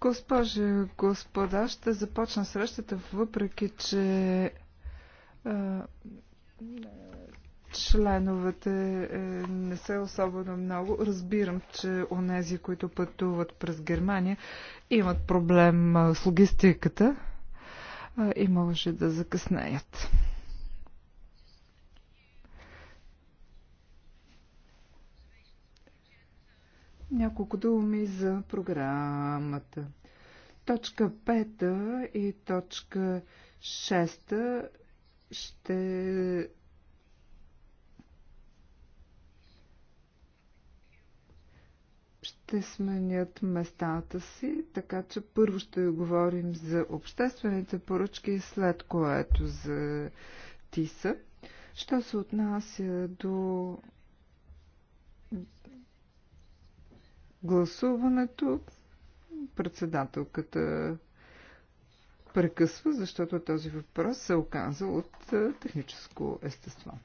Госпожи и господа, ще започна срещата, въпреки че членовете е, не са особено много. Разбирам, че онези, които пътуват през Германия, имат проблем с логистиката и може да закъснеят. Няколко думи за програмата. Точка 5 и точка 6 ще ще сменят местата си, така че първо ще говорим за обществените поръчки, след което за ТИСА. Що се отнася до гласуването. Председателката прекъсва, защото този въпрос се оказа от техническо естество.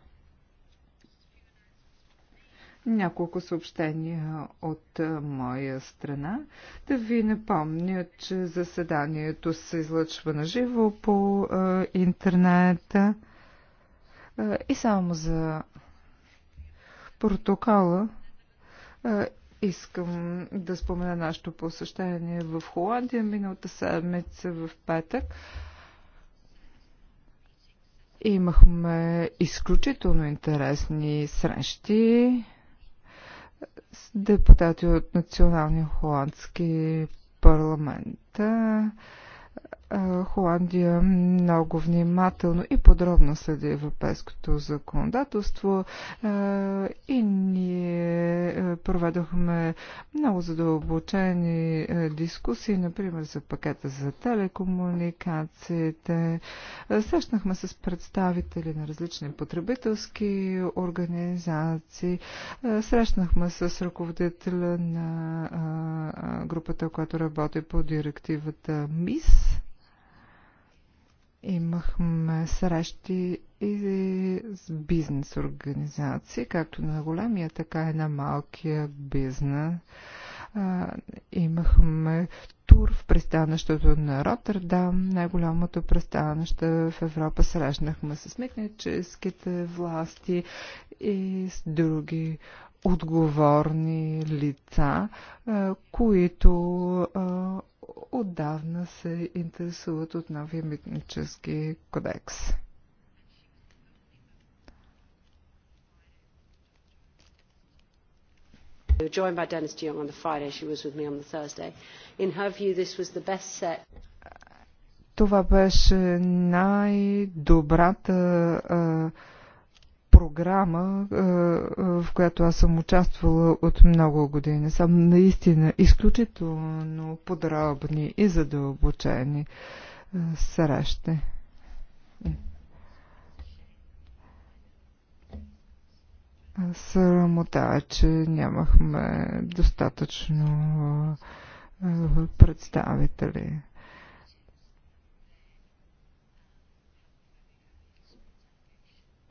Няколко съобщения от моя страна. Да ви напомня, че заседанието се излъчва на живо по интернета. И само за протокола Искам да спомена нашето посещение в Холандия миналата седмица в петък. Имахме изключително интересни срещи с депутати от Националния холандски парламент. Холандия много внимателно и подробно следи европейското законодателство и ние проведохме много задълбочени дискусии, например за пакета за телекомуникациите. Срещнахме с представители на различни потребителски организации. Срещнахме с ръководителя на групата, която работи по директивата МИС Имахме срещи и с бизнес организации, както на големия, така и на малкия бизнес. Имахме тур в пристанището на Роттердам, най-голямото пристанище в Европа. Срещнахме с митническите власти и с други отговорни лица, които отдавна се интересуват от новия митнически кодекс. We were joined by Dennis de Jong on the Friday, she was with me on the Thursday. In her view, this was the best set. Това беше най-добрата програма, е, е, в която аз съм участвала от много години. Съм наистина изключително подробни и задълбочени е, срещи. Срамота е, че нямахме достатъчно представители.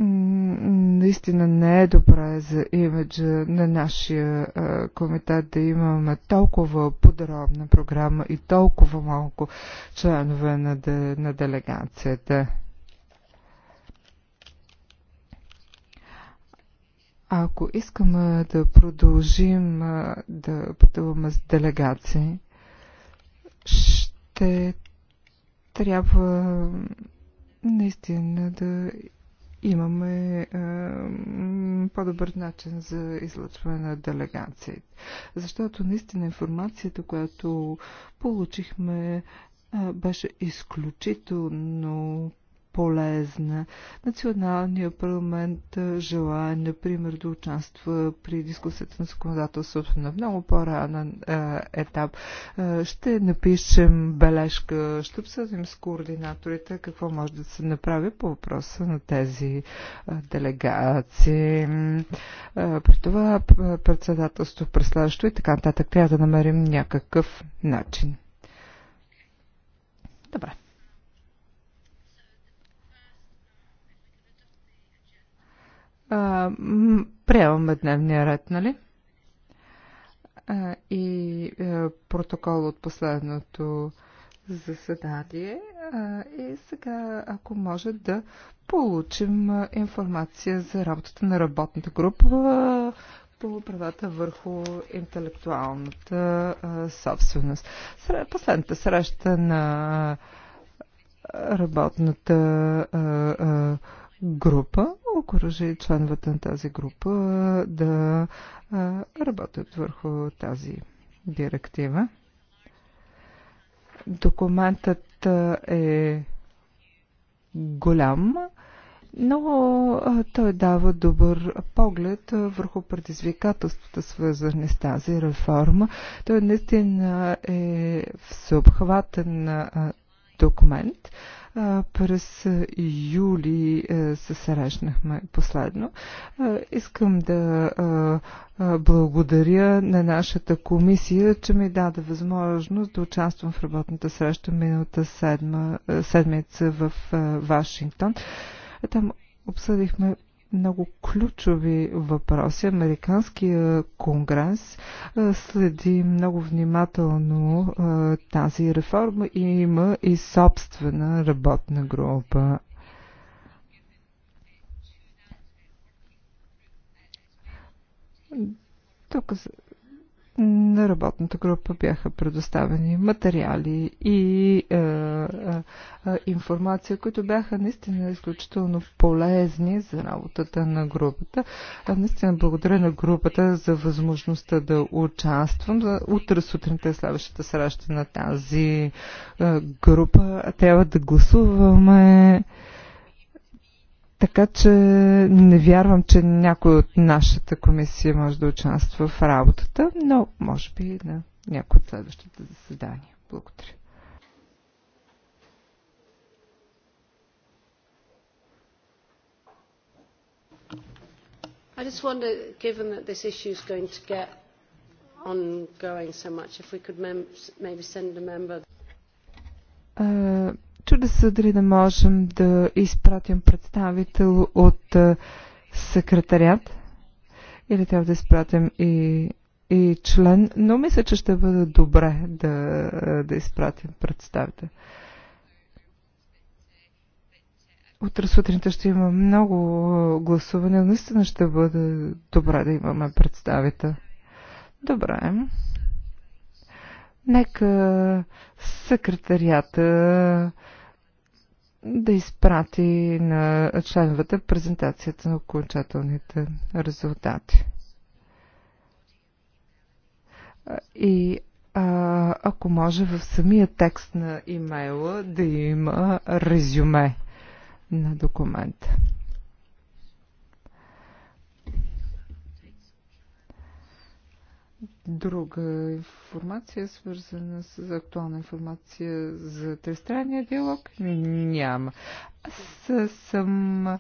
наистина не е добре за имиджа на нашия комитет да имаме толкова подробна програма и толкова малко членове на, де, на делегацията. Ако искаме да продължим да пътуваме с делегации, ще трябва наистина да имаме по-добър начин за излъчване на делегациите. Защото наистина информацията, която получихме, е, беше изключително полезна. Националният парламент желая, например, да участва при дискусията на законодателството на много по-ранен етап. Ще напишем бележка, ще обсъдим с координаторите какво може да се направи по въпроса на тези делегации. При това председателство през следващото и така нататък трябва да намерим някакъв начин. Добре. А, приемаме дневния ред, нали? А, и а, е, протокол от последното заседание. А, и сега, ако може да получим информация за работата на работната група по правата върху интелектуалната а, собственост. Последната среща на работната а, а, група, окоръжи членовете на тази група да работят върху тази директива. Документът е голям, но той дава добър поглед върху предизвикателствата, свързани с тази реформа. Той наистина е всеобхватен документ. През юли се срещнахме последно. Искам да благодаря на нашата комисия, че ми даде възможност да участвам в работната среща миналата седма, седмица в Вашингтон. Там обсъдихме много ключови въпроси. Американския конгрес следи много внимателно тази реформа и има и собствена работна група. Тук на работната група бяха предоставени материали и е, е, е, информация, които бяха наистина изключително полезни за работата на групата. Е, наистина благодаря на групата за възможността да участвам. Утре сутринта е следващата среща на тази е, група. Трябва да гласуваме така че не вярвам, че някой от нашата комисия може да участва в работата, но може би на някои от следващите заседания. Благодаря. I just wonder, given that this issue is going to get ongoing so much, if we could mem- maybe send a member. Uh Чудеса, се дали да можем да изпратим представител от секретарят или трябва да изпратим и, и член, но мисля, че ще бъде добре да, да изпратим представител. Утре сутринта ще има много гласуване. Наистина ще бъде добре да имаме представител. Добре. Нека секретарията да изпрати на членовете презентацията на окончателните резултати. И а, ако може в самия текст на имейла да има резюме на документа. друга информация, свързана с актуална информация за тристранния диалог? Няма. Аз съм а,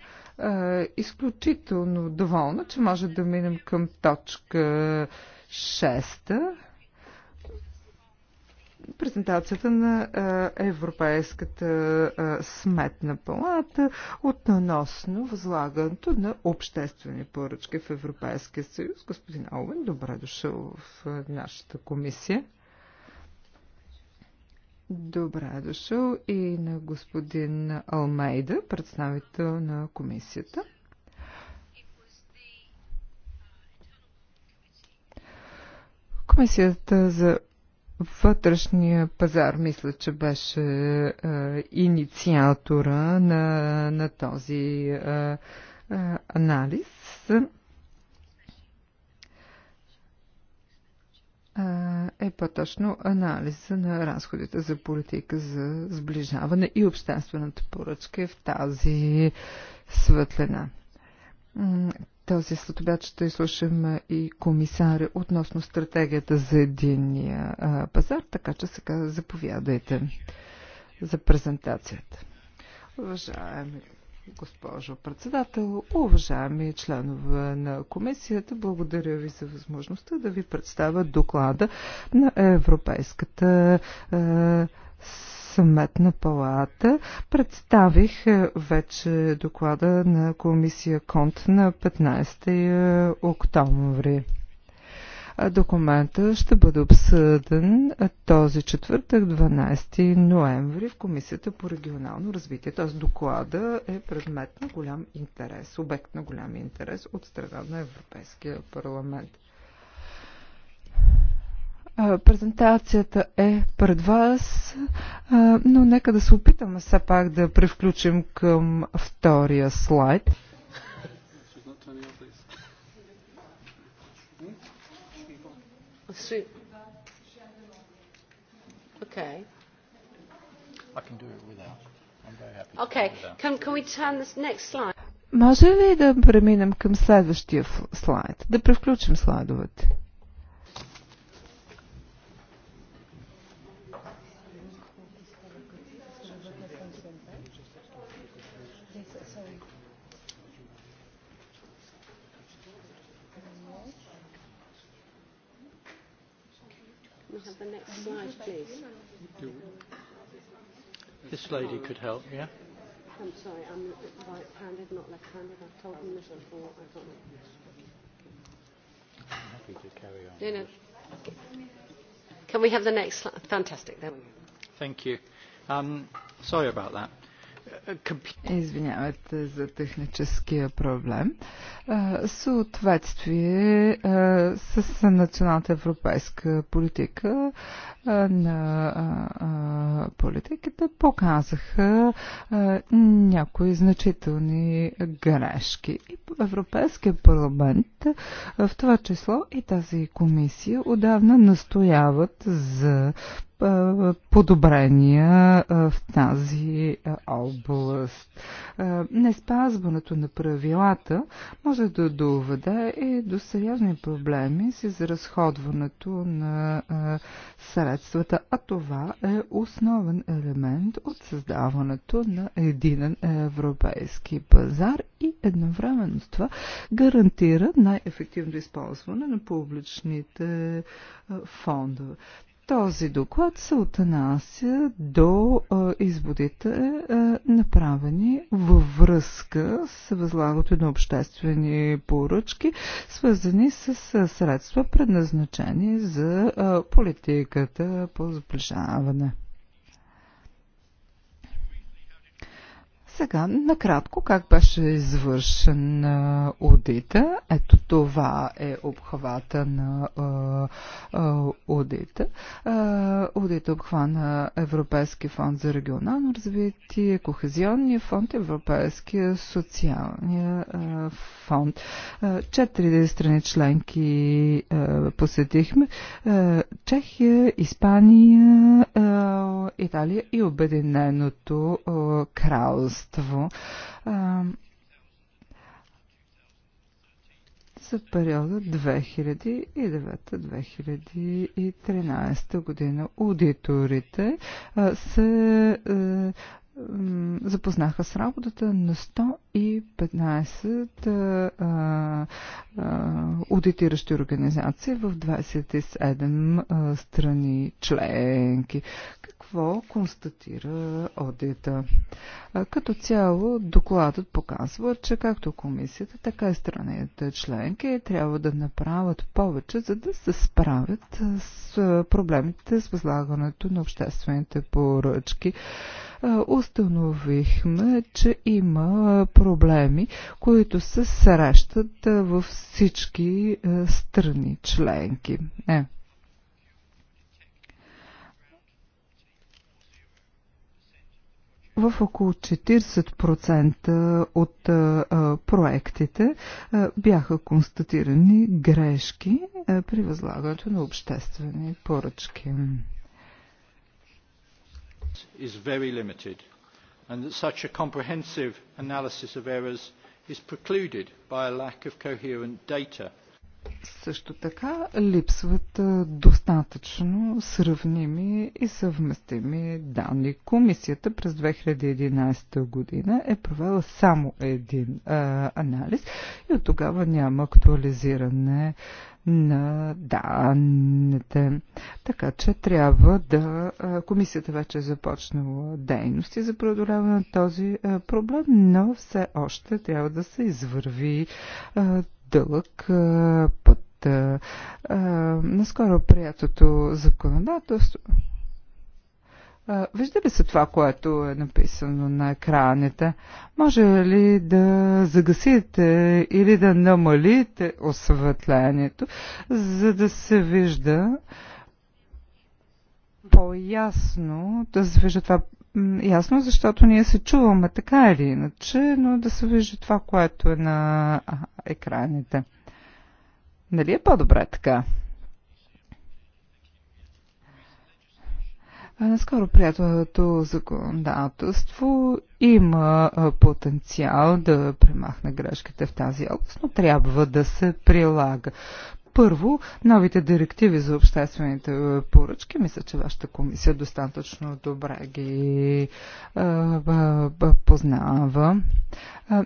изключително доволна, че може да минем към точка 6 презентацията на Европейската сметна палата относно възлагането на обществени поръчки в Европейския съюз. Господин Олвен, добре дошъл в нашата комисия. Добре дошъл и на господин Алмейда, представител на комисията. Комисията за вътрешния пазар, мисля, че беше а, инициатора на, на този а, а, анализ. е по-точно анализа на разходите за политика за сближаване и обществената поръчка е в тази светлина. Този следобед ще изслушам и комисаря относно стратегията за единния пазар, така че сега заповядайте за презентацията. Уважаеми госпожо председател, уважаеми членове на комисията, благодаря ви за възможността да ви представя доклада на Европейската е, съметна палата. Представих е, вече доклада на комисия Конт на 15 е, октомври. Документа ще бъде обсъден е, този четвъртък, 12 ноември, в Комисията по регионално развитие. Тоест доклада е предмет на голям интерес, обект на голям интерес от страна на Европейския парламент. Презентацията е пред вас, но нека да се опитаме все пак да превключим към втория слайд. Може ли да преминем към следващия слайд? Да превключим слайдовете. next slide, please? This lady could help, yeah? I'm sorry, I'm right-handed, not left-handed. I've told them this before. I don't know. I'm happy to carry on. No, no. Can we have the next slide? Fantastic. There we go. Thank you. Um, sorry about that. Извинявайте за техническия проблем. Съответствие с националната европейска политика на политиките показаха някои значителни грешки. И Европейския парламент, в това число и тази комисия, отдавна настояват за подобрения в тази област. Неспазването на правилата може да доведе и до сериозни проблеми с изразходването на средства средствата, а това е основен елемент от създаването на единен европейски пазар и едновременно с това гарантира най-ефективно използване на публичните фондове. Този доклад се отнася до а, изводите, а, направени във връзка с възлагането на обществени поръчки, свързани с а, средства, предназначени за а, политиката по сближаване. Сега, накратко, как беше извършен одита. Ето това е обхвата на одита. Одита, е обхвана Европейски фонд за регионално развитие, Кохезионния фонд, Европейския социалния фонд. Четири страни членки посетихме. Чехия, Испания, Италия и Обединеното кралство. А, за периода 2009-2013 година. Аудиторите се запознаха с работата на 115 аудитиращи организации в 27 а, страни членки какво констатира одита. Като цяло докладът показва, че както комисията, така и страните членки трябва да направят повече, за да се справят с проблемите с възлагането на обществените поръчки. Установихме, че има проблеми, които се срещат във всички страни членки. Е. в около 40% от проектите бяха констатирани грешки при възлагането на обществени поръчки. Is very limited, and that such a comprehensive analysis of errors is precluded by a lack of coherent data също така липсват достатъчно сравними и съвместими данни. Комисията през 2011 година е провела само един а, анализ и от тогава няма актуализиране на данните. Така че трябва да. Комисията вече е започнала дейности за преодоляване на този проблем, но все още трябва да се извърви дълъг път. Наскоро приятото законодателство. Вижда ли се това, което е написано на екраните? Може ли да загасите или да намалите осветлението, за да се вижда по-ясно, да се вижда това ясно, защото ние се чуваме така или иначе, но да се вижда това, което е на екраните. Нали е по-добре така? Наскоро приятелното законодателство има потенциал да премахне грешките в тази област, но трябва да се прилага. Първо, новите директиви за обществените е, поръчки, мисля, че вашата комисия достатъчно добре ги е, е, познава.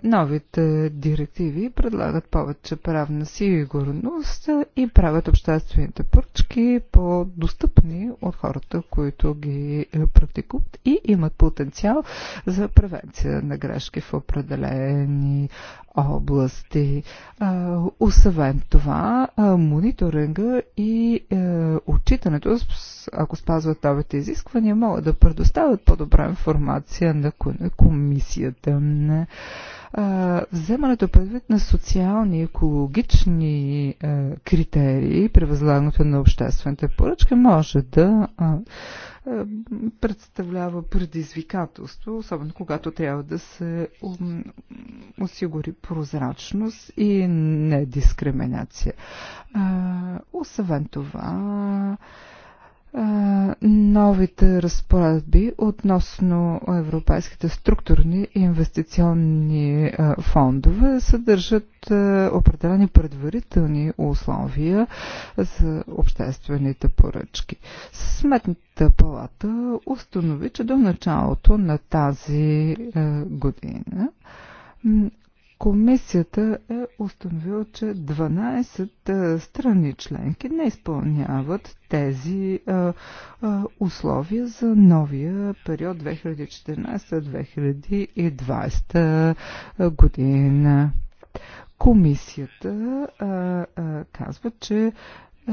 Новите директиви предлагат повече правна сигурност и правят обществените поръчки по-достъпни от хората, които ги практикуват и имат потенциал за превенция на грешки в определени области. Освен това, мониторинга и е, отчитането, ако спазват новите изисквания, могат да предоставят по-добра информация на комисията вземането предвид на социални и екологични критерии при възлагането на обществените поръчки може да представлява предизвикателство, особено когато трябва да се осигури прозрачност и недискриминация. Освен това, новите разпоредби относно европейските структурни и инвестиционни фондове съдържат определени предварителни условия за обществените поръчки. Сметната палата установи, че до началото на тази година Комисията е установила, че 12 е, страни членки не изпълняват тези а, е, а, е, условия за новия период 2014-2020 година. Комисията а, а, казва, че е,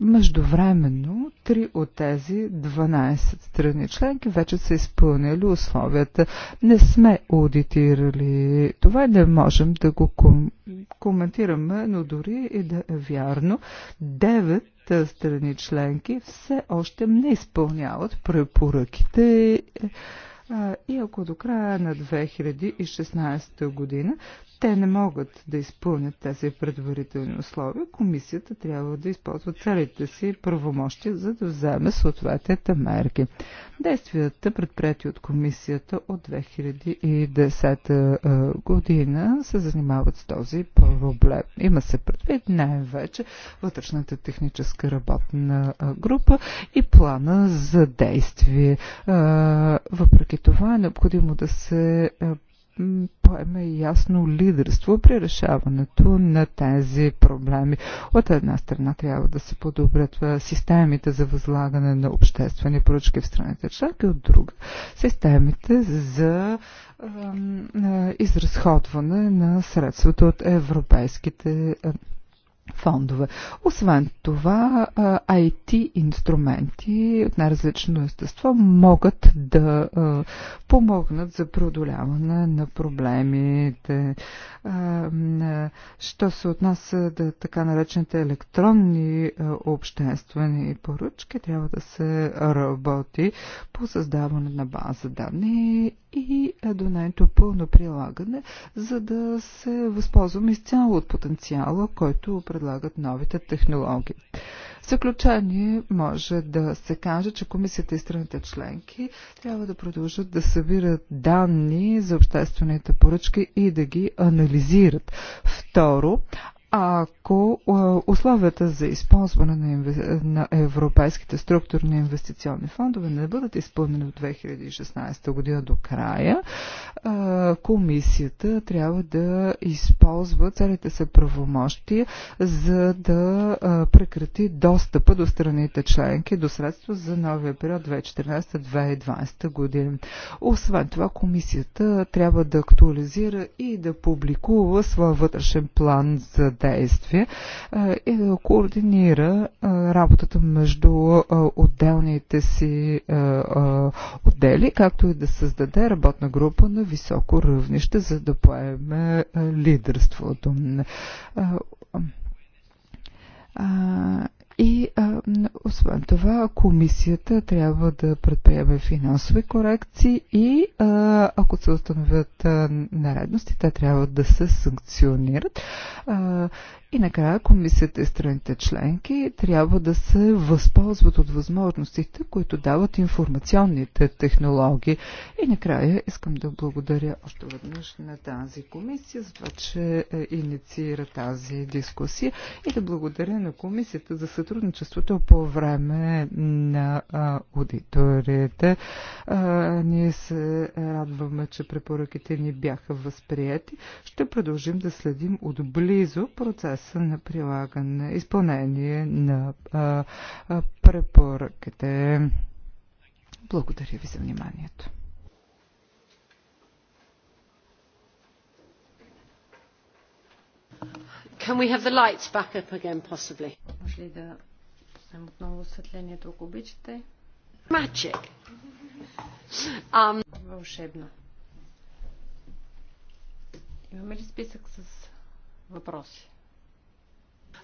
междувременно, три от тези 12 страни членки вече са изпълнили условията. Не сме аудитирали това, не можем да го ком... коментираме, но дори и да е вярно, 9 е, страни членки все още не изпълняват препоръките е, и ако до края на 2016 година те не могат да изпълнят тези предварителни условия, комисията трябва да използва целите си правомощи, за да вземе съответните мерки. Действията, предприяти от комисията от 2010 година, се занимават с този проблем. Има се предвид най-вече вътрешната техническа работна група и плана за действие. Въпреки това е необходимо да се е, поеме ясно лидерство при решаването на тези проблеми. От една страна трябва да се подобрят е, системите за възлагане на обществени поръчки в страните членки, от друга системите за е, изразходване на средствата от европейските фондове. Освен това, IT инструменти от най-различно естество могат да помогнат за преодоляване на проблемите. Що се отнася да така наречените електронни обществени поръчки, трябва да се работи по създаване на база данни и до нейното пълно прилагане, за да се възползваме изцяло от потенциала, който предлага предлагат новите технологии. В заключение може да се каже, че комисията и страните членки трябва да продължат да събират данни за обществените поръчки и да ги анализират. Второ, ако условията за използване на, инв... на европейските структурни инвестиционни фондове не бъдат изпълнени от 2016 година до края, комисията трябва да използва целите са правомощия, за да прекрати достъпа до страните членки до средства за новия период 2014-2020 година. Освен това, комисията трябва да актуализира и да публикува своя вътрешен план за действие и е, да координира е, работата между е, отделните си отдели, както и да създаде работна група на високо равнище, за да поеме лидерството. И а, освен това, комисията трябва да предприеме финансови корекции и а, ако се установят а, наредности, те трябва да се санкционират. А, и накрая комисията и страните членки трябва да се възползват от възможностите, които дават информационните технологии. И накрая искам да благодаря още веднъж на тази комисия за това, че е, инициира тази дискусия и да благодаря на комисията за сътрудничеството по време на аудиторията. Ние се радваме, че препоръките ни бяха възприяти. Ще продължим да следим отблизо процеса процеса на прилагане, изпълнение на а, а, препоръките. Благодаря ви за вниманието. Can we have the lights back up again, possibly? Може ли да пуснем отново осветлението, ако обичате? Magic. Um... Вълшебно. Имаме ли списък с въпроси?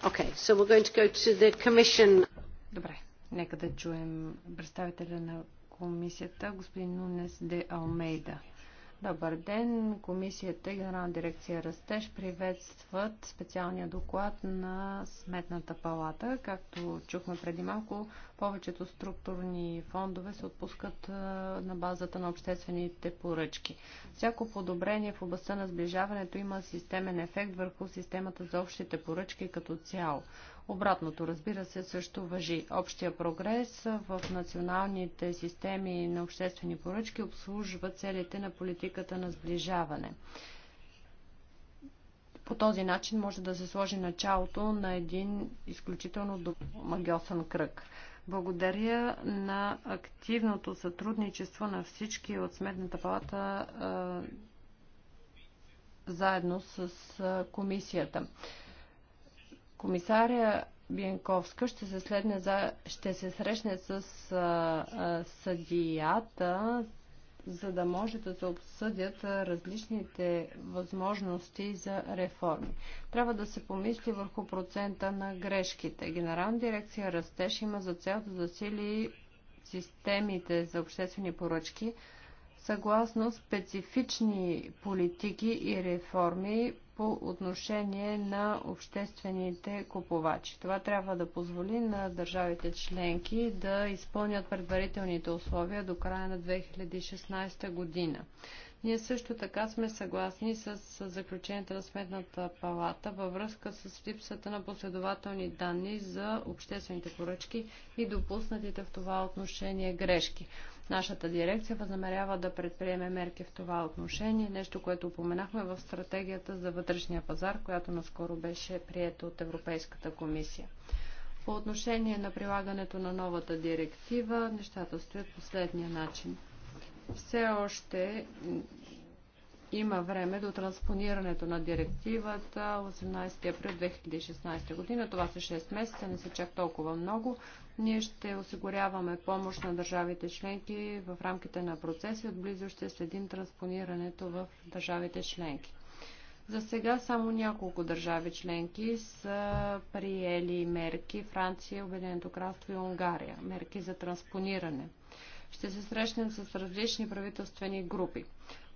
Okay, so we're going to go to the commission. Добре, нека да чуем представителя на комисията, господин Нунес де Алмейда. Добър ден! Комисията и Генерална дирекция Растеж приветстват специалния доклад на Сметната палата. Както чухме преди малко, повечето структурни фондове се отпускат на базата на обществените поръчки. Всяко подобрение в областта на сближаването има системен ефект върху системата за общите поръчки като цяло. Обратното, разбира се, също въжи. Общия прогрес в националните системи на обществени поръчки обслужва целите на политиката на сближаване. По този начин може да се сложи началото на един изключително магиосен кръг. Благодаря на активното сътрудничество на всички от Сметната палата заедно с комисията комисаря Бенковска ще се, следне за, ще се срещне с а, а, съдията, за да може да се обсъдят различните възможности за реформи. Трябва да се помисли върху процента на грешките. Генерална дирекция Растеж има за цел да засили системите за обществени поръчки, съгласно специфични политики и реформи по отношение на обществените купувачи. Това трябва да позволи на държавите членки да изпълнят предварителните условия до края на 2016 година. Ние също така сме съгласни с заключенията на Сметната палата във връзка с липсата на последователни данни за обществените поръчки и допуснатите в това отношение грешки. Нашата дирекция възнамерява да предприеме мерки в това отношение, нещо, което упоменахме в стратегията за вътрешния пазар, която наскоро беше приета от Европейската комисия. По отношение на прилагането на новата директива, нещата стоят последния начин. Все още има време до транспонирането на директивата 18 април 2016 година. Това са 6 месеца, не са чак толкова много. Ние ще осигуряваме помощ на държавите членки в рамките на процеси. Отблизо ще следим транспонирането в държавите членки. За сега само няколко държави членки са приели мерки Франция, Обединеното кралство и Унгария. Мерки за транспониране ще се срещнем с различни правителствени групи.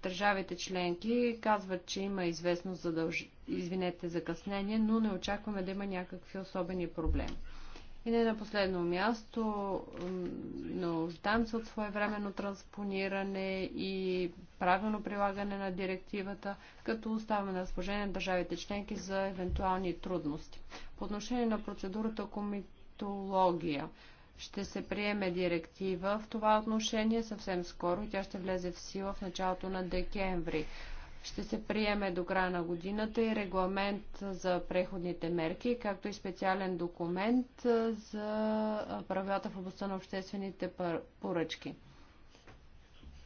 Държавите членки казват, че има известно задълж... извинете, закъснение, но не очакваме да има някакви особени проблеми. И не на последно място, нуждаем се от своевременно транспониране и правилно прилагане на директивата, като оставаме на разположение на държавите членки за евентуални трудности. По отношение на процедурата комитология, ще се приеме директива в това отношение съвсем скоро. Тя ще влезе в сила в началото на декември. Ще се приеме до края на годината и регламент за преходните мерки, както и специален документ за правилата в областта на обществените поръчки.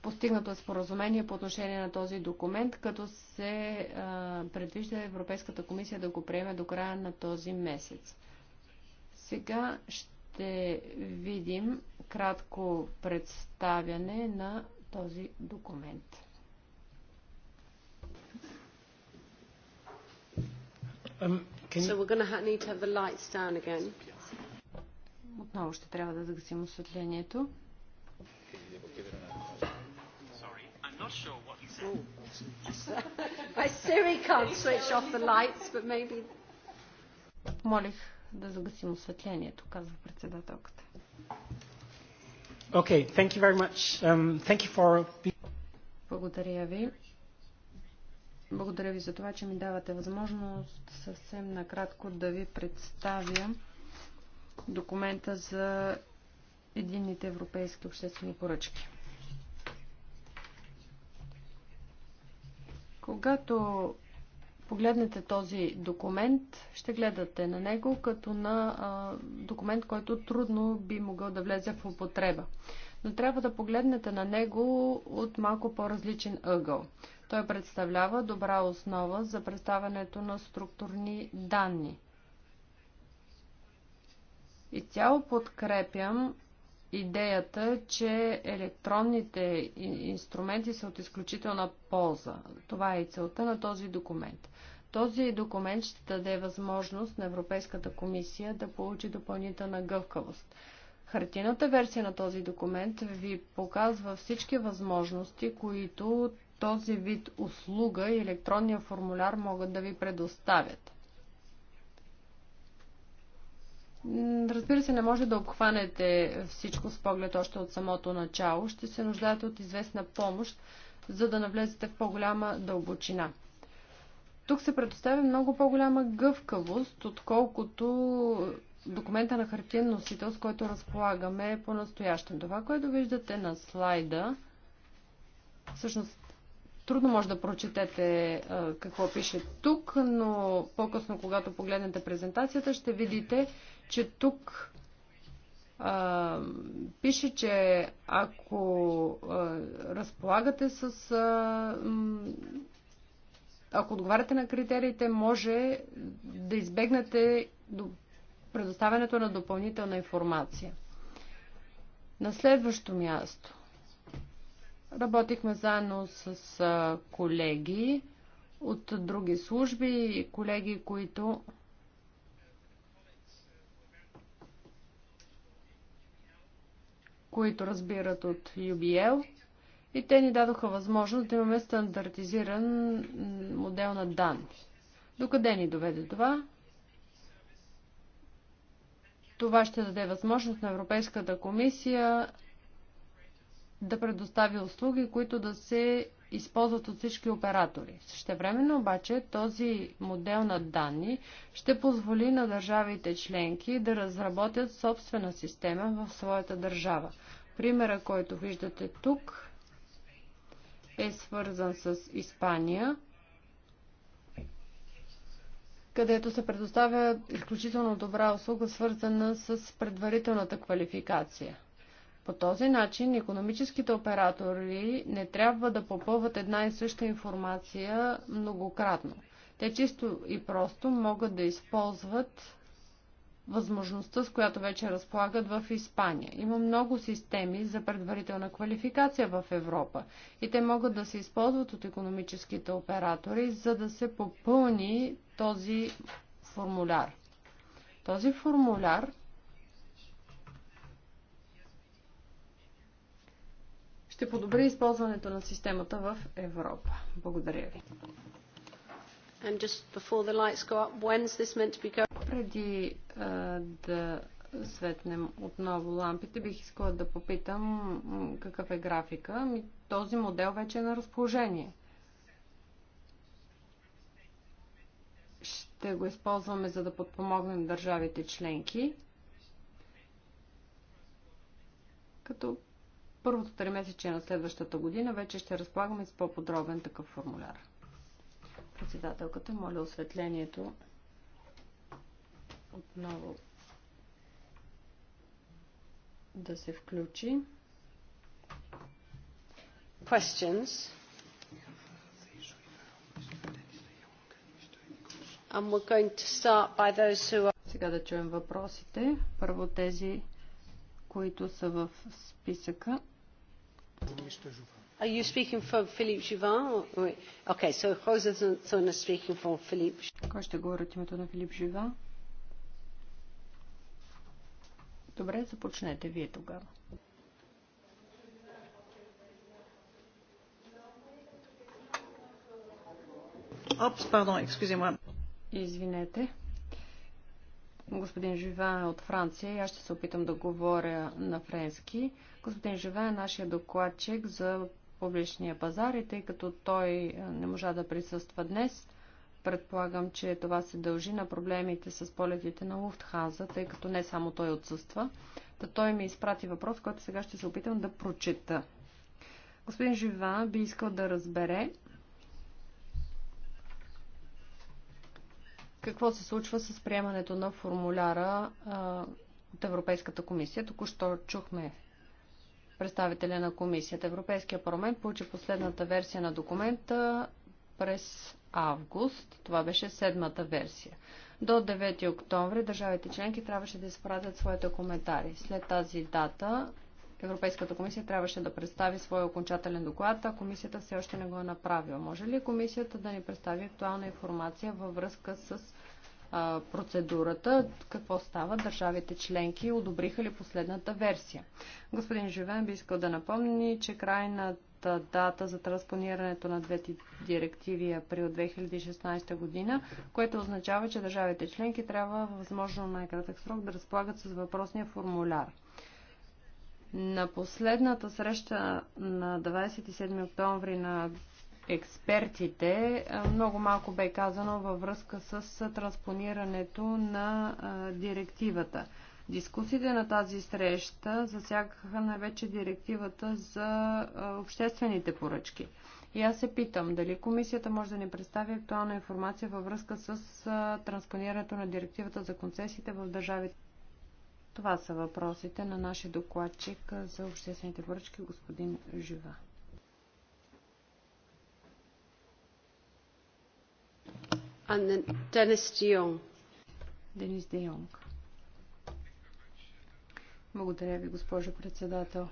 Постигнато е споразумение по отношение на този документ, като се предвижда Европейската комисия да го приеме до края на този месец. Сега ще ще видим кратко представяне на този документ. Отново ще трябва да загасим осветлението. Молих да загасим осветлението, казва председателката. Okay, thank you very much. Um, thank you for... Благодаря ви. Благодаря ви за това, че ми давате възможност съвсем накратко да ви представя документа за единните европейски обществени поръчки. Когато погледнете този документ, ще гледате на него като на а, документ, който трудно би могъл да влезе в употреба. Но трябва да погледнете на него от малко по-различен ъгъл. Той представлява добра основа за представянето на структурни данни. цяло подкрепям идеята, че електронните инструменти са от изключителна полза. Това е и целта на този документ. Този документ ще даде възможност на Европейската комисия да получи допълнителна гъвкавост. Хартината версия на този документ ви показва всички възможности, които този вид услуга и електронния формуляр могат да ви предоставят. Разбира се, не може да обхванете всичко с поглед още от самото начало. Ще се нуждаете от известна помощ, за да навлезете в по-голяма дълбочина. Тук се предоставя много по-голяма гъвкавост, отколкото документа на хартиен носител, с който разполагаме по-настоящем. Това, което виждате на слайда, всъщност трудно може да прочетете какво пише тук, но по-късно, когато погледнете презентацията, ще видите, че тук а, пише, че ако а, разполагате с. А, ако отговаряте на критериите, може да избегнете до предоставянето на допълнителна информация. На следващо място. Работихме заедно с колеги от други служби и колеги, които които разбират от UBL и те ни дадоха възможност да имаме стандартизиран модел на данни. Докъде ни доведе това? Това ще даде възможност на Европейската комисия да предостави услуги, които да се използват от всички оператори. Същевременно обаче този модел на данни ще позволи на държавите членки да разработят собствена система в своята държава. Примера, който виждате тук, е свързан с Испания, където се предоставя изключително добра услуга, свързана с предварителната квалификация. По този начин економическите оператори не трябва да попълват една и съща информация многократно. Те чисто и просто могат да използват възможността, с която вече разполагат в Испания. Има много системи за предварителна квалификация в Европа и те могат да се използват от економическите оператори, за да се попълни този формуляр. Този формуляр ще подобри използването на системата в Европа. Благодаря ви. Up, Преди да светнем отново лампите, бих искала да попитам какъв е графика. Този модел вече е на разположение. Ще го използваме за да подпомогнем държавите членки. Като първото три месече на следващата година вече ще разполагаме с по-подробен такъв формуляр. Председателката, моля осветлението отново да се включи. Questions? And we're going to start by those who are... Сега да чуем въпросите. Първо тези, които са в списъка. Are you speaking for Philippe Juvin? Okay, so Rosa Zona is speaking for Philippe. Кой ще говори от името на Филип Жива? Добре, започнете вие тогава. Опс, пардон, excusez-moi. Извинете господин Живен е от Франция и аз ще се опитам да говоря на френски. Господин Живан е нашия докладчик за публичния пазар и тъй като той е, не можа да присъства днес, предполагам, че това се дължи на проблемите с полетите на Луфтханза, тъй като не само той отсъства. Та той ми изпрати въпрос, който сега ще се опитам да прочета. Господин Живан би искал да разбере какво се случва с приемането на формуляра а, от Европейската комисия. Току-що чухме представителя на комисията. Европейския парламент получи последната версия на документа през август. Това беше седмата версия. До 9 октомври държавите членки трябваше да изпратят своите коментари. След тази дата Европейската комисия трябваше да представи своя окончателен доклад, а комисията все още не го е направила. Може ли комисията да ни представи актуална информация във връзка с процедурата, какво става, държавите членки одобриха ли последната версия. Господин Живен би искал да напомни, че крайната дата за транспонирането на двете директиви е април 2016 година, което означава, че държавите членки трябва възможно най-кратък срок да разполагат с въпросния формуляр. На последната среща на 27 октомври на експертите много малко бе казано във връзка с транспонирането на директивата. Дискусиите на тази среща засягаха най-вече директивата за обществените поръчки. И аз се питам, дали комисията може да ни представи актуална информация във връзка с транспонирането на директивата за концесиите в държавите това са въпросите на нашия докладчик за обществените поръчки, господин Жива. Денис Дионг. Денис Дионг. Благодаря ви, госпожо председател.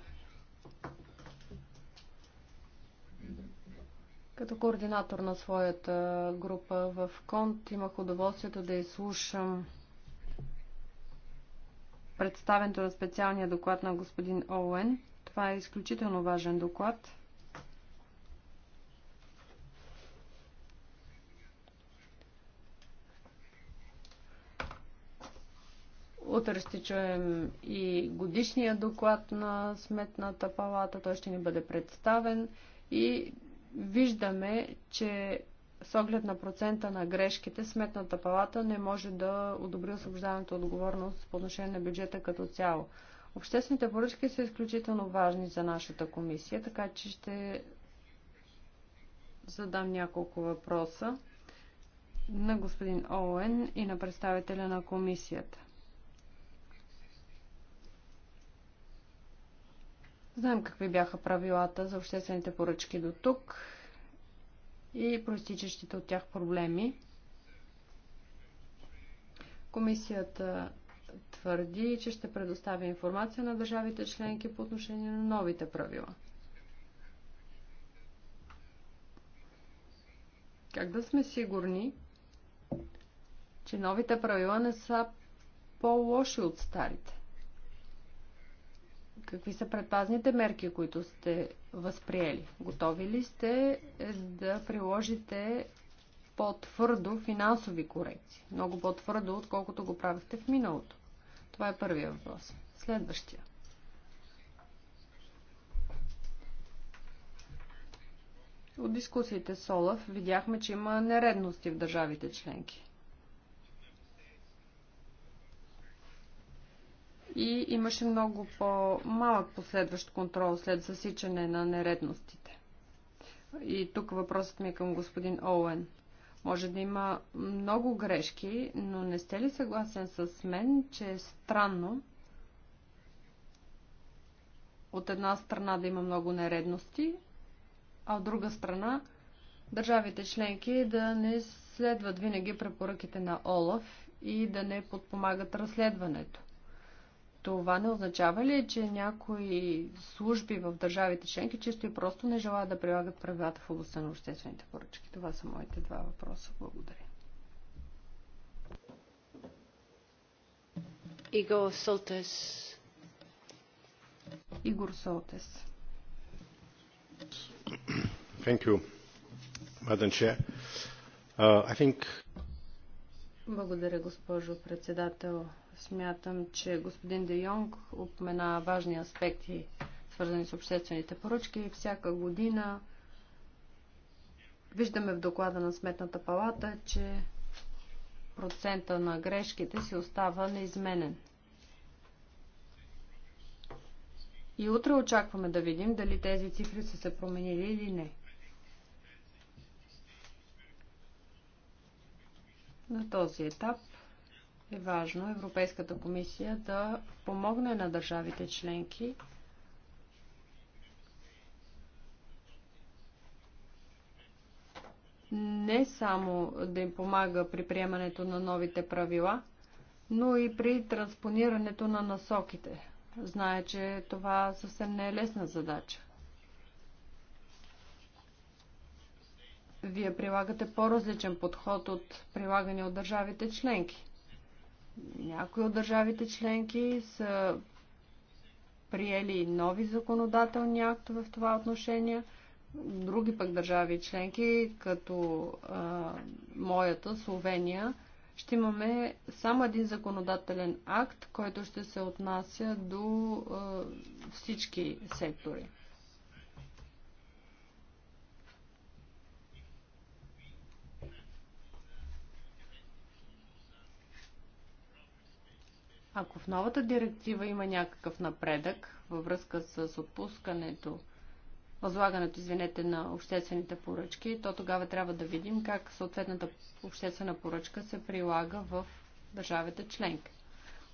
Като координатор на своята група в КОНТ имах удоволствието да изслушам представенето на специалния доклад на господин Оуен. Това е изключително важен доклад. Утре ще чуем и годишния доклад на Сметната палата. Той ще ни бъде представен и виждаме, че с оглед на процента на грешките, Сметната палата не може да одобри освобождаването отговорност по отношение на бюджета като цяло. Обществените поръчки са изключително важни за нашата комисия, така че ще задам няколко въпроса на господин Оуен и на представителя на комисията. Знаем какви бяха правилата за обществените поръчки до тук и проистичащите от тях проблеми. Комисията твърди, че ще предоставя информация на държавите членки по отношение на новите правила. Как да сме сигурни, че новите правила не са по-лоши от старите? Какви са предпазните мерки, които сте възприели? Готови ли сте е, да приложите по-твърдо финансови корекции? Много по-твърдо, отколкото го правихте в миналото. Това е първия въпрос. Следващия. От дискусиите с Олаф видяхме, че има нередности в държавите членки. и имаше много по-малък последващ контрол след засичане на нередностите. И тук въпросът ми е към господин Оуен. Може да има много грешки, но не сте ли съгласен с мен, че е странно от една страна да има много нередности, а от друга страна държавите членки да не следват винаги препоръките на Олаф и да не подпомагат разследването. Това не означава ли, че някои служби в държавите членки чисто и просто не желаят да прилагат правилата в областта на обществените поръчки? Това са моите два въпроса. Благодаря. Игор Солтес. Игор Солтес. Thank you, Madam Chair. Uh, I think... Благодаря, госпожо председател. Смятам, че господин Де Йонг упомена важни аспекти, свързани с обществените поръчки. Всяка година виждаме в доклада на Сметната палата, че процента на грешките си остава неизменен. И утре очакваме да видим дали тези цифри са се променили или не. На този етап е важно Европейската комисия да помогне на държавите членки не само да им помага при приемането на новите правила, но и при транспонирането на насоките. Знае, че това съвсем не е лесна задача. Вие прилагате по-различен подход от прилагане от държавите членки. Някои от държавите членки са приели нови законодателни актове в това отношение. Други пък държави членки, като а, моята, Словения, ще имаме само един законодателен акт, който ще се отнася до а, всички сектори. Ако в новата директива има някакъв напредък във връзка с отпускането, възлагането, извинете, на обществените поръчки, то тогава трябва да видим как съответната обществена поръчка се прилага в държавите членки.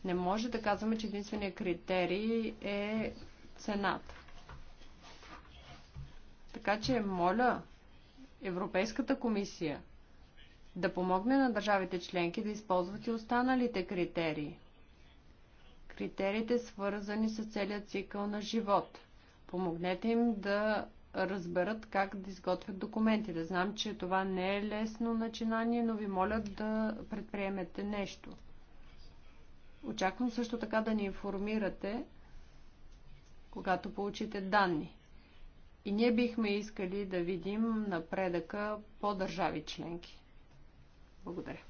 Не може да казваме, че единственият критерий е цената. Така че, моля, Европейската комисия да помогне на държавите членки да използват и останалите критерии – критериите, свързани с целият цикъл на живот. Помогнете им да разберат как да изготвят документите. Знам, че това не е лесно начинание, но ви моля да предприемете нещо. Очаквам също така да ни информирате, когато получите данни. И ние бихме искали да видим напредъка по държави членки. Благодаря.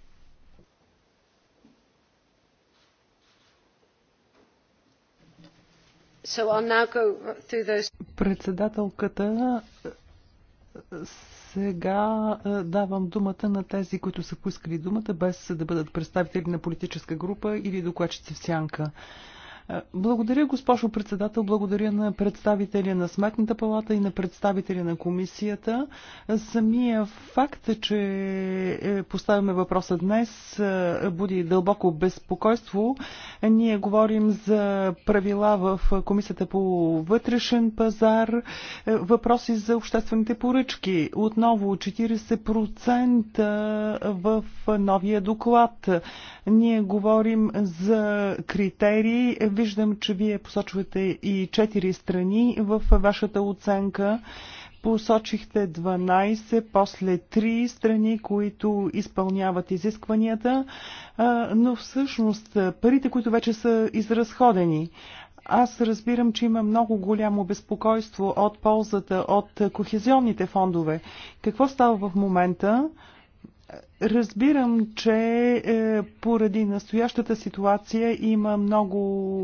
Председателката сега е, давам думата на тези, които са поискали думата, без да бъдат представители на политическа група или докладчици в сянка. Е, благодаря, госпожо председател. Благодаря на представителя на Сметната палата и на представителя на комисията. Самия факт, че е, поставяме въпроса днес, е, буди дълбоко безпокойство. Ние говорим за правила в комисията по вътрешен пазар, въпроси за обществените поръчки. Отново 40% в новия доклад. Ние говорим за критерии Виждам, че вие посочвате и четири страни в вашата оценка. Посочихте 12, после 3 страни, които изпълняват изискванията, но всъщност парите, които вече са изразходени, аз разбирам, че има много голямо безпокойство от ползата от кохезионните фондове. Какво става в момента? Разбирам, че е, поради настоящата ситуация има много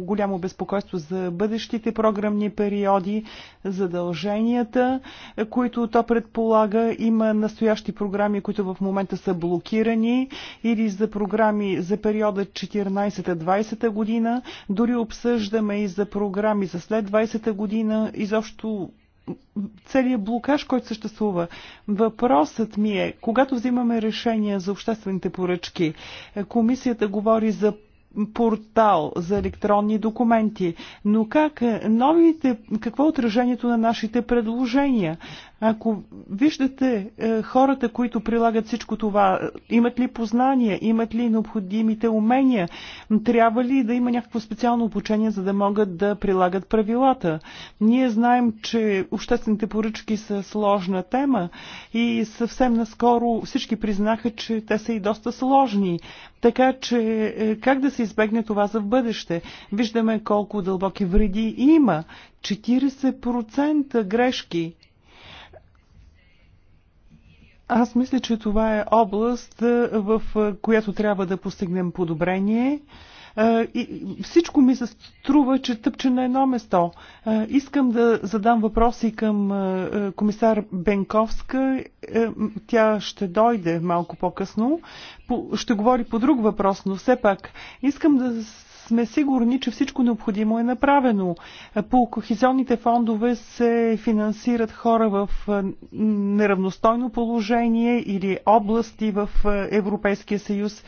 голямо безпокойство за бъдещите програмни периоди, задълженията, които то предполага. Има настоящи програми, които в момента са блокирани или за програми за периода 14-20 година. Дори обсъждаме и за програми за след 20 година. Изобщо целият блокаж, който съществува. Въпросът ми е, когато взимаме решения за обществените поръчки, комисията говори за портал за електронни документи. Но как новите, какво е отражението на нашите предложения? Ако виждате е, хората, които прилагат всичко това, е, имат ли познания, имат ли необходимите умения, трябва ли да има някакво специално обучение, за да могат да прилагат правилата? Ние знаем, че обществените поръчки са сложна тема и съвсем наскоро всички признаха, че те са и доста сложни. Така че е, как да се избегне това за в бъдеще? Виждаме колко дълбоки вреди има. 40% грешки аз мисля, че това е област, е, в е, която трябва да постигнем подобрение. Е, и всичко ми се струва, че тъпче на едно место. Искам да задам въпроси към комисар Бенковска. Тя ще дойде малко по-късно. Ще говори по друг въпрос, но все пак искам да сме сигурни, че всичко необходимо е направено. По кохизионните фондове се финансират хора в неравностойно положение или области в Европейския съюз.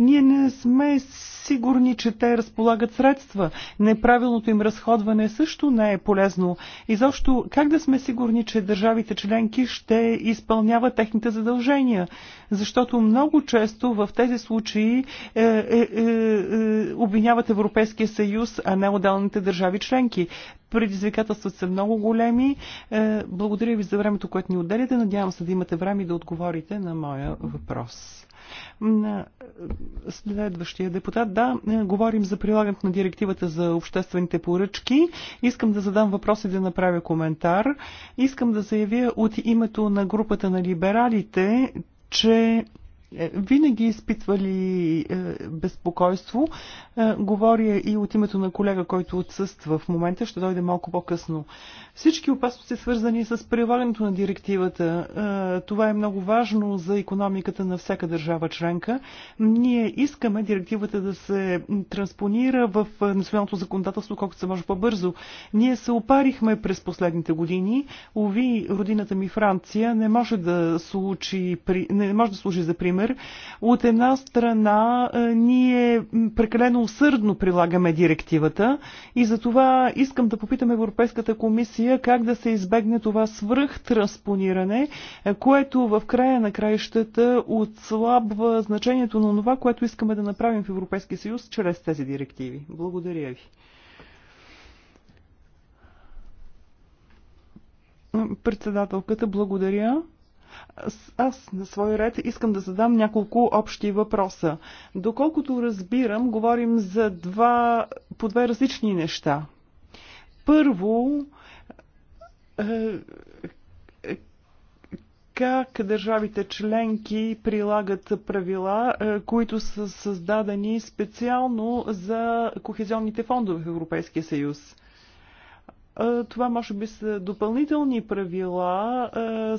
Ние не сме сигурни, че те разполагат средства. Неправилното им разходване също не е полезно. И защо как да сме сигурни, че държавите членки ще изпълняват техните задължения? Защото много често в тези случаи е, е, е, е, обвиняват Европейския съюз, а не отделните държави членки. Предизвикателствата са много големи. Е, благодаря ви за времето, което ни отделяте. Надявам се да имате време да отговорите на моя въпрос на следващия депутат. Да, е, говорим за прилагането на директивата за обществените поръчки. Искам да задам въпрос и да направя коментар. Искам да заявя от името на групата на либералите, че е, винаги изпитвали е, безпокойство. Е, говоря и от името на колега, който отсъства в момента, ще дойде малко по-късно. Всички опасности свързани с прилагането на директивата. Това е много важно за економиката на всяка държава членка. Ние искаме директивата да се транспонира в националното законодателство колкото се може по-бързо. Ние се опарихме през последните години. Ови, родината ми Франция не може да, случи, не може да служи за пример например, От една страна е, ние прекалено усърдно прилагаме директивата и за това искам да попитам Европейската комисия как да се избегне това свръхтранспониране, е, което в края на краищата отслабва значението на това, което искаме да направим в Европейския съюз чрез тези директиви. Благодаря ви. Председателката, благодаря. Аз на свой ред искам да задам няколко общи въпроса. Доколкото разбирам, говорим за два, по две различни неща. Първо, е, е, как държавите членки прилагат правила, е, които са създадени специално за кохезионните фондове в Европейския съюз. Това може би са допълнителни правила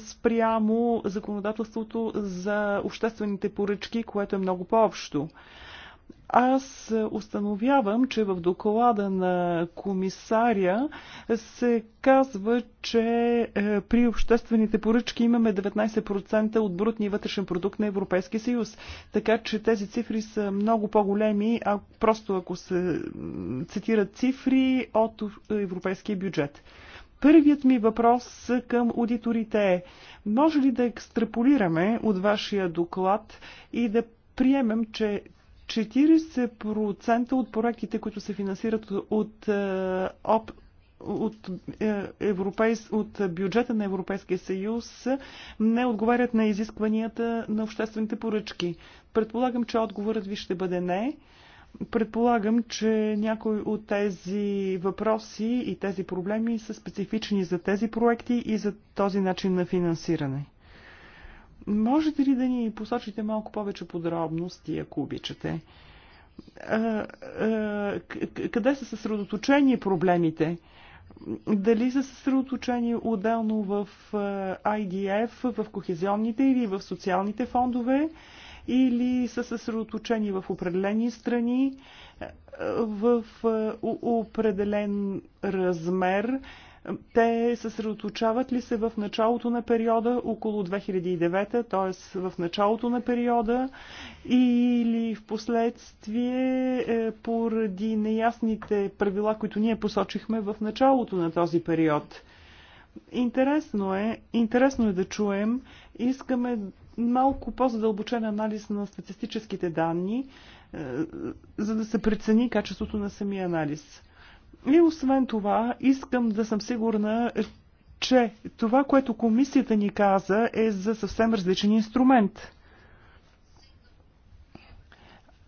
спрямо законодателството за обществените поръчки, което е много по-общо. Аз установявам, че в доклада на комисаря се казва, че е, при обществените поръчки имаме 19% от брутния вътрешен продукт на Европейския съюз. Така че тези цифри са много по-големи, а просто ако се цитират цифри от европейския бюджет. Първият ми въпрос към аудиторите е, може ли да екстраполираме от вашия доклад и да приемем, че 40% от проектите, които се финансират от, е, от от, е, европейс, от бюджета на Европейския съюз не отговарят на изискванията на обществените поръчки. Предполагам, че отговорът ви ще бъде не. Предполагам, че някои от тези въпроси и тези проблеми са специфични за тези проекти и за този начин на финансиране. Можете ли да ни посочите малко повече подробности, ако обичате? Къде са съсредоточени проблемите? Дали са съсредоточени отделно в IDF, в кохезионните или в социалните фондове? или са съсредоточени в определени страни, в определен размер те съсредоточават ли се в началото на периода, около 2009, т.е. в началото на периода или в последствие е, поради неясните правила, които ние посочихме в началото на този период? Интересно е, интересно е да чуем. Искаме малко по-задълбочен анализ на статистическите данни, е, за да се прецени качеството на самия анализ. И освен това, искам да съм сигурна, че това, което комисията ни каза, е за съвсем различен инструмент.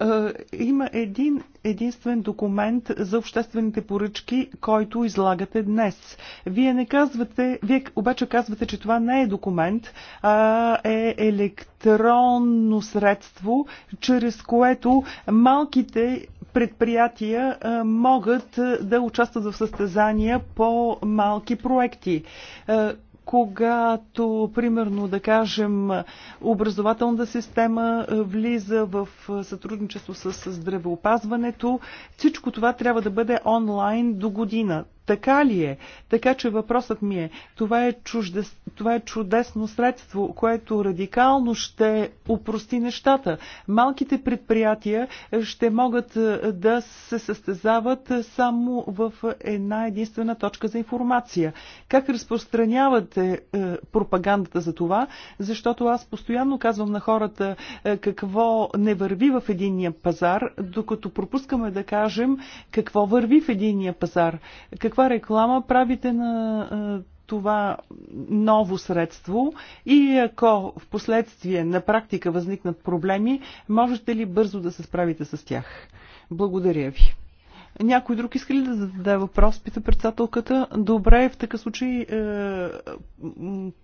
Е, има един единствен документ за обществените поръчки, който излагате днес. Вие не казвате, вие обаче казвате, че това не е документ, а е електронно средство, чрез което малките предприятия могат да участват в състезания по малки проекти когато, примерно, да кажем, образователната система влиза в сътрудничество с здравеопазването, всичко това трябва да бъде онлайн до година. Така ли е? Така че въпросът ми е, това е, чуждес, това е чудесно средство, което радикално ще упрости нещата. Малките предприятия е, ще могат е, да се състезават е, само в една единствена точка за информация. Как разпространявате пропагандата за това? Защото аз постоянно казвам на хората какво не върви в единния пазар, докато пропускаме да кажем какво върви в единния пазар каква реклама правите на това ново средство и ако в последствие на практика възникнат проблеми, можете ли бързо да се справите с тях? Благодаря ви. Някой друг иска ли да зададе въпрос, пита председателката? Добре, в такъв случай е,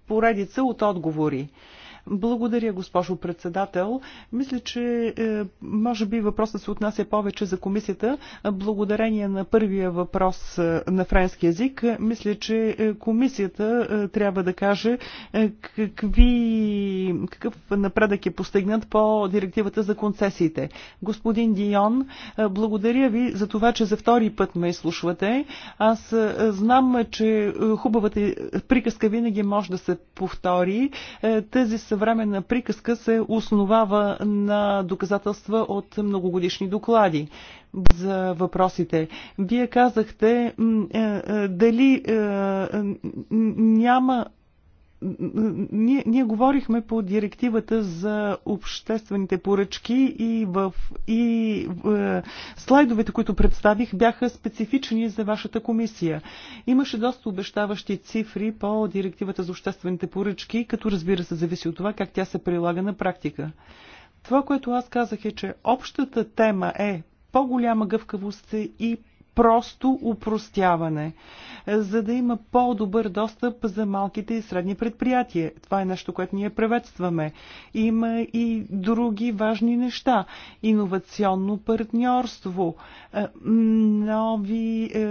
поредица от отговори. Благодаря, госпожо председател. Мисля, че е, може би въпросът се отнася повече за комисията. Благодарение на първия въпрос е, на френски язик, мисля, че е, комисията трябва да каже какви, какъв напредък е постигнат по директивата за концесиите. Господин Дион, благодаря ви за това, че за втори път ме изслушвате. Аз знам, че хубавата приказка винаги може да се повтори. Тези съвременна приказка се основава на доказателства от многогодишни доклади за въпросите. Вие казахте е, е, дали е, няма ние, ние говорихме по директивата за обществените поръчки и в, и в е, слайдовете, които представих, бяха специфични за вашата комисия. Имаше доста обещаващи цифри по директивата за обществените поръчки, като разбира се зависи от това как тя се прилага на практика. Това, което аз казах е, че общата тема е по-голяма гъвкавост и просто упростяване, е, за да има по-добър достъп за малките и средни предприятия. Това е нещо, което ние приветстваме. Има и други важни неща. Иновационно партньорство, е, нови е,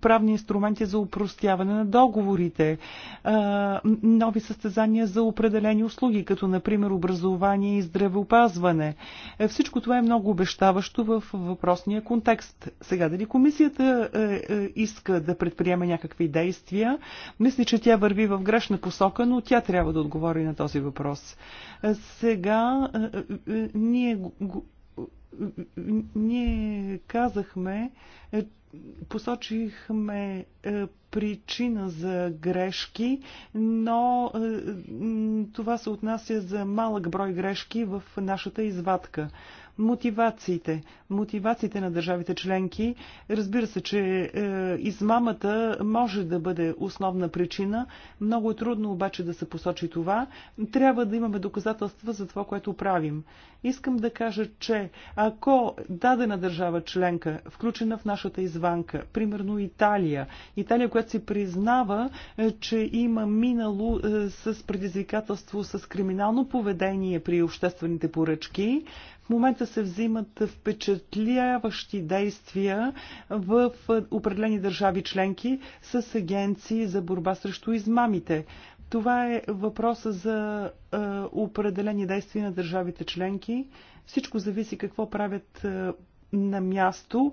правни инструменти за упростяване на договорите, нови състезания за определени услуги, като например образование и здравеопазване. Всичко това е много обещаващо в въпросния контекст. Сега дали Комисията е, е, иска да предприеме някакви действия. Мисля, че тя върви в грешна посока, но тя трябва да отговори на този въпрос. Е, сега ние ние казахме, посочихме причина за грешки, но това се отнася за малък брой грешки в нашата извадка. Мотивациите. Мотивациите на държавите членки. Разбира се, че е, измамата може да бъде основна причина. Много е трудно обаче да се посочи това. Трябва да имаме доказателства за това, което правим. Искам да кажа, че ако дадена държава членка, включена в нашата изванка, примерно Италия, Италия, която си признава, е, че има минало е, с предизвикателство с криминално поведение при обществените поръчки, в момента се взимат впечатляващи действия в определени държави членки с агенции за борба срещу измамите. Това е въпроса за е, определени действия на държавите членки. Всичко зависи какво правят е, на място.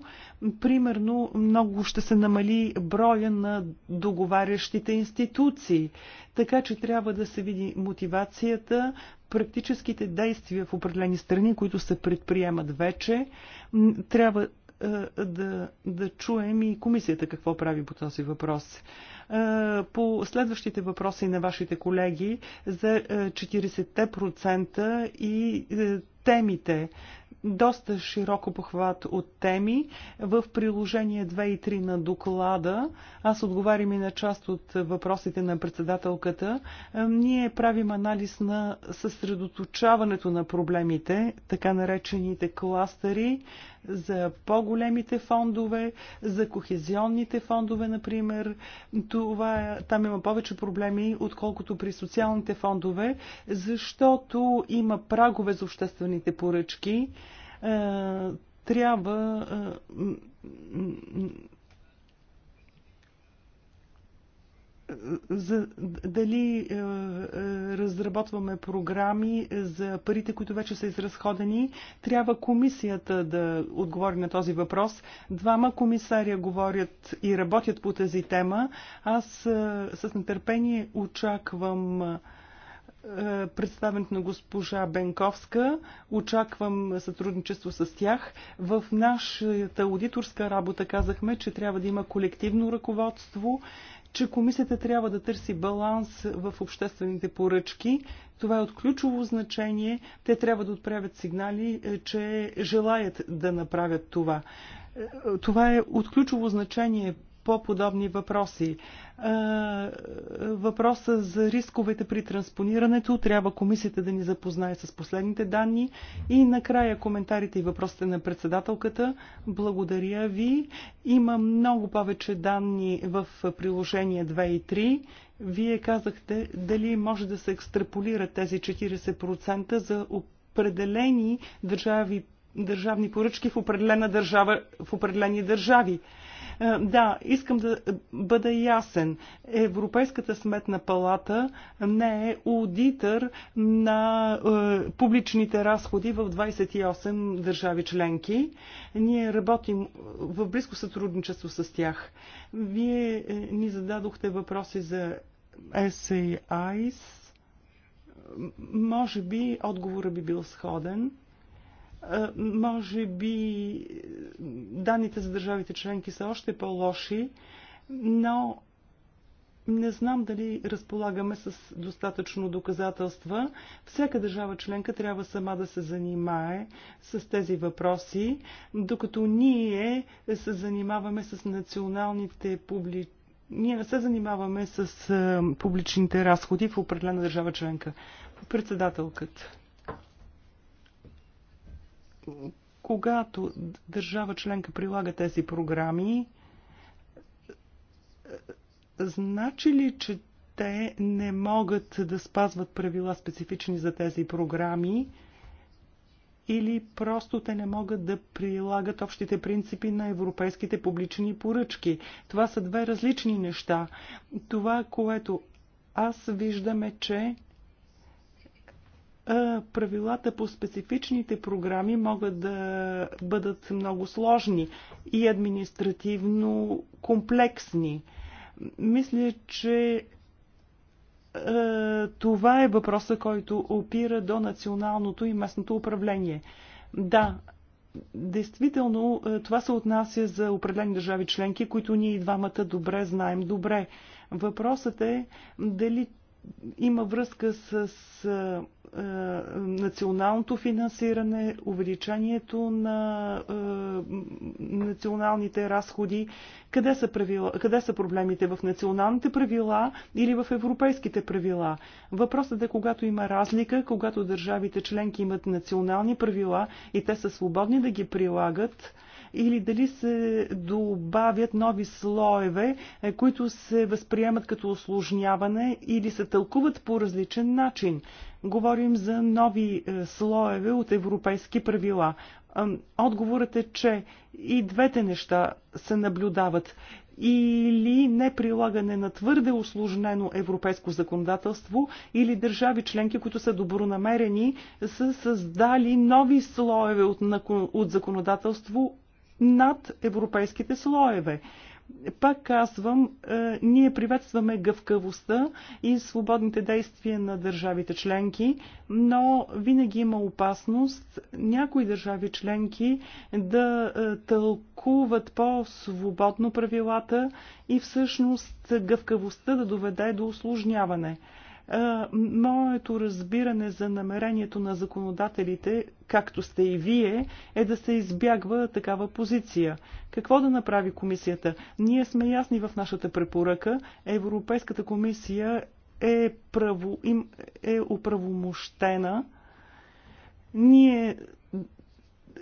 Примерно, много ще се намали броя на договарящите институции. Така че трябва да се види мотивацията, практическите действия в определени страни, които се предприемат вече, трябва е, да, да чуем и комисията какво прави по този въпрос. Е, по следващите въпроси на вашите колеги за 40% е, и темите доста широко похват от теми. В приложение 2 и 3 на доклада аз отговарям и на част от въпросите на председателката. Ние правим анализ на съсредоточаването на проблемите, така наречените кластери, за по-големите фондове, за кохезионните фондове, например. Това, е, там има повече проблеми, отколкото при социалните фондове, защото има прагове за обществените поръчки. Е, трябва е, за, дали е, е, разработваме програми за парите, които вече са изразходени. Трябва комисията да отговори на този въпрос. Двама комисария говорят и работят по тази тема. Аз е, с нетърпение очаквам е, представенето на госпожа Бенковска. Очаквам сътрудничество с тях. В нашата аудиторска работа казахме, че трябва да има колективно ръководство че комисията трябва да търси баланс в обществените поръчки. Това е от ключово значение. Те трябва да отправят сигнали, е, че желаят да направят това. Е, това е от ключово значение по подобни въпроси. Е, въпроса за рисковете при транспонирането трябва комисията да ни запознае с последните данни и накрая коментарите и въпросите на председателката. Благодаря ви. Има много повече данни в приложение 2 и 3. Вие казахте дали може да се екстраполира тези 40% за определени държави държавни поръчки в определена държава, в определени държави. Е, да, искам да бъда ясен. Европейската сметна палата не е аудитър на е, публичните разходи в 28 държави членки. Ние работим в близко сътрудничество с тях. Вие е, ни зададохте въпроси за SAIs. Може би отговорът би бил сходен. Може би данните за държавите членки са още по-лоши, но не знам дали разполагаме с достатъчно доказателства. Всяка държава членка трябва сама да се занимае с тези въпроси, докато ние се занимаваме с националните публични. Ние не се занимаваме с публичните разходи в определена държава членка. Председателката когато държава членка прилага тези програми, значи ли, че те не могат да спазват правила специфични за тези програми или просто те не могат да прилагат общите принципи на европейските публични поръчки. Това са две различни неща. Това, което аз виждаме, че правилата по специфичните програми могат да бъдат много сложни и административно комплексни. Мисля, че това е въпроса, който опира до националното и местното управление. Да, действително това се отнася за определени държави членки, които ние и двамата добре знаем добре. Въпросът е дали има връзка с а, а, националното финансиране, увеличението на а, националните разходи. Къде са, правила, къде са проблемите? В националните правила или в европейските правила? Въпросът е, когато има разлика, когато държавите членки имат национални правила и те са свободни да ги прилагат, или дали се добавят нови слоеве, е, които се възприемат като осложняване или се тълкуват по различен начин. Говорим за нови е, слоеве от европейски правила. Отговорът е, че и двете неща се наблюдават или неприлагане на твърде осложнено европейско законодателство, или държави членки, които са добронамерени, са създали нови слоеве от, от законодателство над европейските слоеве. Пак казвам, е, ние приветстваме гъвкавостта и свободните действия на държавите членки, но винаги има опасност някои държави членки да е, тълкуват по-свободно правилата и всъщност гъвкавостта да доведе до осложняване. Моето разбиране за намерението на законодателите, както сте и вие, е да се избягва такава позиция. Какво да направи комисията? Ние сме ясни в нашата препоръка. Европейската комисия е, право, им, е управомощена. Ние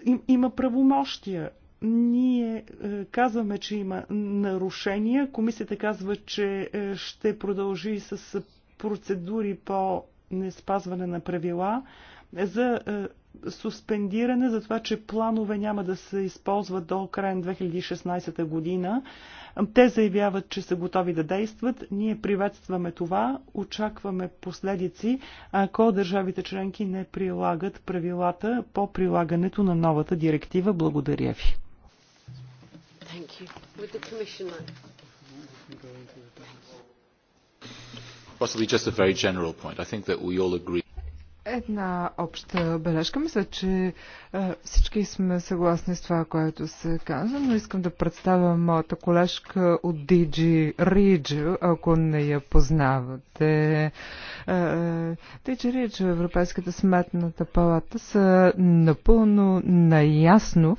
им, има правомощия ние е, казваме, че има нарушения. Комисията казва, че е, ще продължи с процедури по неспазване на правила, за е, суспендиране за това, че планове няма да се използват до края на 2016 година. Те заявяват, че са готови да действат. Ние приветстваме това, очакваме последици, ако държавите членки не прилагат правилата по прилагането на новата директива. Благодаря ви. Thank you. With the commissioner. Thank you. Possibly just a very general point. I think that we all agree. Една обща бележка. Мисля, че е, всички сме съгласни с това, което се каза, но искам да представя моята колежка от Диджи Риджи, ако не я познавате. Диджи е, Риджо, е, Европейската сметната палата са напълно наясно,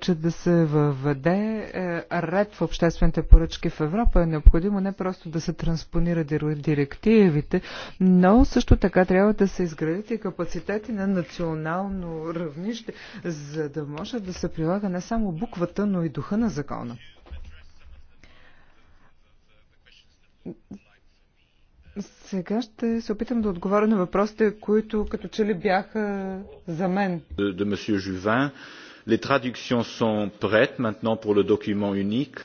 че да се въведе ред в обществените поръчки в Европа е необходимо не просто да се транспонира директивите, но също така трябва да се изгради кредити и капацитети на национално равнище, за да може да се прилага не само буквата, но и духа на закона. Сега ще се опитам да отговоря на въпросите, които като че ли бяха за мен. De, de Juvin. Les traductions sont prêtes maintenant pour le document unique.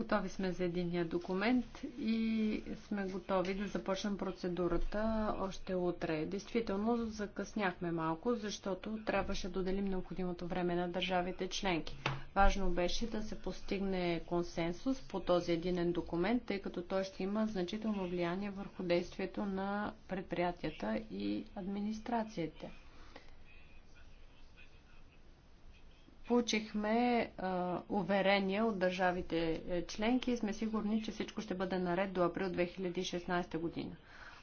Готови сме за единния документ и сме готови да започнем процедурата още утре. Действително закъсняхме малко, защото трябваше да отделим необходимото време на държавите членки. Важно беше да се постигне консенсус по този единен документ, тъй като той ще има значително влияние върху действието на предприятията и администрацията. Получихме а, уверения от държавите е, членки и сме сигурни, че всичко ще бъде наред до април 2016 година.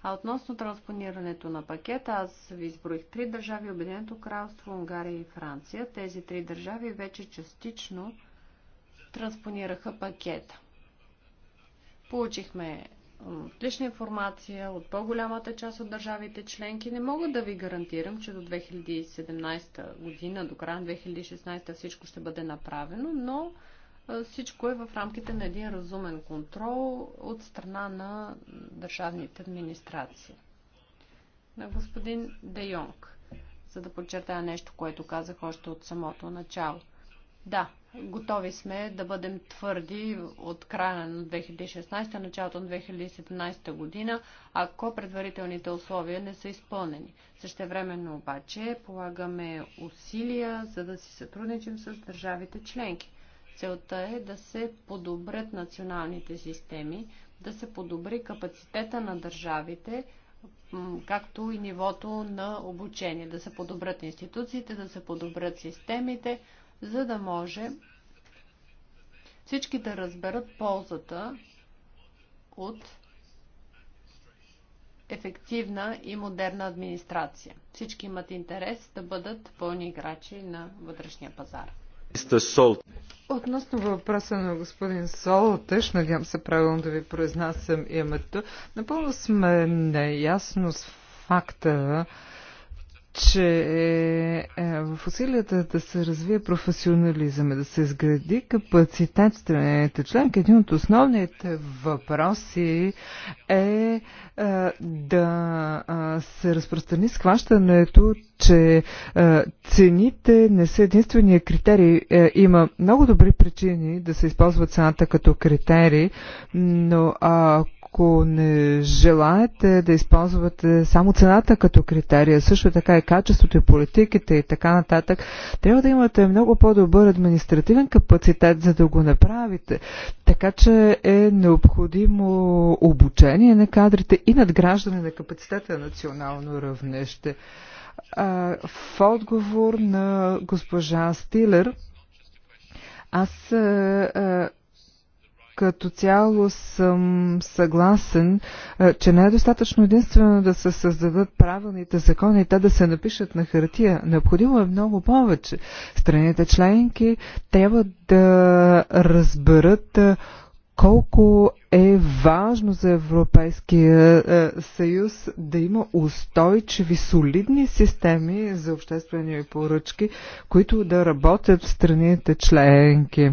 А относно транспонирането на пакета, аз ви изброих три държави, Обединеното кралство, Унгария и Франция. Тези три държави вече частично транспонираха пакета. Получихме отлична информация от по-голямата част от държавите членки. Не мога да ви гарантирам, че до 2017 година, до края на 2016 всичко ще бъде направено, но всичко е в рамките на един разумен контрол от страна на държавните администрации. На господин Де Йонг, за да подчертая нещо, което казах още от самото начало. Да, Готови сме да бъдем твърди от края на 2016, началото на 2017 година, ако предварителните условия не са изпълнени. Същевременно обаче полагаме усилия, за да си сътрудничим с държавите членки. Целта е да се подобрят националните системи, да се подобри капацитета на държавите, както и нивото на обучение, да се подобрят институциите, да се подобрят системите, за да може всички да разберат ползата от ефективна и модерна администрация. Всички имат интерес да бъдат пълни играчи на вътрешния пазар. Относно въпроса на господин Солтеш, надявам се правилно да ви произнасям името, напълно сме неясно с факта, че е, е, в усилията да се развие професионализъм и да се изгради капацитет в страните членки, един от основните въпроси е, е да се разпространи схващането, че цените не са единствения критерий. Има много добри причини да се използва цената като критерий, но ако ако не желаете да използвате само цената като критерия, също така и качеството и политиките и така нататък, трябва да имате много по-добър административен капацитет, за да го направите. Така че е необходимо обучение на кадрите и надграждане на капацитета на национално равнище. В отговор на госпожа Стилер, аз като цяло съм съгласен, че не е достатъчно единствено да се създадат правилните закони и те да се напишат на хартия. Необходимо е много повече. Страните членки трябва да разберат колко е важно за Европейския съюз да има устойчиви, солидни системи за обществени поръчки, които да работят в страните членки.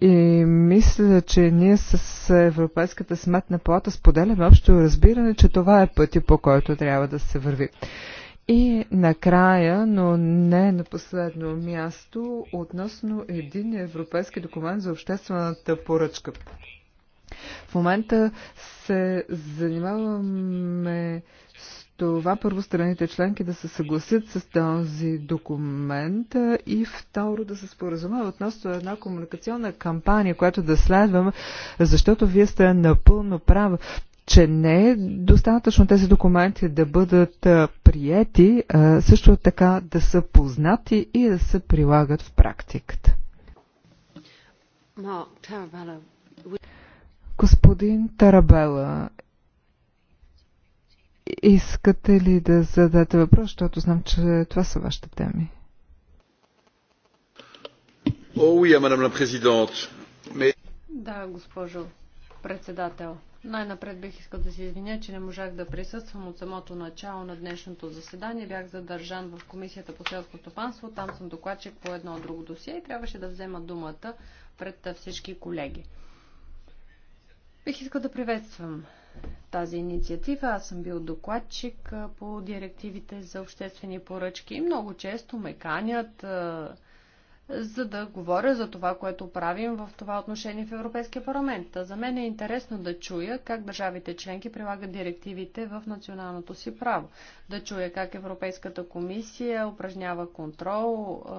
И мисля, че ние с Европейската сметна палата споделяме общо разбиране, че това е пътя по който трябва да се върви. И накрая, но не на последно място, относно един европейски документ за обществената поръчка. В момента се занимаваме това първо страните членки да се съгласят с този документ и второ да се споразумеят относно е една комуникационна кампания, която да следвам, защото вие сте напълно права че не е достатъчно тези документи да бъдат приети, също така да са познати и да се прилагат в практиката. Господин Тарабела, Искате ли да зададете въпрос, защото знам, че това са вашите теми? Да, госпожо председател. Най-напред бих искал да се извиня, че не можах да присъствам от самото начало на днешното заседание. Бях задържан в Комисията по селско стопанство. Там съм докладчик по едно от друго досие и трябваше да взема думата пред всички колеги. Бих искал да приветствам тази инициатива. Аз съм бил докладчик по директивите за обществени поръчки и много често ме канят за да говоря за това, което правим в това отношение в Европейския парламент. За мен е интересно да чуя как държавите членки прилагат директивите в националното си право. Да чуя как Европейската комисия упражнява контрол е,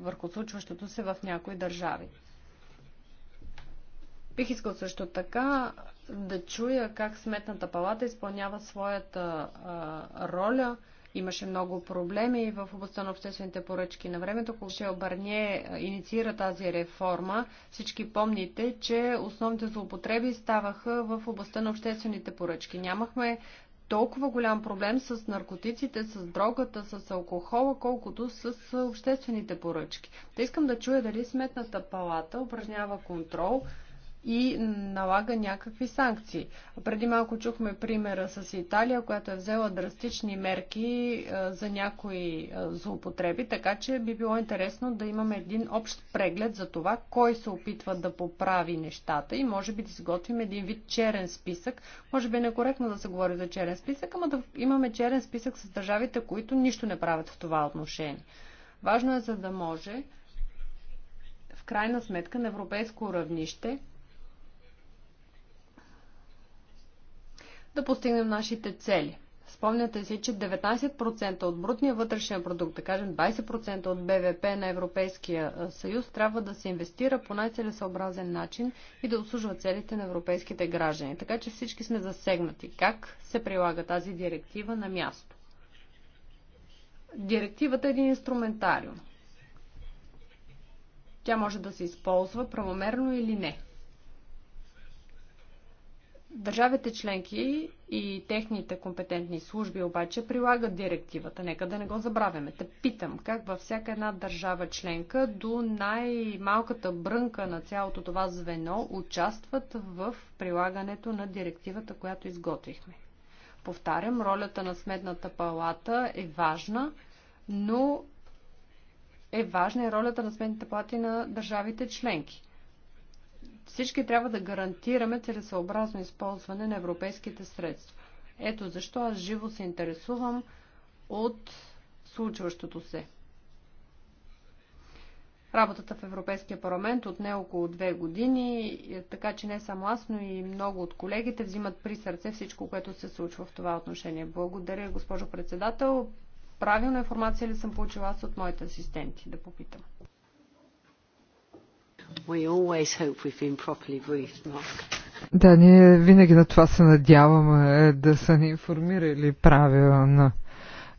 върху случващото се в някои държави. Бих искал също така да чуя как Сметната палата изпълнява своята а, роля. Имаше много проблеми в областта на обществените поръчки на времето, когато Барние инициира тази реформа. Всички помните, че основните злоупотреби ставаха в областта на обществените поръчки. Нямахме толкова голям проблем с наркотиците, с дрогата, с алкохола, колкото с обществените поръчки. Та искам да чуя дали Сметната палата упражнява контрол и налага някакви санкции. Преди малко чухме примера с Италия, която е взела драстични мерки е, за някои е, злоупотреби, така че би било интересно да имаме един общ преглед за това, кой се опитва да поправи нещата и може би да изготвим един вид черен списък. Може би е некоректно да се говори за черен списък, ама да имаме черен списък с държавите, които нищо не правят в това отношение. Важно е, за да може в крайна сметка на европейско равнище да постигнем нашите цели. Спомняте си, че 19% от брутния вътрешен продукт, да кажем 20% от БВП на Европейския съюз, трябва да се инвестира по най-целесообразен начин и да обслужва целите на европейските граждани. Така че всички сме засегнати. Как се прилага тази директива на място? Директивата е един инструментариум. Тя може да се използва правомерно или не. Държавите членки и техните компетентни служби обаче прилагат директивата. Нека да не го забравяме. Те питам как във всяка една държава членка до най-малката брънка на цялото това звено участват в прилагането на директивата, която изготвихме. Повтарям, ролята на Сметната палата е важна, но е важна и ролята на Сметната палата и на държавите членки – всички трябва да гарантираме целесообразно използване на европейските средства. Ето защо аз живо се интересувам от случващото се. Работата в Европейския парламент отне около две години, е, така че не само аз, но и много от колегите взимат при сърце всичко, което се случва в това отношение. Благодаря, госпожо председател. Правилна информация ли съм получила аз от моите асистенти? Да попитам. We always hope we've been properly briefed, Mark. Да, ние винаги на това се надяваме е, да са ни информирали правилно.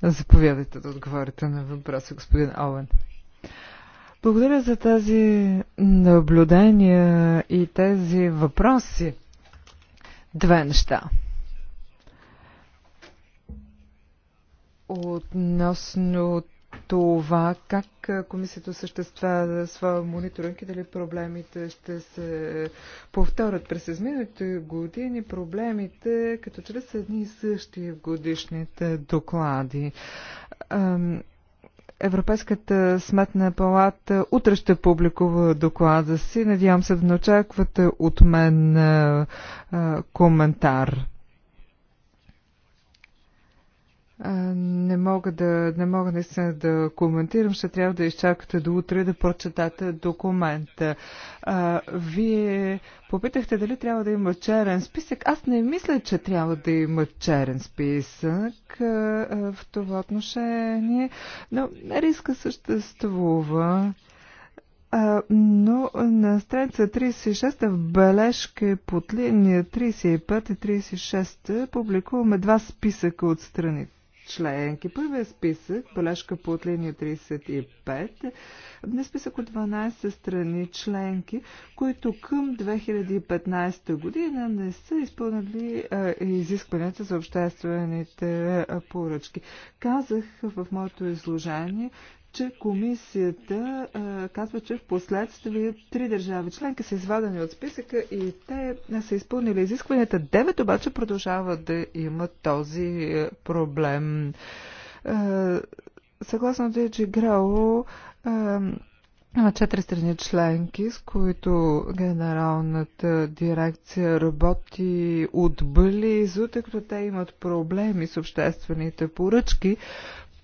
Заповядайте да отговорите на въпроса, господин Овен. Благодаря за тази наблюдения и тези въпроси. Две неща. Относно това как комисията съществува своя мониторинг и дали проблемите ще се е, повторят през изминалите години. Проблемите като че ли са едни и същи в годишните доклади. Европейската сметна палата утре ще публикува доклада си. Надявам се да не очаквате от мен е, е, коментар. Не мога да, не мога наистина да коментирам, ще трябва да изчакате до утре да прочетате документа. А, вие попитахте дали трябва да има черен списък. Аз не мисля, че трябва да има черен списък а, а, в това отношение, но риска съществува. А, но на страница 36 в бележка под линия 35 и 36 публикуваме два списъка от страните членки. Първият е списък, бележка по от линия 35, е списък от 12 страни членки, които към 2015 година не са изпълнили изискванията за обществените поръчки. Казах в моето изложение, че комисията а, казва, че в последствие три държави членки са извадени от списъка и те не са изпълнили изискванията. Девет обаче продължават да имат този проблем. А, съгласно DG Грао, има четири страни членки, с които генералната дирекция работи отблизо, тъй като те имат проблеми с обществените поръчки,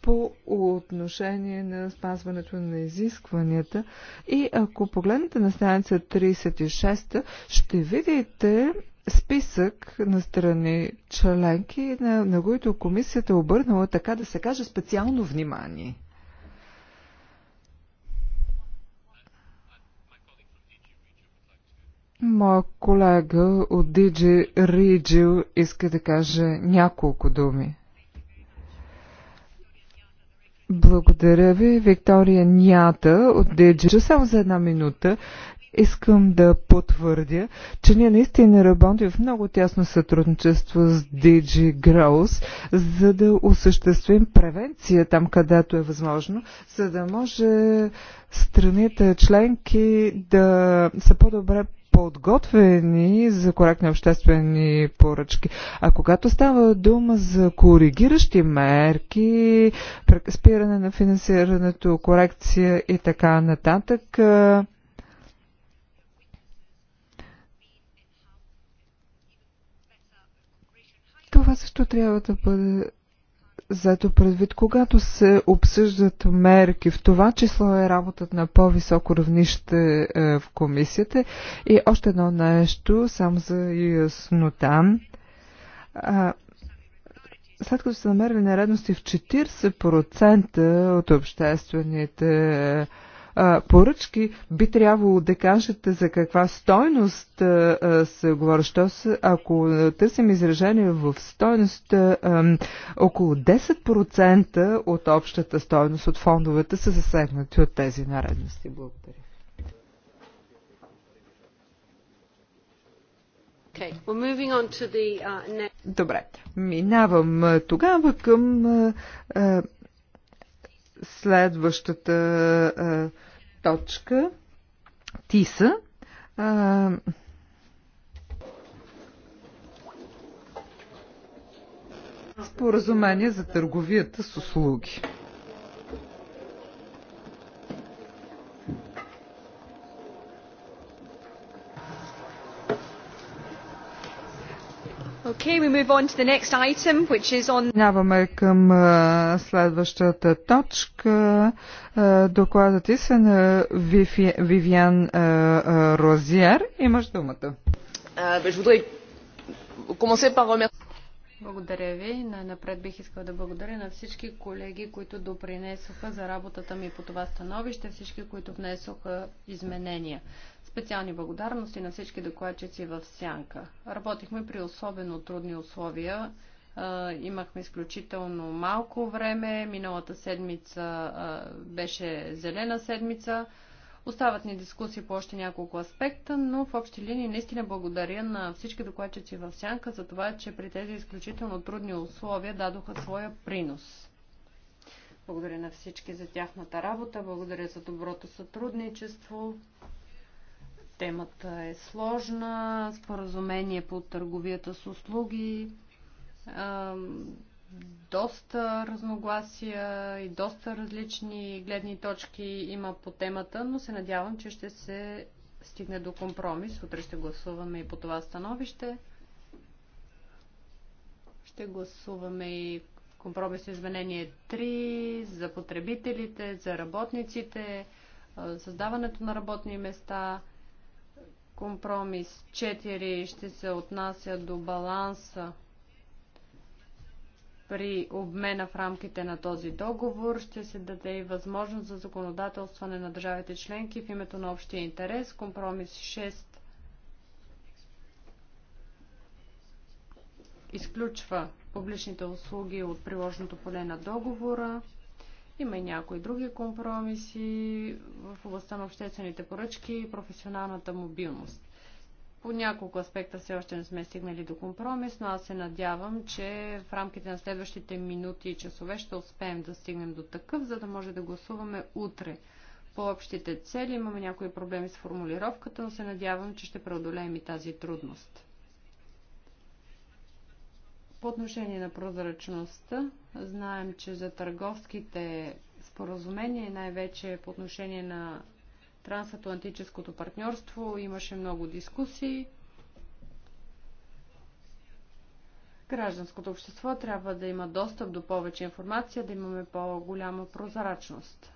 по отношение на спазването на изискванията. И ако погледнете на страница 36, ще видите списък на страни членки, на, на които комисията е обърнала, така да се каже, специално внимание. Моя колега от Диджи Риджил иска да каже няколко думи. Благодаря ви, Виктория Нята от Диджи. Само за една минута искам да потвърдя, че ние наистина работим в много тясно сътрудничество с DG Growth, за да осъществим превенция там, където е възможно, за да може страните членки да са по-добре подготвени за коректни обществени поръчки. А когато става дума за коригиращи мерки, спиране на финансирането, корекция и така нататък, това също трябва да бъде Зато предвид, когато се обсъждат мерки, в това число е работата на по-високо равнище е, в комисията. И още едно нещо, само за яснота. След като са намерили нередности в 40% от обществените е, поръчки, би трябвало да кажете за каква стойност се говори. Що с, ако търсим изражение в стойност, около 10% от общата стойност от фондовете са засегнати от тези наредности. Благодаря. Uh, Добре, минавам тогава към следващата а, точка. ТИСА. А, споразумение за търговията с услуги. Okay, we move on to the next item, which is on... към следващата точка. докладът ти е се на Вивиан Розиер. Имаш думата. Благодаря ви. Най-напред бих искал да благодаря на всички колеги, които допринесоха за работата ми по това становище, всички, които внесоха изменения. Специални благодарности на всички докладчици в Сянка. Работихме при особено трудни условия. Имахме изключително малко време. Миналата седмица беше зелена седмица. Остават ни дискусии по още няколко аспекта, но в общи линии наистина благодаря на всички докладчици в Сянка за това, че при тези изключително трудни условия дадоха своя принос. Благодаря на всички за тяхната работа, благодаря за доброто сътрудничество. Темата е сложна, споразумение по търговията с услуги, доста разногласия и доста различни гледни точки има по темата, но се надявам, че ще се стигне до компромис. Утре ще гласуваме и по това становище. Ще гласуваме и компромис изменение 3 за потребителите, за работниците, създаването на работни места – Компромис 4 ще се отнася до баланса при обмена в рамките на този договор ще се даде и възможност за законодателстване на държавите членки в името на общия интерес. Компромис 6 изключва публичните услуги от приложното поле на договора. Има и някои други компромиси в областта на обществените поръчки и професионалната мобилност. По няколко аспекта все още не сме стигнали до компромис, но аз се надявам, че в рамките на следващите минути и часове ще успеем да стигнем до такъв, за да може да гласуваме утре. По общите цели имаме някои проблеми с формулировката, но се надявам, че ще преодолеем и тази трудност. По отношение на прозрачността, знаем, че за търговските споразумения, най-вече по отношение на трансатлантическото партньорство, имаше много дискусии. Гражданското общество трябва да има достъп до повече информация, да имаме по-голяма прозрачност.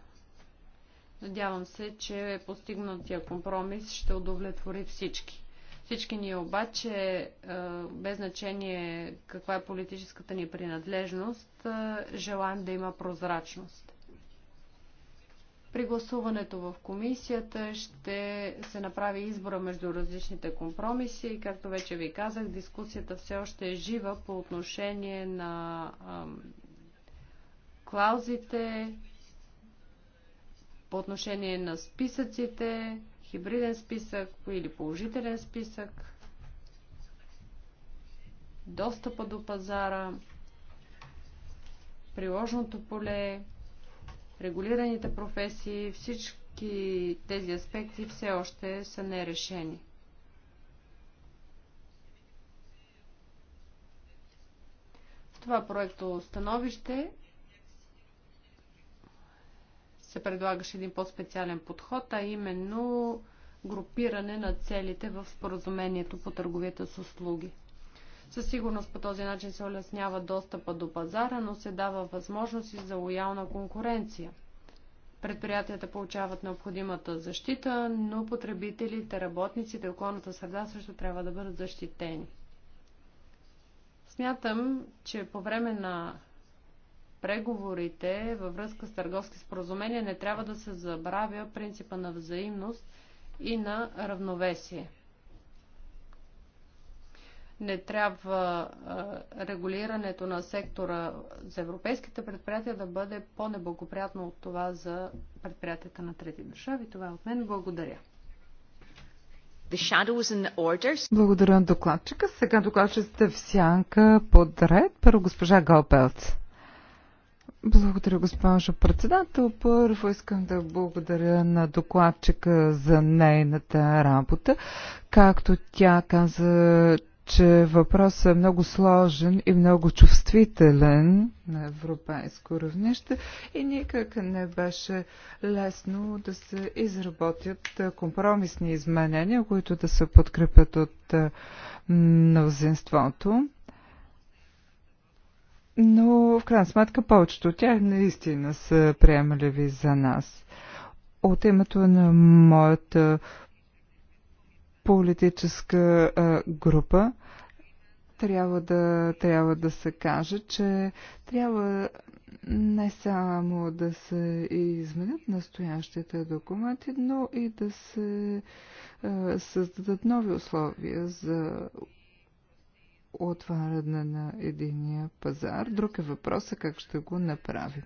Надявам се, че постигнатия компромис ще удовлетвори всички. Всички ние обаче, е, без значение каква е политическата ни принадлежност, е, желаем да има прозрачност. При гласуването в комисията ще се направи избора между различните компромиси и, както вече ви казах, дискусията все още е жива по отношение на клаузите, по отношение на списъците, хибриден списък или положителен списък, достъпа до пазара, приложното поле, регулираните професии, всички тези аспекти все още са нерешени. Това проекто становище се предлагаше един по-специален подход, а именно групиране на целите в споразумението по търговията с услуги. Със сигурност по този начин се улеснява достъпа до пазара, но се дава възможност и за лоялна конкуренция. Предприятията получават необходимата защита, но потребителите, работниците, околната среда също трябва да бъдат защитени. Смятам, че по време на преговорите във връзка с търговски споразумения не трябва да се забравя принципа на взаимност и на равновесие. Не трябва регулирането на сектора за европейските предприятия да бъде по-неблагоприятно от това за предприятията на трети държави. Това е от мен. Благодаря. Благодаря на докладчика. Сега докладчицата в сянка подред. Първо госпожа Галпелц. Благодаря, госпожо председател. Първо искам да благодаря на докладчика за нейната работа. Както тя каза, че въпросът е много сложен и много чувствителен на европейско равнище и никак не беше лесно да се изработят компромисни изменения, които да се подкрепят от мнозинството. Но в крайна сметка повечето от тях наистина са приемливи за нас. От името на моята политическа група трябва да, трябва да се каже, че трябва не само да се изменят настоящите документи, но и да се създадат нови условия за отваряне на единия пазар. Друг е въпросът как ще го направим.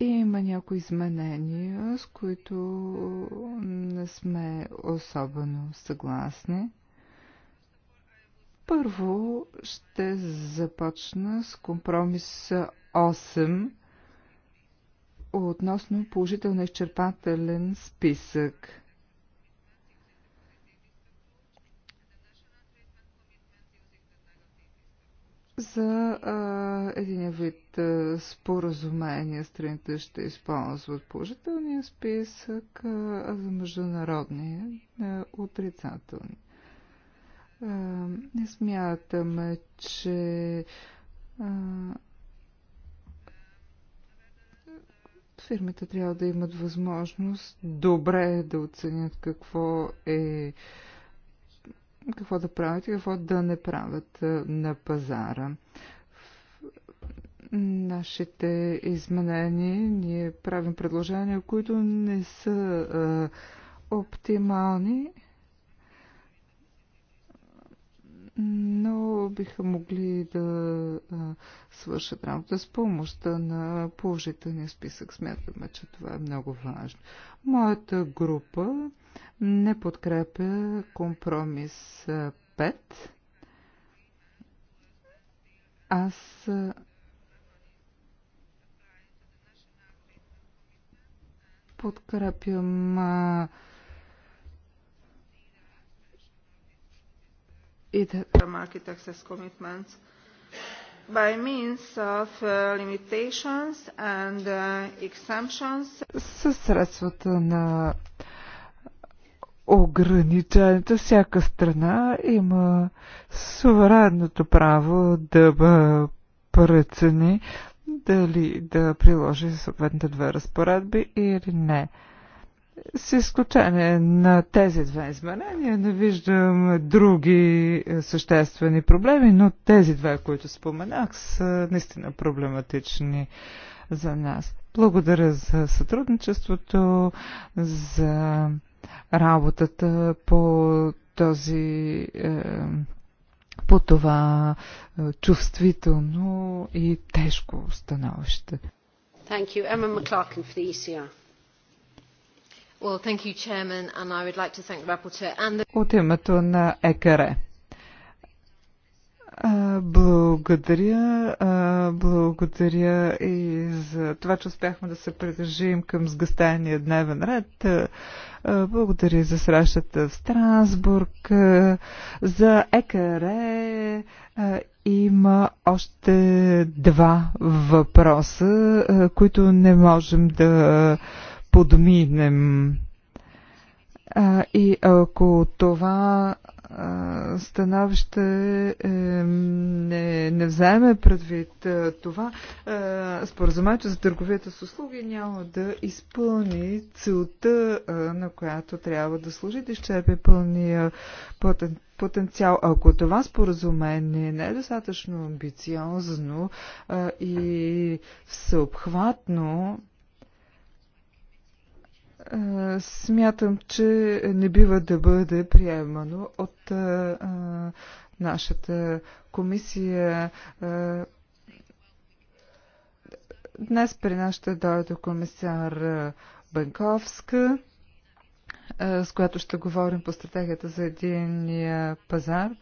И има някои изменения, с които не сме особено съгласни. Първо ще започна с компромис 8 относно положително изчерпателен списък. за а, един вид а, споразумение страните ще използват положителния списък, а, а за международни а, отрицателни. А, не смятаме, че а, фирмите трябва да имат възможност добре да оценят какво е а, какво да правят и какво да не правят е, на пазара. Нашите изменения, ние правим предложения, които не са а, е, оптимални, но биха могли да а, е, свършат работа с помощта на положителния списък. Смятаме, че това е много важно. Моята група не подкрепя компромис 5. Аз подкрепям и рамките access commitments. By means of uh, limitations and uh, exemptions. Със средствата на ограничената всяка страна има суверенното право да прецени дали да приложи съответните две разпоредби или не. С изключение на тези две изменения не виждам други съществени проблеми, но тези две, които споменах, са наистина проблематични за нас. Благодаря за сътрудничеството, за работата по този по това чувствително и тежко становище. Thank you. Emma McClarkin for the ECR. Well, thank you, Chairman, and I would like to thank the Rapporteur and the... От името на ЕКРЕ. Благодаря. Благодаря и за това, че успяхме да се придържим към сгъстаяния дневен ред. Благодаря за срещата в Страсбург, за ЕКРЕ. Има още два въпроса, които не можем да подминем. А, и ако това а, становище е, не, не вземе предвид а, това, споразумението за търговията с услуги няма да изпълни целта, а, на която трябва да служи, да изчерпи пълния потен, потенциал. Ако това споразумение не е достатъчно амбициозно а, и всеобхватно, смятам, че не бива да бъде приемано от а, нашата комисия. А, днес при нас ще дойде комисар Банковска, а, с която ще говорим по стратегията за един пазар. А,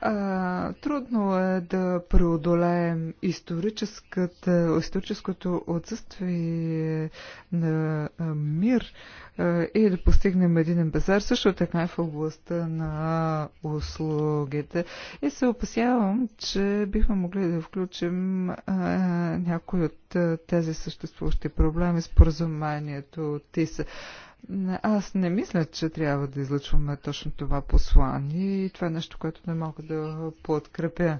а, трудно е да преодолеем историческото отсъствие на мир и да постигнем един базар, също така и в областта на услугите. И се опасявам, че бихме могли да включим а, някои от тези съществуващи проблеми с поразумението ТИСА. Аз не мисля, че трябва да излъчваме точно това послание и това е нещо, което не мога да подкрепя.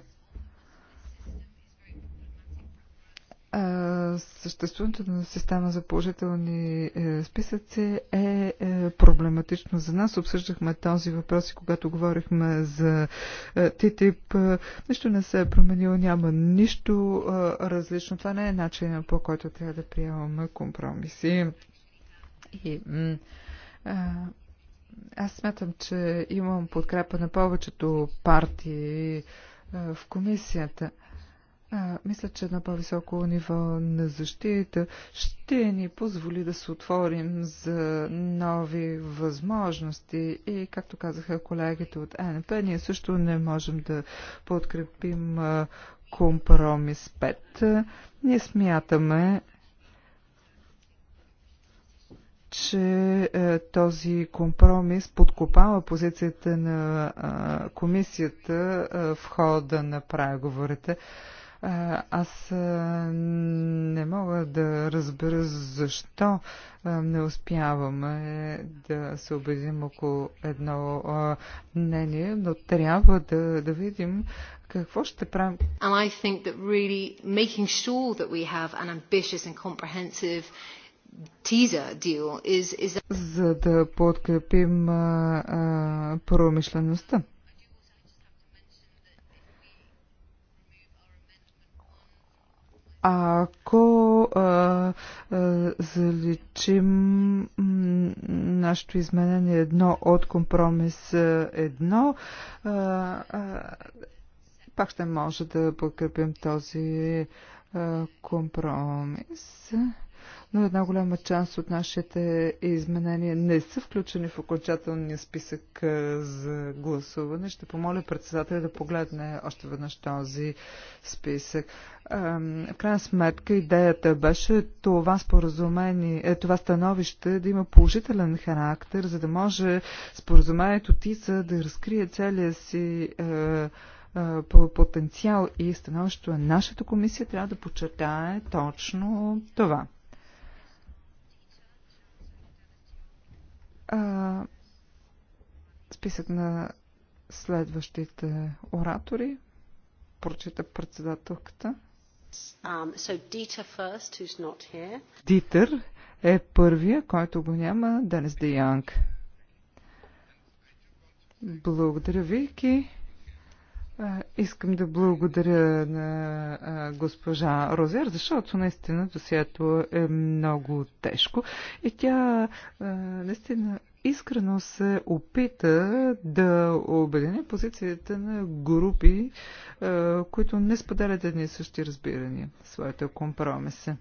съществуването на система за положителни е, списъци е, е проблематично за нас. Обсъждахме този въпрос и когато говорихме за е, ТТИП. Нищо не се е променило, няма нищо различно. Това не е начинът по който трябва да приемаме компромиси. И аз смятам, че имам подкрепа на повечето партии в комисията. А, мисля, че на по-високо ниво на защита ще ни позволи да се отворим за нови възможности и, както казаха колегите от НП, ние също не можем да подкрепим компромис 5. Ние смятаме, че е, този компромис подкопава позицията на е, комисията е, в хода на преговорите. Е, Аз е, не мога да разбера защо е, не успяваме да се убедим около едно е, мнение, но трябва да, да видим какво ще правим. And I think that really making sure that we have an ambitious and comprehensive за да подкрепим промишлеността. Ако а, а, заличим нашето изменение едно от компромис едно, а, а, пак ще може да подкрепим този а, компромис но една голяма част от нашите изменения не са включени в окончателния списък за гласуване. Ще помоля председателя да погледне още веднъж този списък. В крайна сметка идеята беше това споразумение, е, това становище да има положителен характер, за да може споразумението ТИСА да разкрие целия си по потенциал и становището на нашата комисия трябва да подчертае точно това. А, списък на следващите оратори. Прочита председателката. Um, so Dieter first, who's not here. Дитър е първия, който го няма, Денис Де Янг. Благодаря, Вики. Искам да благодаря на госпожа Розер, защото наистина досието е много тежко и тя наистина искрено се опита да обедини позицията на групи, които не споделят едни и същи разбирания, своите компромиси.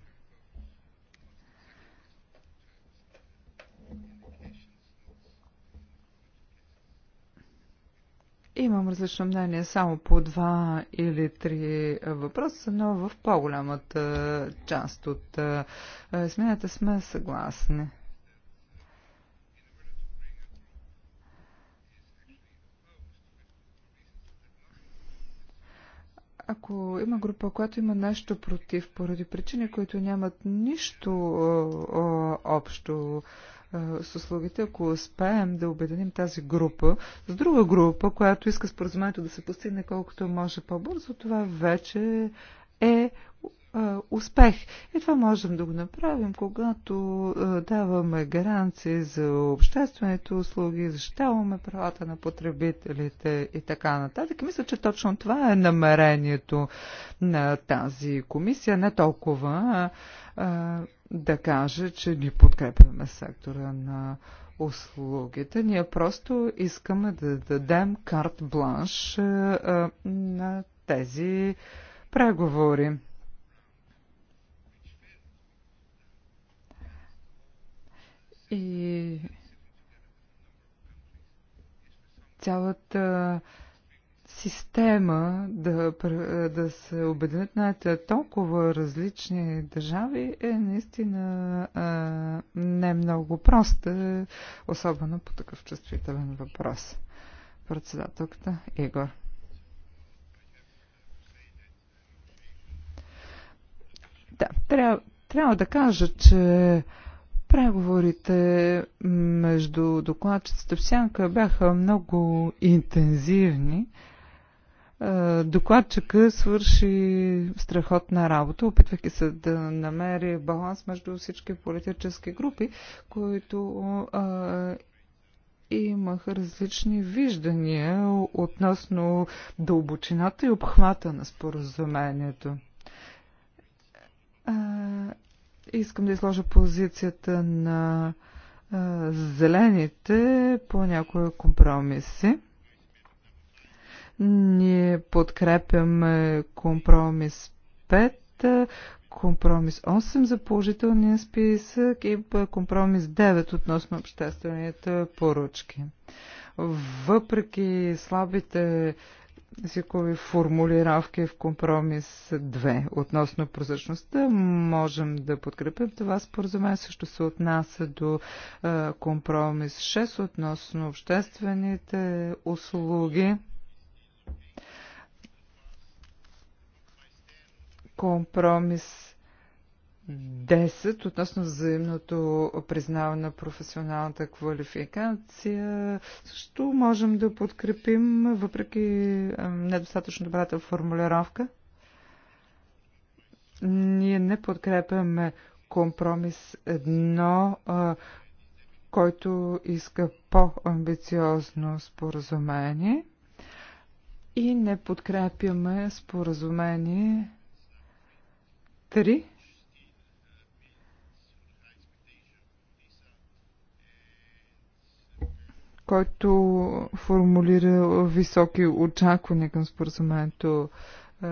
Имам различно мнение само по два или три въпроса, но в по-голямата част от смената сме съгласни. ако има група, която има нещо против, поради причини, които нямат нищо общо с услугите, ако успеем да обединим тази група с друга група, която иска споразумението да се постигне колкото може по-бързо, това вече е успех. И това можем да го направим, когато даваме гаранции за обществените услуги, защитаваме правата на потребителите и така нататък. И мисля, че точно това е намерението на тази комисия, не толкова да каже, че ни подкрепяме сектора на услугите. Ние просто искаме да дадем карт бланш на тези преговори. И цялата система да, да се обединят на толкова различни държави е наистина а, не много проста, е, особено по такъв чувствителен въпрос. Председателката Игор. Да, трябва, трябва да кажа, че преговорите между докладчицата в Сянка бяха много интензивни. А, е, докладчика свърши страхотна работа, опитвайки се да намери баланс между всички политически групи, които а, е, имаха различни виждания относно дълбочината и обхвата на споразумението. А, е, искам да изложа позицията на а, зелените по някои компромиси. Ние подкрепяме компромис 5, компромис 8 за положителния списък и компромис 9 относно обществените поръчки. Въпреки слабите езикови формулировки в компромис 2 относно прозрачността. Можем да подкрепим това споразумение. Също се отнася до е, компромис 6 относно обществените услуги. Компромис 10 относно взаимното признаване на професионалната квалификация. Също можем да подкрепим, въпреки недостатъчно добрата формулировка. Ние не подкрепяме компромис едно, който иска по-амбициозно споразумение и не подкрепяме споразумение три. който формулира високи очаквания към споразумението е,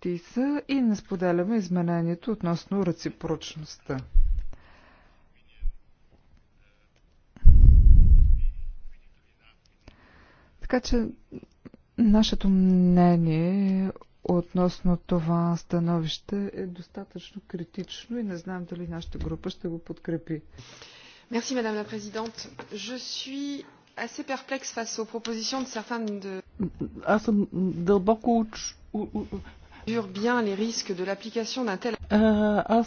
ТИСА и не споделяме изменението относно реципрочността. Така че нашето мнение е относно това становище е достатъчно критично и не знам дали нашата група ще го подкрепи. Merci, Madame la Présidente. Je suis assez perplexe face aux propositions de certains de... Аз съм дълбоко... Bien les risques de l'application d'un tel аз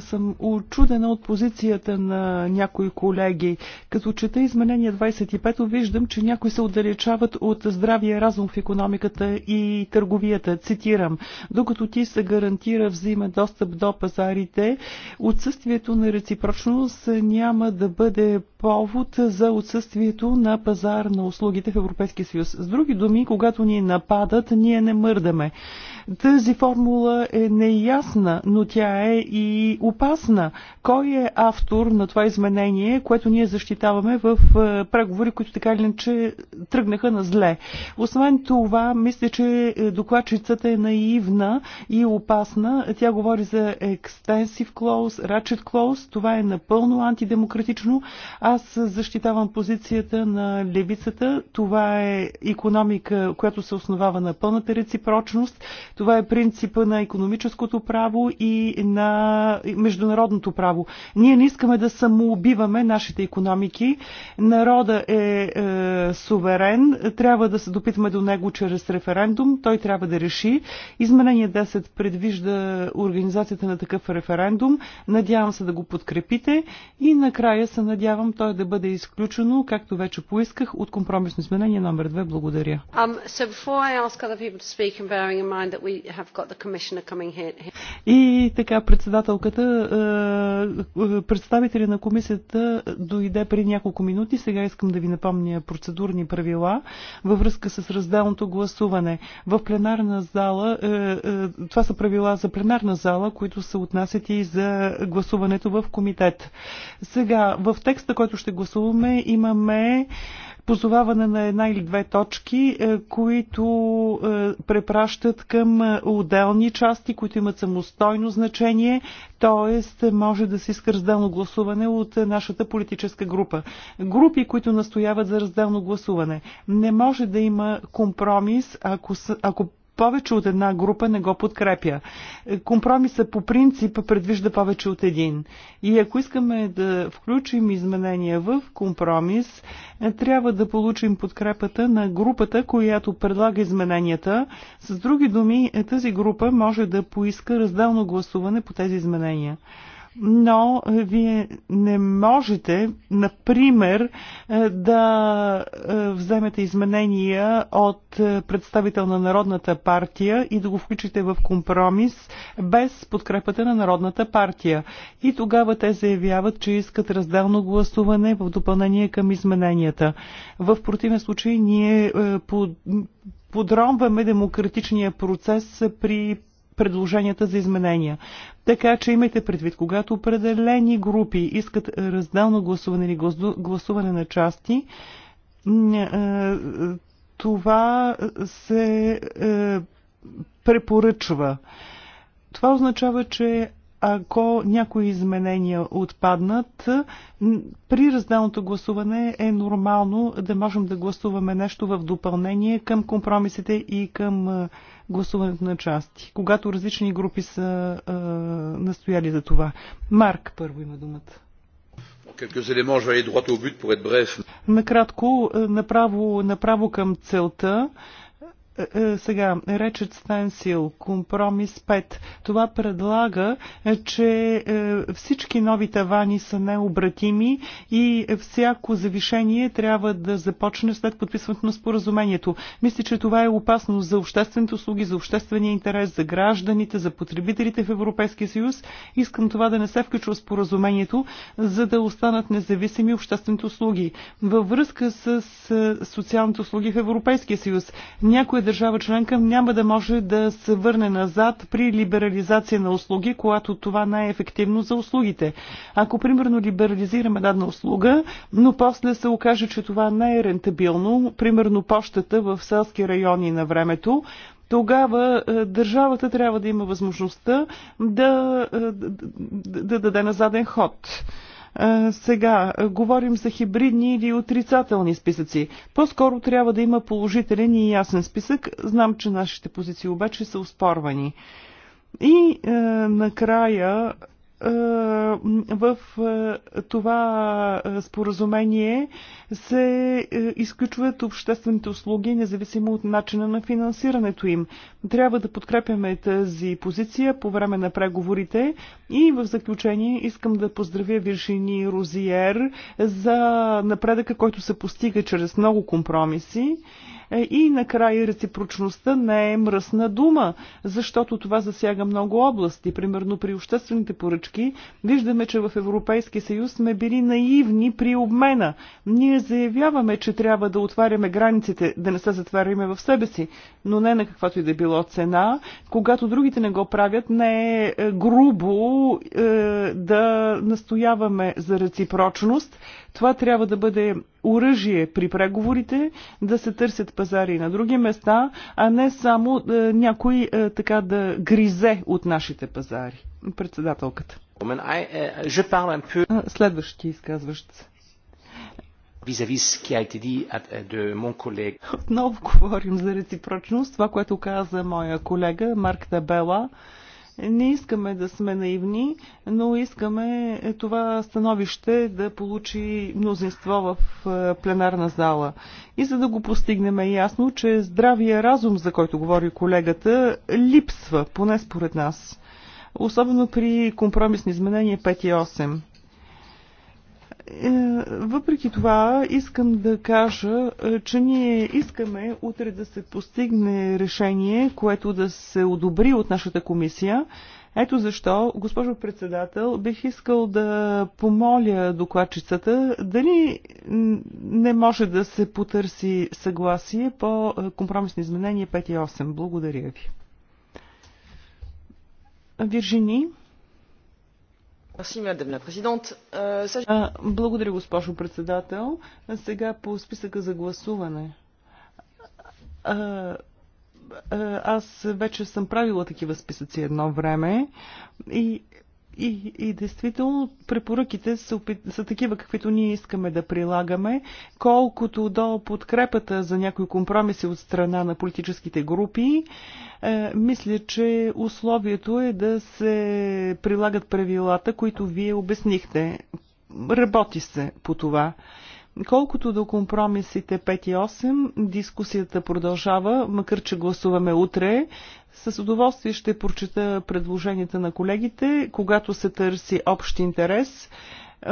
съм очудена от позицията на някои колеги. Като чета изменение 25, виждам, че някои се отдалечават от здравия разум в економиката и търговията. Цитирам, докато ти се гарантира взима достъп до пазарите, отсъствието на реципрочност няма да бъде повод за отсъствието на пазар на услугите в Европейския съюз. С други думи, когато ни нападат, ние не мърдаме. Тази формула е неясна, но тя е и опасна. Кой е автор на това изменение, което ние защитаваме в е, преговори, които така или иначе тръгнаха на зле? Освен това, мисля, че е, докладчицата е наивна и опасна. Тя говори за extensive clause, ratchet clause. Това е напълно антидемократично. Аз защитавам позицията на левицата. Това е економика, която се основава на пълната реципрочност. Това е принципа на економическото право и на международното право. Ние не искаме да самоубиваме нашите економики. Народа е, е суверен, трябва да се допитаме до него чрез референдум, той трябва да реши. Изменение 10 предвижда организацията на такъв референдум. Надявам се да го подкрепите и накрая се надявам той да бъде изключено, както вече поисках, от компромисно изменение номер 2. Благодаря. Um, so И така председателката, е, е, представители на комисията дойде при няколко минути. Сега искам да ви напомня процедурни правила във връзка с разделното гласуване. В пленарна зала, е, това са правила за пленарна зала, които се отнасят и за гласуването в комитет. Сега, в текста, който ще гласуваме, имаме позоваване на една или две точки, е, които е, препращат към е, отделни части, които имат самостойно значение, т.е. може да се иска разделно гласуване от нашата политическа група. Групи, които настояват за разделно гласуване. Не може да има компромис, ако, ако повече от една група не го подкрепя. Компромиса по принцип предвижда повече от един. И ако искаме да включим изменения в компромис, трябва да получим подкрепата на групата, която предлага измененията. С други думи, тази група може да поиска разделно гласуване по тези изменения но е, вие не можете, например, е, да е, вземете изменения от представител на Народната партия и да го включите в компромис без подкрепата на Народната партия. И тогава те заявяват, че искат разделно гласуване в допълнение към измененията. В противен случай ние подромваме демократичния процес при предложенията за изменения. Така че имайте предвид, когато определени групи искат разделно гласуване или гласуване на части, е, това се е, препоръчва. Това означава, че ако някои изменения отпаднат, при разделното гласуване е нормално да можем да гласуваме нещо в допълнение към компромисите и към е, гласуването на части, когато различни групи са а, настояли за това. Марк първо има думата. Накратко, направо, направо към целта. Е, е, сега, речет Стенсил, компромис 5. Това предлага, е, че всички нови тавани са необратими и всяко завишение трябва да започне след подписването на споразумението. Мисля, че това е опасно за обществените услуги, за обществения интерес, за гражданите, за потребителите в Европейския съюз. Искам това да не се включва в споразумението, за да останат независими обществените услуги. Във връзка с социалните услуги в Европейския съюз, някои държава членка няма да може да се върне назад при либерализация на услуги, когато това не е ефективно за услугите. Ако, примерно, либерализираме дадна услуга, но после се окаже, че това не е рентабилно, примерно почтата в селски райони на времето, тогава е, държавата трябва да има възможността да, е, да, да даде на заден ход. Сега, говорим за хибридни или отрицателни списъци. По-скоро трябва да има положителен и ясен списък. Знам, че нашите позиции обаче са успорвани. И е, накрая е, в е, това споразумение се е, изключват обществените услуги, независимо от начина на финансирането им. Трябва да подкрепяме тази позиция по време на преговорите и в заключение искам да поздравя Виршини Розиер за напредъка, който се постига чрез много компромиси. Е, и накрая реципрочността не е мръсна дума, защото това засяга много области. Примерно при обществените поръчки виждаме, че в Европейски съюз сме били наивни при обмена. Ние заявяваме, че трябва да отваряме границите, да не се затваряме в себе си, но не на каквато и да било цена. Когато другите не го правят, не е, е грубо е, да настояваме за реципрочност, това трябва да бъде оръжие при преговорите, да се търсят пазари на други места, а не само е, някой е, така да гризе от нашите пазари. Председателката. Следващи изказващ се vis-à-vis ce qui a été dit de mon collègue. Отново говорим за реципрочност, това, което каза моя колега Марк Табела. Не искаме да сме наивни, но искаме това становище да получи мнозинство в е, пленарна зала. И за да го постигнем е ясно, че здравия разум, за който говори колегата, липсва, поне според нас. Особено при компромисни изменения 5 и 8. Е, въпреки това искам да кажа, е, че ние искаме утре да се постигне решение, което да се одобри от нашата комисия. Ето защо, госпожо председател, бих искал да помоля докладчицата дали не може да се потърси съгласие по е, компромисни изменения 5 и 8. Благодаря ви. Виржини. Euh, благодаря, госпожо председател. Сега по списъка за гласуване. Аз вече съм правила такива списъци едно време и и, и действително препоръките са, са такива, каквито ние искаме да прилагаме, колкото до подкрепата за някои компромиси от страна на политическите групи. Е, мисля, че условието е да се прилагат правилата, които вие обяснихте. Работи се по това. Колкото до компромисите 5 и 8, дискусията продължава, макар че гласуваме утре. С удоволствие ще прочета предложенията на колегите, когато се търси общ интерес. Е,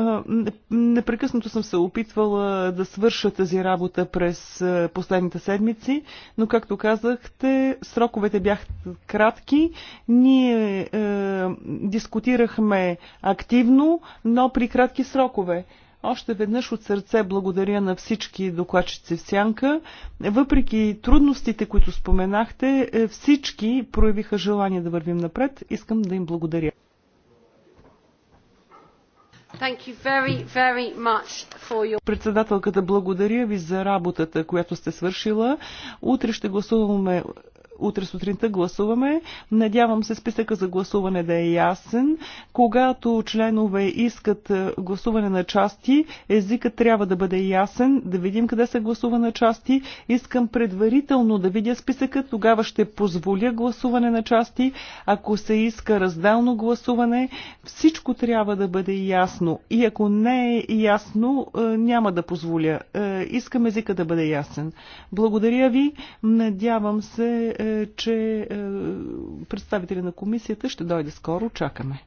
непрекъснато съм се опитвала да свърша тази работа през е, последните седмици, но както казахте, сроковете бяха кратки. Ние е, дискутирахме активно, но при кратки срокове. Още веднъж от сърце благодаря на всички докладчици в Сянка. Въпреки трудностите, които споменахте, е, всички проявиха желание да вървим напред. Искам да им благодаря. Very, very your... Председателката, благодаря ви за работата, която сте свършила. Утре ще гласуваме утре сутринта гласуваме. Надявам се списъка за гласуване да е ясен. Когато членове искат е, гласуване на части, езикът трябва да бъде ясен, да видим къде се гласува на части. Искам предварително да видя списъка, тогава ще позволя гласуване на части. Ако се иска разделно гласуване, всичко трябва да бъде ясно. И ако не е ясно, е, няма да позволя. Е, искам езика да бъде ясен. Благодаря ви. Надявам се че е, представители на комисията ще дойде скоро. Чакаме.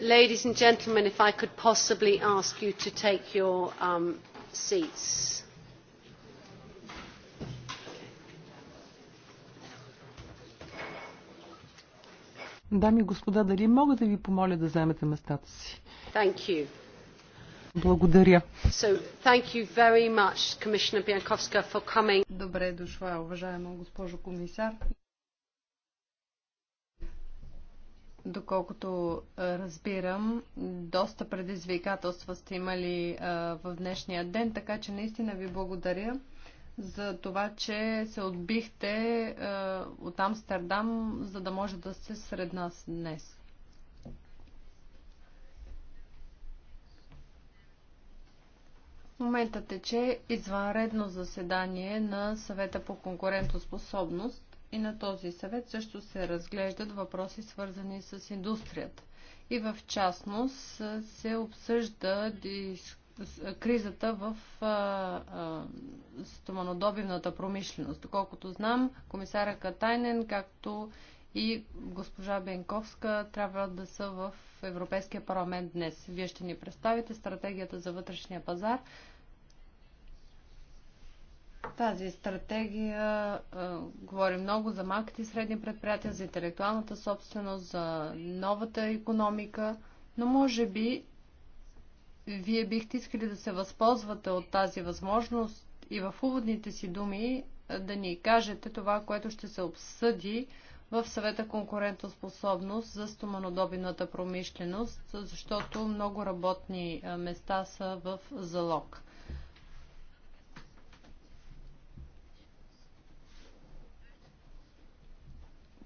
ladies and gentlemen, if I could possibly ask you to take your seats. Дами и господа, дали мога да ви помоля да вземете местата си? Thank you. Благодаря. So, thank you very much, Commissioner Biankowska, for coming. Добре дошла, уважаема госпожо комисар. Доколкото разбирам, доста предизвикателства сте имали в днешния ден, така че наистина ви благодаря за това, че се отбихте от Амстердам, за да може да сте сред нас днес. моментът е, че извънредно заседание на съвета по конкурентоспособност и на този съвет също се разглеждат въпроси свързани с индустрията. И в частност се обсъжда кризата в стоманодобивната промишленост. Доколкото знам, комисаря Катайнен, както и госпожа Бенковска трябва да са в Европейския парламент днес. Вие ще ни представите стратегията за вътрешния пазар тази стратегия а, говори много за малките и средни предприятия, за интелектуалната собственост, за новата економика, но може би вие бихте искали да се възползвате от тази възможност и в уводните си думи да ни кажете това, което ще се обсъди в съвета конкурентоспособност за стоманодобината промишленост, защото много работни места са в залог.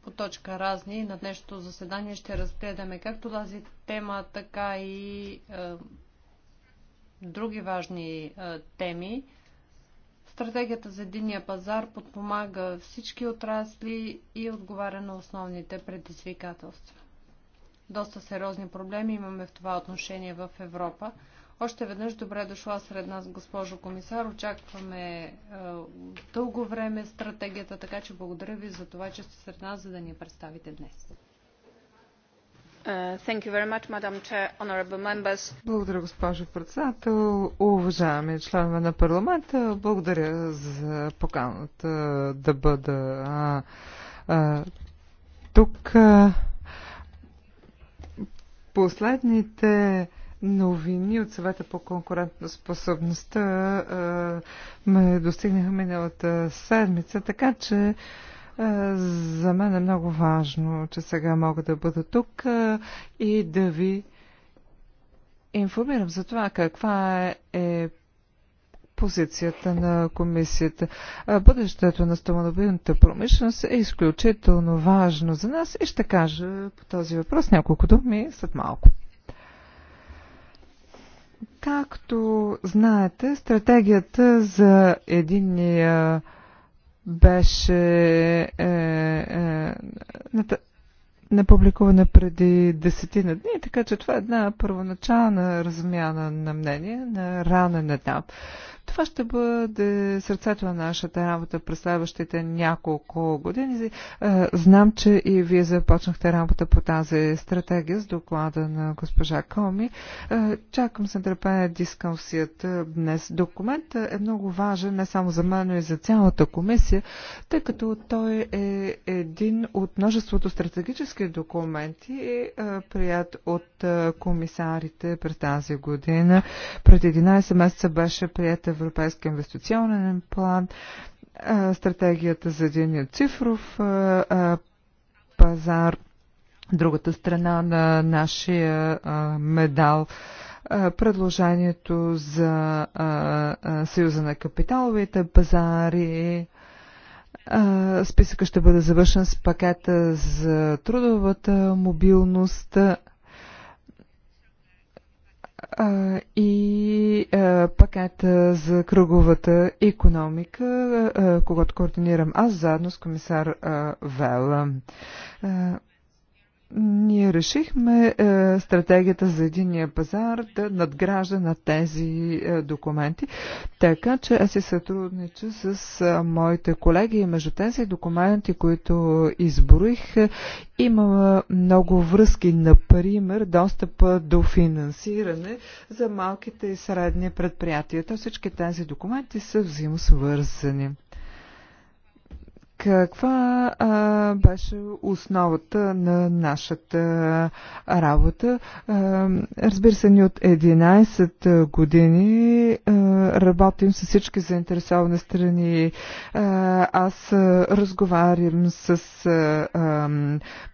по точка разни. На днешното заседание ще разгледаме както тази тема, така и е, други важни е, теми. Стратегията за единния пазар подпомага всички отрасли и отговаря на основните предизвикателства. Доста сериозни проблеми имаме в това отношение в Европа. Още веднъж добре дошла сред нас, госпожо комисар. Очакваме е, дълго време стратегията, така че благодаря ви за това, че сте сред нас, за да ни представите днес. Е, благодаря, госпожо председател. Уважаеми членове на парламента, благодаря за поканата да бъда а, а, тук. А, последните новини от съвета по конкурентна способността ме достигнаха миналата седмица, така че за мен е много важно, че сега мога да бъда тук и да ви информирам за това каква е, е позицията на комисията. Бъдещето на стоманобилната промишленост е изключително важно за нас и ще кажа по този въпрос няколко думи след малко. Както знаете, стратегията за единния беше е, е, напубликувана преди десетина дни, така че това е една първоначална размяна на мнение на ранен етап. Това ще бъде сърцето на нашата работа през следващите няколко години. Е, знам, че и вие започнахте работа по тази стратегия с доклада на госпожа Коми. Е, чакам с нетърпение дискусият е, днес. Документ е много важен не само за мен, но и за цялата комисия, тъй като той е един от множеството стратегически документи, прият от комисарите през тази година. Пред 11 месеца беше прията Европейския инвестиционен план, стратегията за един цифров пазар, другата страна на нашия медал предложението за Съюза на капиталовите пазари. Списъка ще бъде завършен с пакета за трудовата мобилност а, и а, пакета за кръговата економика, а, когато координирам аз заедно с комисар а, Вела. А, ние решихме е, стратегията за единния пазар да надгражда на тези е, документи. Така че аз си сътруднича с е, моите колеги и между тези документи, които изброих, е, има много връзки. Например, достъпа до финансиране за малките и средни предприятия. То всички тези документи са взаимосвързани каква а, беше основата на нашата работа. А, разбира се, ни от 11 години а, работим с всички заинтересовани страни. А, аз а, разговарям с а,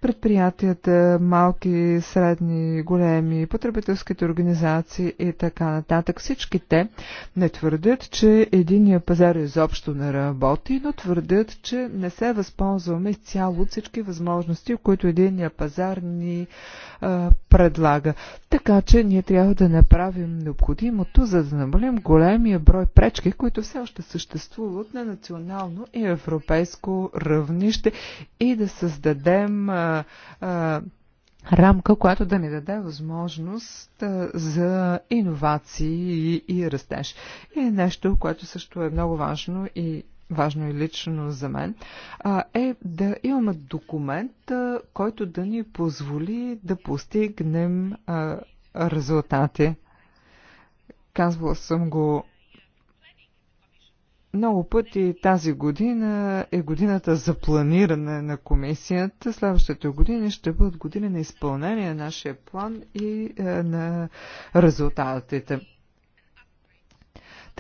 предприятията, малки, средни, големи, потребителските организации и така нататък. Всички те не твърдят, че единия пазар е изобщо не работи, но твърдят, че не се възползваме изцяло от всички възможности, които единния пазар ни а, предлага. Така че ние трябва да направим необходимото, за да намалим големия брой пречки, които все още съществуват на национално и европейско равнище и да създадем а, а, рамка, която да ни даде възможност за иновации и растеж. И нещо, което също е много важно и важно и лично за мен, е да имаме документ, който да ни позволи да постигнем резултати. Казвала съм го много пъти тази година е годината за планиране на комисията. Следващата година ще бъдат години на изпълнение на нашия план и е, на резултатите.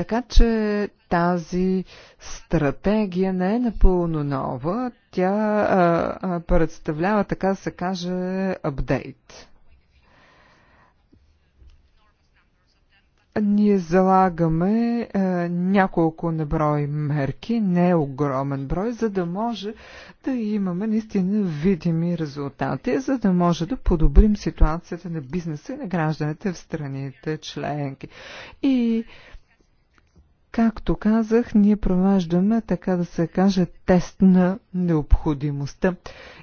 Така че тази стратегия не е напълно нова. Тя а, а, представлява, така да се каже, апдейт. Ние залагаме а, няколко наброй мерки, не е огромен брой, за да може да имаме наистина видими резултати, за да може да подобрим ситуацията на бизнеса и на гражданите в страните членки. И Както казах, ние провеждаме, така да се каже, тест на необходимостта.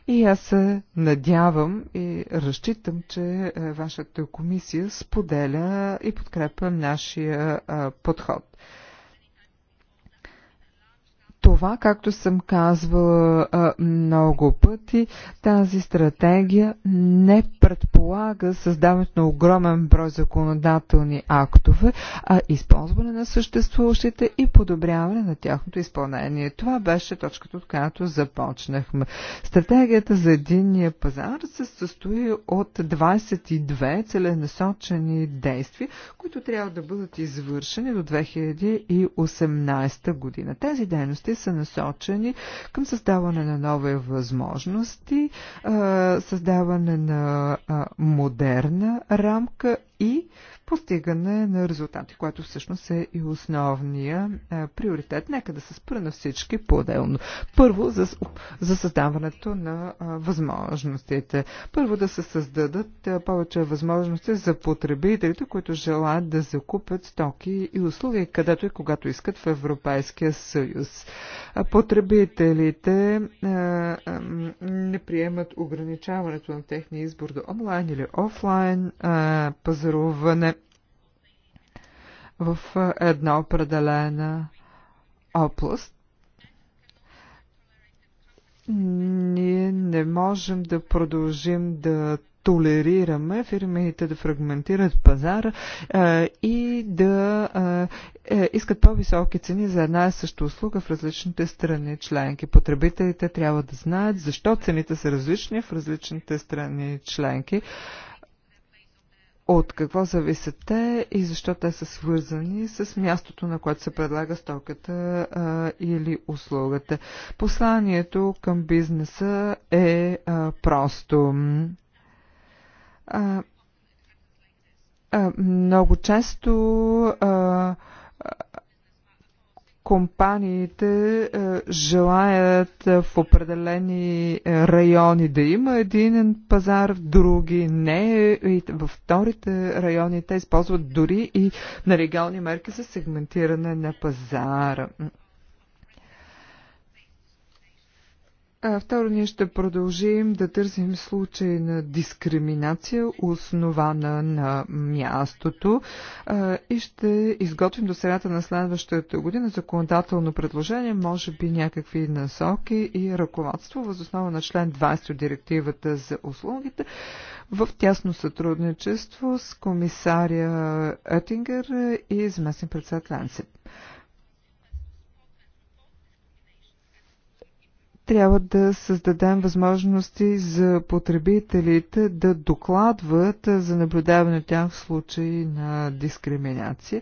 И аз се надявам и разчитам, че е, вашата комисия споделя и подкрепя нашия е, подход това, както съм казвала много пъти, тази стратегия не предполага създаването на огромен брой законодателни актове, а използване на съществуващите и подобряване на тяхното изпълнение. Това беше точката, от която започнахме. Стратегията за единния пазар се състои от 22 целенасочени действия, които трябва да бъдат извършени до 2018 година. Тези дейности са насочени към създаване на нови възможности, създаване на модерна рамка и постигане на резултати, което всъщност е и основния а, приоритет. Нека да се спра на всички по-отделно. Първо за, за създаването на а, възможностите. Първо да се създадат а, повече възможности за потребителите, които желаят да закупят стоки и услуги, където и когато искат в Европейския съюз. А, потребителите а, а, не приемат ограничаването на техния избор до онлайн или офлайн а, пазар пазаруване в една определена област. Ние не можем да продължим да толерираме фирмите да фрагментират пазара е, и да е, е, искат по-високи цени за една и съща услуга в различните страни членки. Потребителите трябва да знаят защо цените са различни в различните страни членки от какво зависят те и защо те са свързани с мястото, на което се предлага стоката а, или услугата. Посланието към бизнеса е а, просто. А, а, много често а, компаниите е, желаят е, в определени е, райони да има един пазар, в други не. И във вторите райони те използват дори и на регионални мерки за сегментиране на пазара. А, второ, ние ще продължим да търсим случаи на дискриминация, основана на мястото а, и ще изготвим до средата на следващата година законодателно предложение, може би някакви насоки и ръководство, възоснова на член 20 от директивата за услугите, в тясно сътрудничество с комисаря Етингер и заместник председател Ансип. Трябва да създадем възможности за потребителите да докладват за наблюдаване тях в случаи на дискриминация.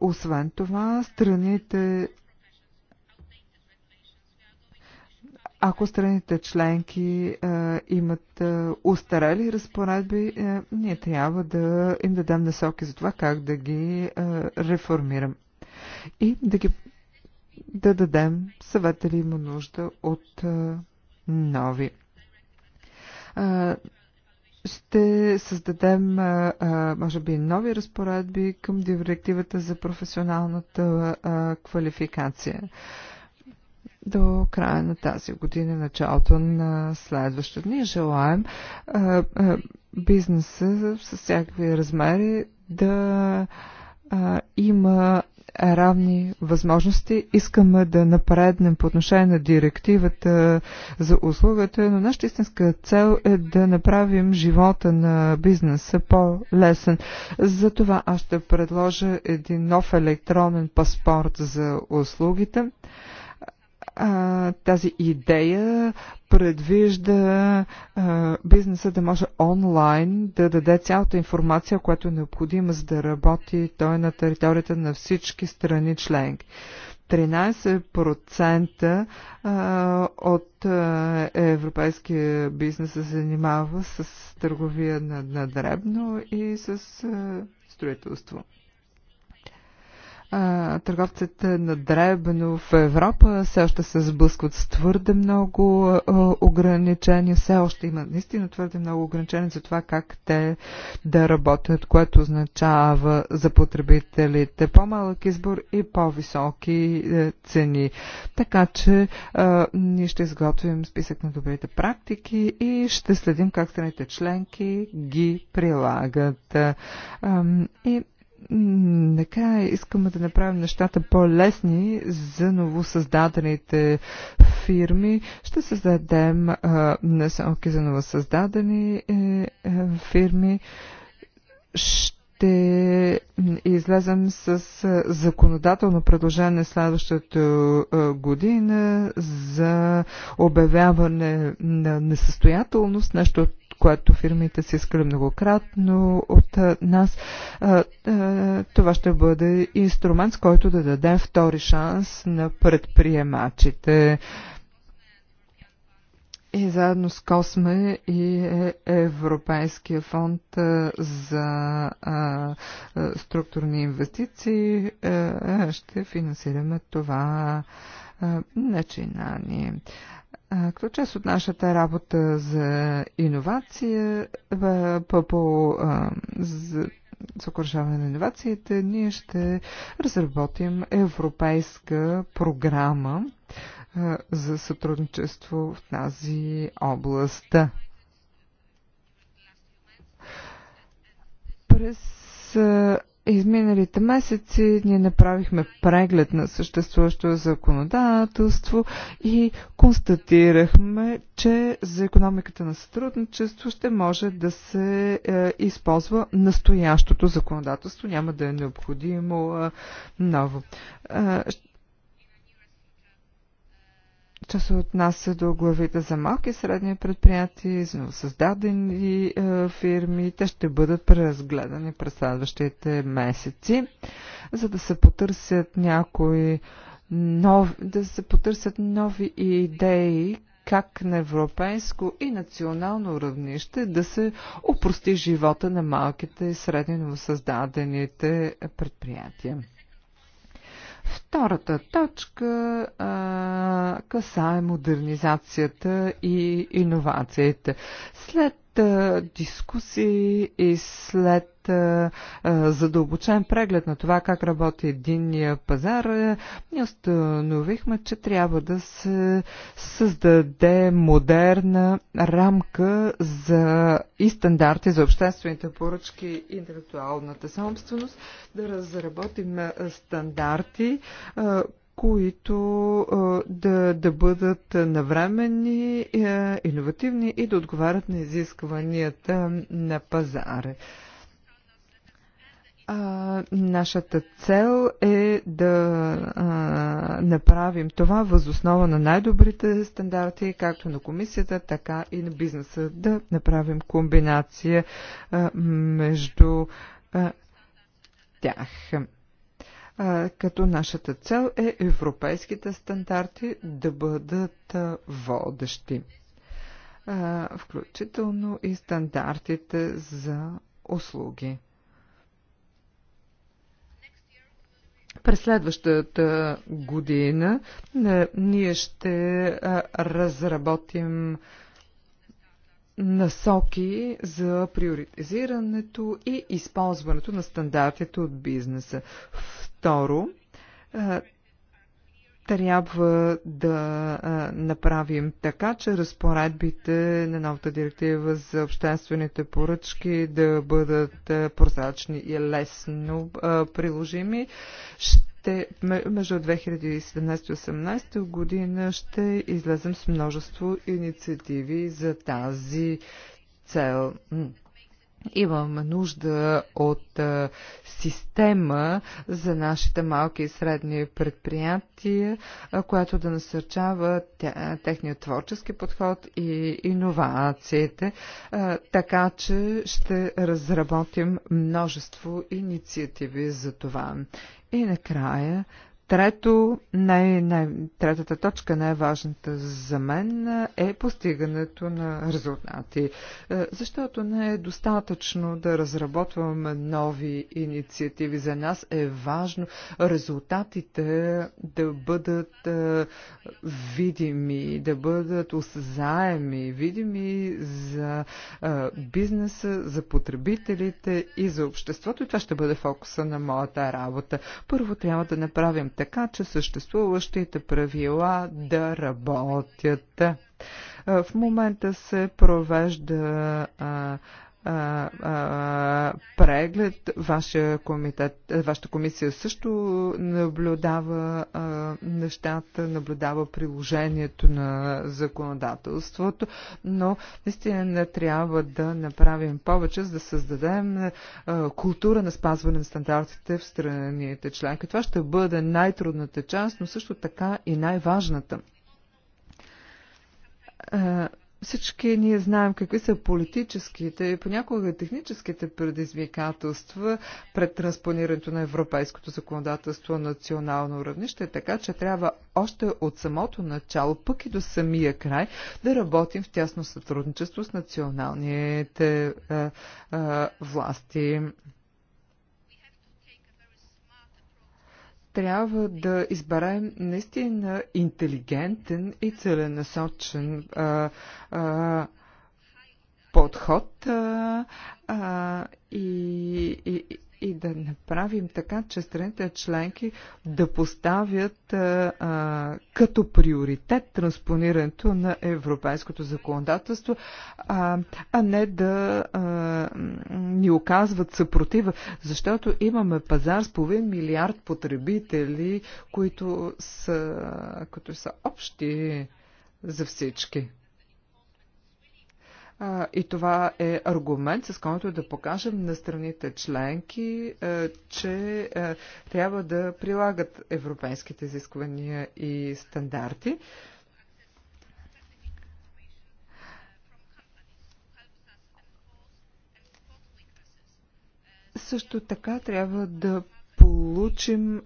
Освен това, страните ако страните членки а, имат а, устарели разпоредби, а, ние трябва да им дадем насоки за това как да ги а, реформираме и да ги да дадем съвета ли има нужда от а, нови. А, ще създадем, а, може би, нови разпоредби към директивата за професионалната а, квалификация до края на тази година, началото на следващата. Ние желаем а, а, бизнеса с всякакви размери да а, а, има равни възможности. Искаме да напреднем по отношение на директивата за услугата, но нашата истинска цел е да направим живота на бизнеса по-лесен. Затова аз ще предложа един нов електронен паспорт за услугите а, тази идея предвижда а, бизнеса да може онлайн да даде цялата информация, която е необходима за да работи той е на територията на всички страни членки. 13% от европейския бизнес се занимава с търговия на, на дребно и с строителство търговците на дребено в Европа все още се сблъскват с твърде много ограничения, все още има наистина твърде много ограничения за това как те да работят, което означава за потребителите по-малък избор и по-високи е, цени. Така че ние ще изготвим списък на добрите практики и ще следим как страните членки ги прилагат. и Нека, е, искаме да направим нещата по-лесни за новосъздадените фирми. Ще създадем а, само за новосъздадени е, е, фирми. Ще излезем с законодателно предложение следващата година за обявяване на несъстоятелност, нещо което фирмите са искали многократно от нас. Това ще бъде инструмент, с който да дадем втори шанс на предприемачите. И заедно с Косме и Европейския фонд за структурни инвестиции ще финансираме това начинание. Като част от нашата работа за иновация, по, по за съкръщаване на иновациите, ние ще разработим европейска програма за сътрудничество в тази област. През изминалите месеци ние направихме преглед на съществуващото законодателство и констатирахме, че за економиката на сътрудничество ще може да се е, използва настоящото законодателство. Няма да е необходимо е, ново. Е, Що се отнася до главите за малки и средни предприятия, за създадени е, фирми, те ще бъдат преразгледани през следващите месеци, за да се потърсят някои нови, да се потърсят нови идеи, как на европейско и национално равнище да се опрости живота на малките и средни създадените предприятия. Втората точка а, касае модернизацията и иновациите. След дискусии и след задълбочен преглед на това как работи единния пазар, ние установихме, че трябва да се създаде модерна рамка за и стандарти за обществените поръчки и интелектуалната собственост, да разработим стандарти, които да, да бъдат навременни, иновативни и да отговарят на изискванията на пазара. А, нашата цел е да а, направим това възоснова на най-добрите стандарти, както на комисията, така и на бизнеса. Да направим комбинация а, между а, тях като нашата цел е европейските стандарти да бъдат водещи, включително и стандартите за услуги. През следващата година ние ще разработим насоки за приоритизирането и използването на стандартите от бизнеса. Второ, трябва да направим така, че разпоредбите на новата директива за обществените поръчки да бъдат прозрачни и лесно приложими. Ще ще, между 2017-2018 година ще излезем с множество инициативи за тази цел. Имаме нужда от а, система за нашите малки и средни предприятия, а, която да насърчава техния творчески подход и иновациите, а, така че ще разработим множество инициативи за това. И накрая Трето, най, най, третата точка, най-важната за мен, е постигането на резултати. Е, защото не е достатъчно да разработваме нови инициативи. За нас е важно резултатите да бъдат е, видими, да бъдат осъзаеми, видими за е, бизнеса, за потребителите и за обществото. И това ще бъде фокуса на моята работа. Първо трябва да направим така, че съществуващите правила да работят. В момента се провежда а, преглед. комитет, вашата комисия също наблюдава а, нещата, наблюдава приложението на законодателството, но наистина не трябва да направим повече, за да създадем а, култура на спазване на стандартите в страните членки. Това ще бъде най-трудната част, но също така и най-важната всички ние знаем какви са политическите и понякога техническите предизвикателства пред транспонирането на европейското законодателство на национално равнище, така че трябва още от самото начало, пък и до самия край, да работим в тясно сътрудничество с националните е, е, власти. трябва да изберем наистина интелигентен и целенасочен а, а, подход а, а, и, и, и да направим така, че страните членки да поставят а, а, като приоритет транспонирането на европейското законодателство, а, а не да а, ни оказват съпротива, защото имаме пазар с половин милиард потребители, които са, които са общи за всички. А, и това е аргумент, с който да покажем на страните членки, а, че а, трябва да прилагат европейските изисквания и стандарти. Също така трябва да получим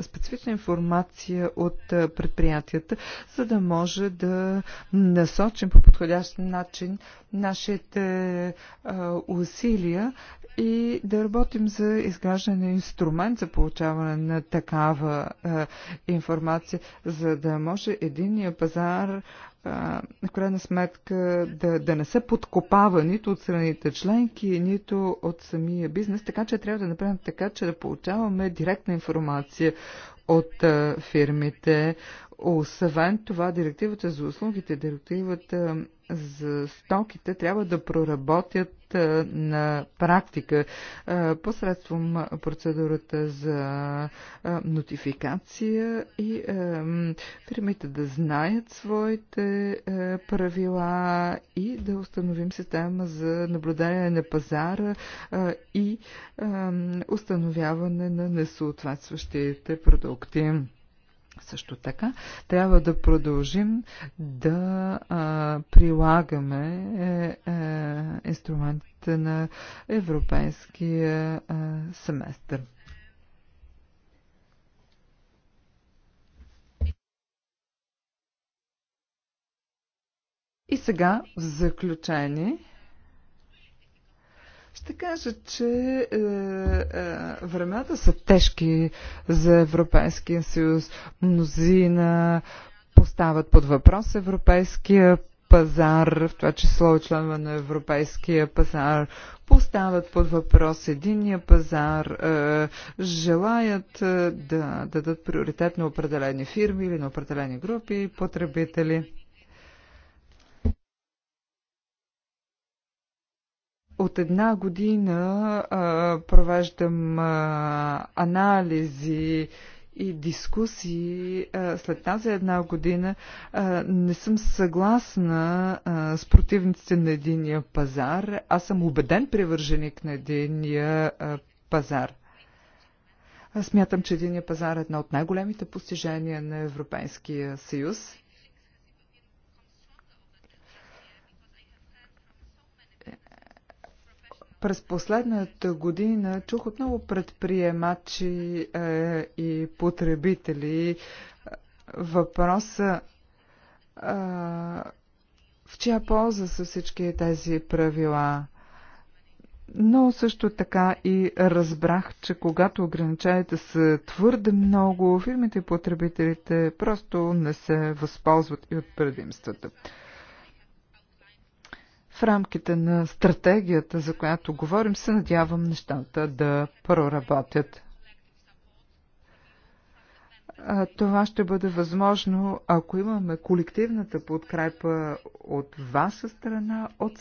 специфична информация от предприятията, за да може да насочим по подходящ начин нашите усилия и да работим за изграждане на инструмент за получаване на такава информация, за да може единния пазар в крайна сметка да, да не се подкопава нито от страните членки, нито от самия бизнес, така че трябва да направим така, че да получаваме директна информация от а, фирмите. Освен това, директивата за услугите, директивата за стоките трябва да проработят на практика посредством процедурата за нотификация и фирмите да знаят своите правила и да установим система за наблюдение на пазара и установяване на несъответстващите продукти. Също така трябва да продължим да а, прилагаме е, е, инструментите на европейския е, семестър. И сега в заключение ще кажа, че е, е, времената са тежки за Европейския съюз. Мнозина поставят под въпрос Европейския пазар, в това число и членове на европейския пазар, поставят под въпрос единния пазар, е, желаят е, да дадат приоритет на определени фирми или на определени групи потребители. От една година а, провеждам а, анализи и дискусии а, след тази една година. А, не съм съгласна а, с противниците на единия пазар. Аз съм убеден привърженик на единия а, пазар. Аз смятам, че единия пазар е едно от най-големите постижения на Европейския съюз. През последната година чух отново предприемачи е, и потребители въпроса е, в чия полза са всички тези правила. Но също така и разбрах, че когато ограниченията са твърде много, фирмите и потребителите просто не се възползват и от предимствата в рамките на стратегията, за която говорим, се надявам нещата да проработят. Това ще бъде възможно, ако имаме колективната подкрепа от ваша страна, от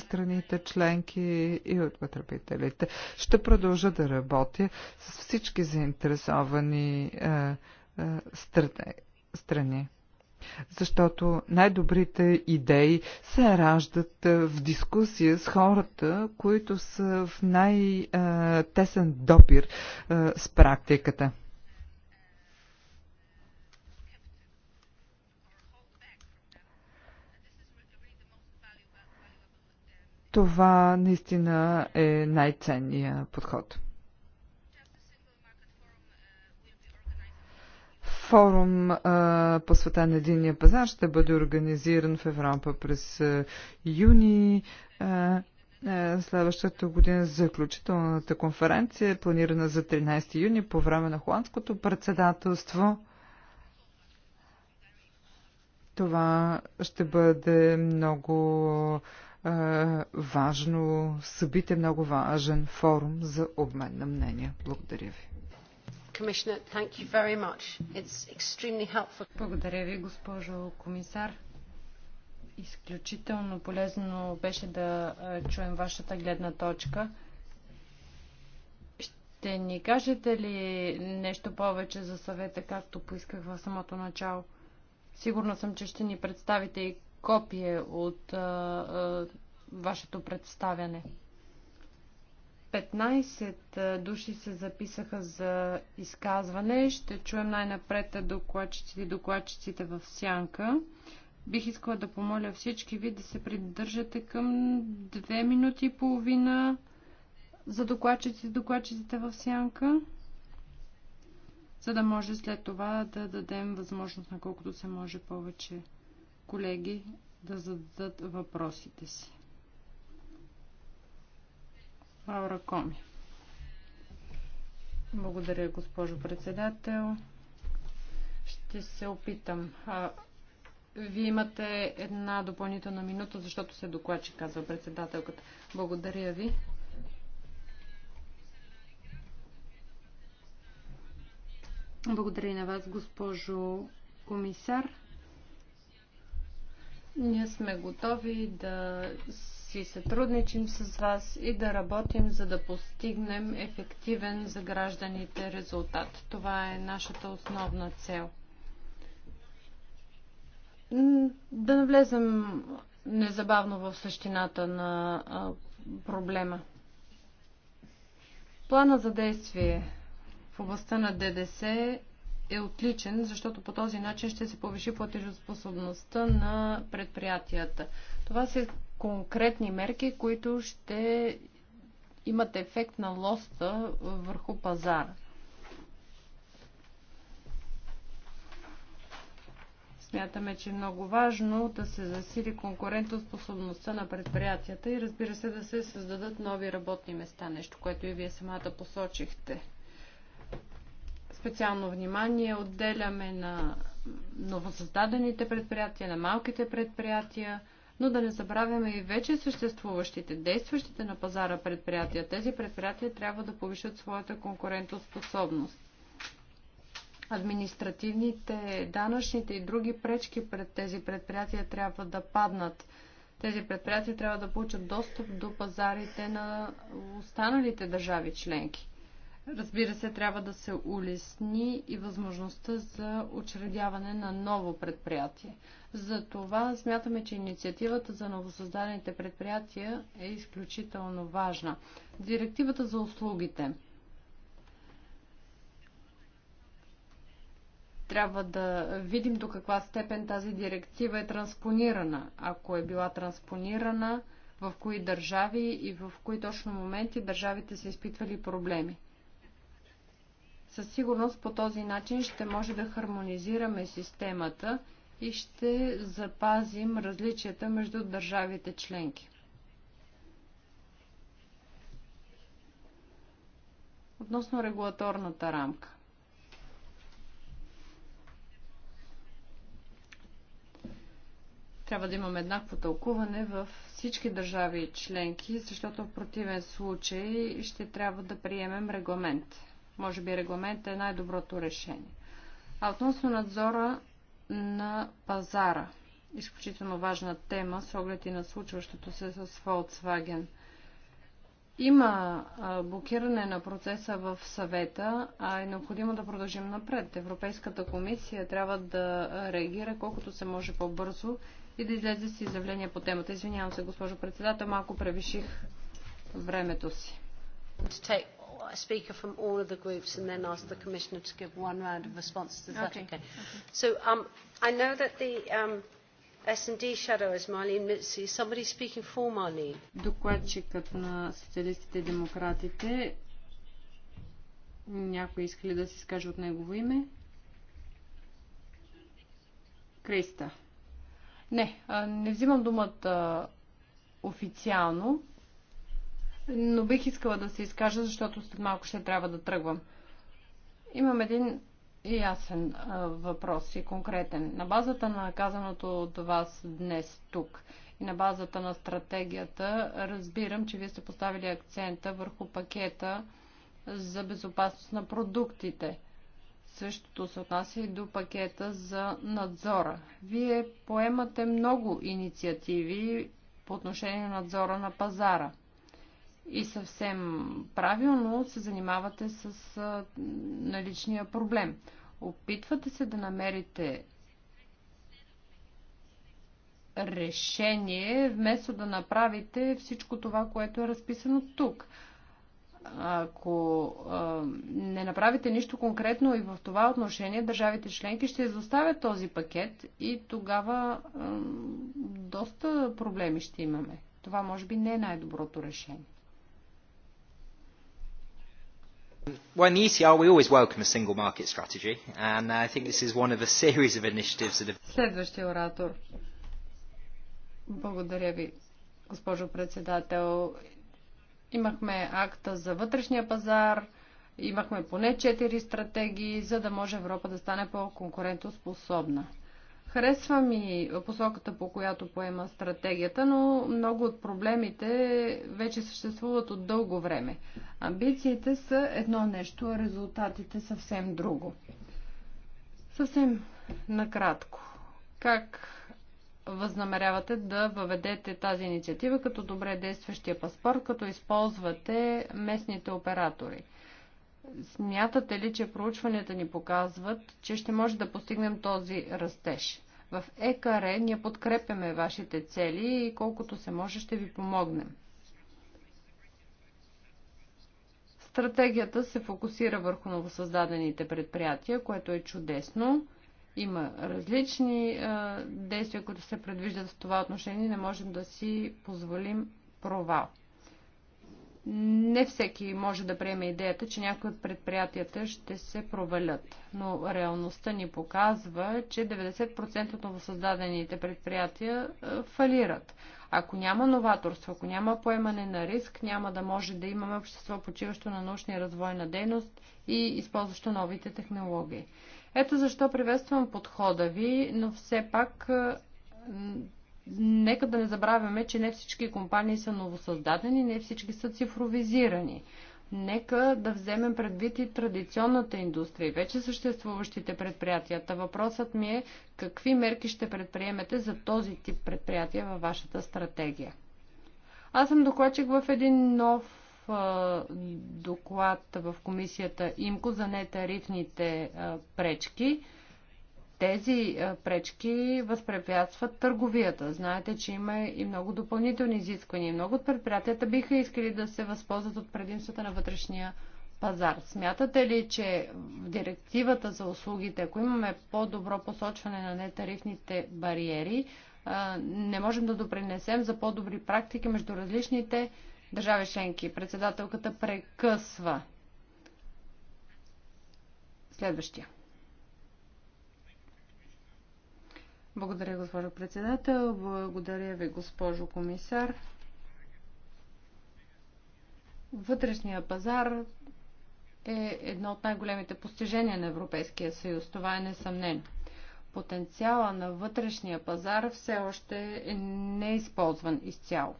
страните членки и от потребителите. Ще продължа да работя с всички заинтересовани страни. Защото най-добрите идеи се раждат в дискусия с хората, които са в най-тесен допир с практиката. Това наистина е най-ценният подход. Форум по посветен на единния пазар ще бъде организиран в Европа през юни. Следващата година заключителната конференция е планирана за 13 юни по време на холандското председателство. Това ще бъде много важно събитие, много важен форум за обмен на мнения. Благодаря ви. Commissioner, thank you very much. It's extremely helpful. Благодаря ви, госпожо комисар. Изключително полезно беше да чуем вашата гледна точка. Ще ни кажете ли нещо повече за съвета, както поисках в самото начало? Сигурна съм, че ще ни представите и копие от а, а, вашето представяне. 15 души се записаха за изказване. Ще чуем най-напред докладчиците и докладчиците в сянка. Бих искала да помоля всички ви да се придържате към 2 минути и половина за докладчиците и докладчиците в сянка, за да може след това да дадем възможност на колкото се може повече колеги да зададат въпросите си. Лаура Коми. Благодаря, госпожо председател. Ще се опитам. А, вие имате една допълнителна минута, защото се докладчи, казва председателката. Благодаря ви. Благодаря и на вас, госпожо комисар. Ние сме готови да си сътрудничим с вас и да работим, за да постигнем ефективен за гражданите резултат. Това е нашата основна цел. Да навлезем незабавно в същината на проблема. Плана за действие в областта на ДДС е отличен, защото по този начин ще се повиши платежоспособността на предприятията. Това се конкретни мерки, които ще имат ефект на лоста върху пазара. Смятаме, че е много важно да се засили конкурентоспособността на предприятията и разбира се да се създадат нови работни места, нещо, което и вие самата посочихте. Специално внимание отделяме на новосъздадените предприятия, на малките предприятия – но да не забравяме и вече съществуващите, действащите на пазара предприятия. Тези предприятия трябва да повишат своята конкурентоспособност. Административните, данъчните и други пречки пред тези предприятия трябва да паднат. Тези предприятия трябва да получат достъп до пазарите на останалите държави членки. Разбира се, трябва да се улесни и възможността за учредяване на ново предприятие. За това смятаме, че инициативата за новосъздадените предприятия е изключително важна. Директивата за услугите. Трябва да видим до каква степен тази директива е транспонирана. Ако е била транспонирана, в кои държави и в кои точно моменти държавите са изпитвали проблеми. Със сигурност по този начин ще може да хармонизираме системата и ще запазим различията между държавите членки. Относно регулаторната рамка. Трябва да имаме еднакво тълкуване в всички държави и членки, защото в противен случай ще трябва да приемем регламент. Може би регламент е най-доброто решение. А относно надзора на пазара, изключително важна тема с оглед и на случващото се с Volkswagen. Има блокиране на процеса в съвета, а е необходимо да продължим напред. Европейската комисия трябва да реагира колкото се може по-бързо и да излезе с изявление по темата. Извинявам се, госпожо председател, малко превиших времето си a speaker from all of the groups and then ask the Commissioner to give one round of responses. Is that okay? okay? So um, I know that the um, S&D shadow is Marlene Mitzi. somebody speaking for Marlene? Докладчикът на социалистите и демократите. Някой иска ли да се скаже от негово име? Криста. Не, не взимам думата официално, но бих искала да се изкажа, защото след малко ще трябва да тръгвам. Имам един ясен а, въпрос и конкретен. На базата на казаното от вас днес тук и на базата на стратегията, разбирам, че вие сте поставили акцента върху пакета за безопасност на продуктите. Същото се отнася и до пакета за надзора. Вие поемате много инициативи по отношение на надзора на пазара – и съвсем правилно се занимавате с наличния проблем. Опитвате се да намерите решение, вместо да направите всичко това, което е разписано тук. Ако а, не направите нищо конкретно и в това отношение, държавите членки ще изоставят този пакет и тогава а, доста проблеми ще имаме. Това може би не е най-доброто решение. Well, in the ECR, we always welcome a single market strategy, and I think this is one of a series of initiatives that have... Следващия оратор. Благодаря ви, госпожо председател. Имахме акта за вътрешния пазар, имахме поне четири стратегии, за да може Европа да стане по-конкурентоспособна. Харесва ми посоката, по която поема стратегията, но много от проблемите вече съществуват от дълго време. Амбициите са едно нещо, а резултатите съвсем друго. Съвсем накратко. Как възнамерявате да въведете тази инициатива като добре действащия паспорт, като използвате местните оператори? Смятате ли, че проучванията ни показват, че ще може да постигнем този растеж? В ЕКР ние подкрепяме вашите цели и колкото се може ще ви помогнем. Стратегията се фокусира върху новосъздадените предприятия, което е чудесно. Има различни е, действия, които се предвиждат в това отношение. Не можем да си позволим провал. Не всеки може да приеме идеята, че някои от предприятията ще се провалят, но реалността ни показва, че 90% от новосъздадените предприятия е, фалират. Ако няма новаторство, ако няма поемане на риск, няма да може да имаме общество, почиващо на научна и развойна дейност и използващо новите технологии. Ето защо приветствам подхода ви, но все пак е, нека да не забравяме, че не всички компании са новосъздадени, не всички са цифровизирани. Нека да вземем предвид и традиционната индустрия, вече съществуващите предприятията. Въпросът ми е какви мерки ще предприемете за този тип предприятия във вашата стратегия. Аз съм докладчик в един нов доклад в комисията ИМКО за нетарифните пречки тези е, пречки възпрепятстват търговията. Знаете, че има и много допълнителни изисквания. Много от предприятията биха искали да се възползват от предимствата на вътрешния пазар. Смятате ли, че в директивата за услугите, ако имаме по-добро посочване на нетарифните бариери, е, не можем да допринесем за по-добри практики между различните държави членки? Председателката прекъсва. Следващия. Благодаря, госпожо председател. Благодаря ви, госпожо комисар. Вътрешния пазар е едно от най-големите постижения на Европейския съюз. Това е несъмнено. Потенциала на вътрешния пазар все още е не използван изцяло.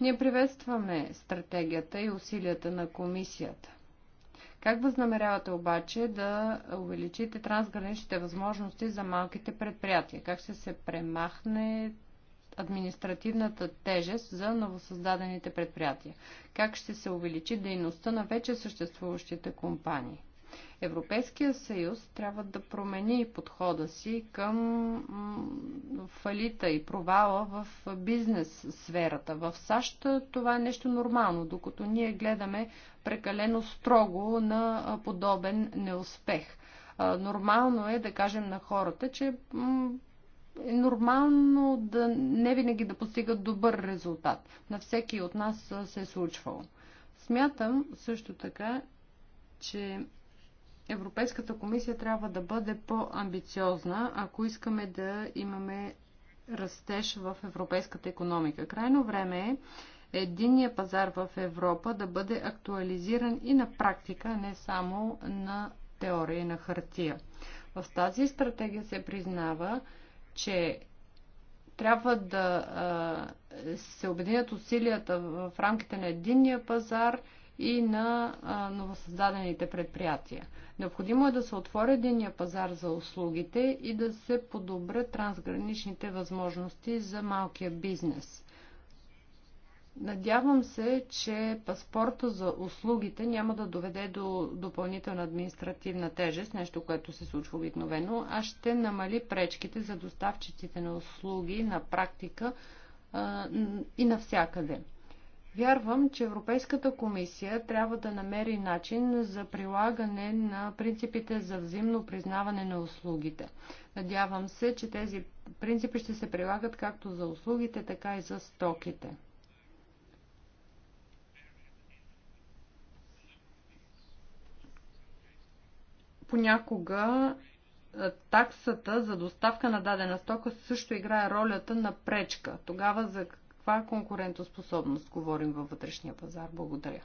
Ние приветстваме стратегията и усилията на комисията. Как възнамерявате обаче да увеличите трансграничните възможности за малките предприятия? Как ще се премахне административната тежест за новосъздадените предприятия? Как ще се увеличи дейността на вече съществуващите компании? Европейския съюз трябва да промени подхода си към фалита и провала в бизнес сферата. В САЩ това е нещо нормално, докато ние гледаме прекалено строго на подобен неуспех. Нормално е да кажем на хората, че е нормално да не винаги да постигат добър резултат. На всеки от нас се е случвало. Смятам също така, че Европейската комисия трябва да бъде по-амбициозна, ако искаме да имаме растеж в европейската економика. Крайно време е единния пазар в Европа да бъде актуализиран и на практика, не само на теория и на хартия. В тази стратегия се признава, че трябва да се обединят усилията в рамките на единния пазар – и на новосъздадените предприятия. Необходимо е да се отвори единия пазар за услугите и да се подобрят трансграничните възможности за малкия бизнес. Надявам се, че паспорта за услугите няма да доведе до допълнителна административна тежест, нещо, което се случва обикновено, а ще намали пречките за доставчиците на услуги на практика а, и навсякъде. Вярвам, че Европейската комисия трябва да намери начин за прилагане на принципите за взаимно признаване на услугите. Надявам се, че тези принципи ще се прилагат както за услугите, така и за стоките. Понякога е, таксата за доставка на дадена стока също играе ролята на пречка. Тогава за каква е конкурентоспособност говорим във вътрешния пазар? Благодаря.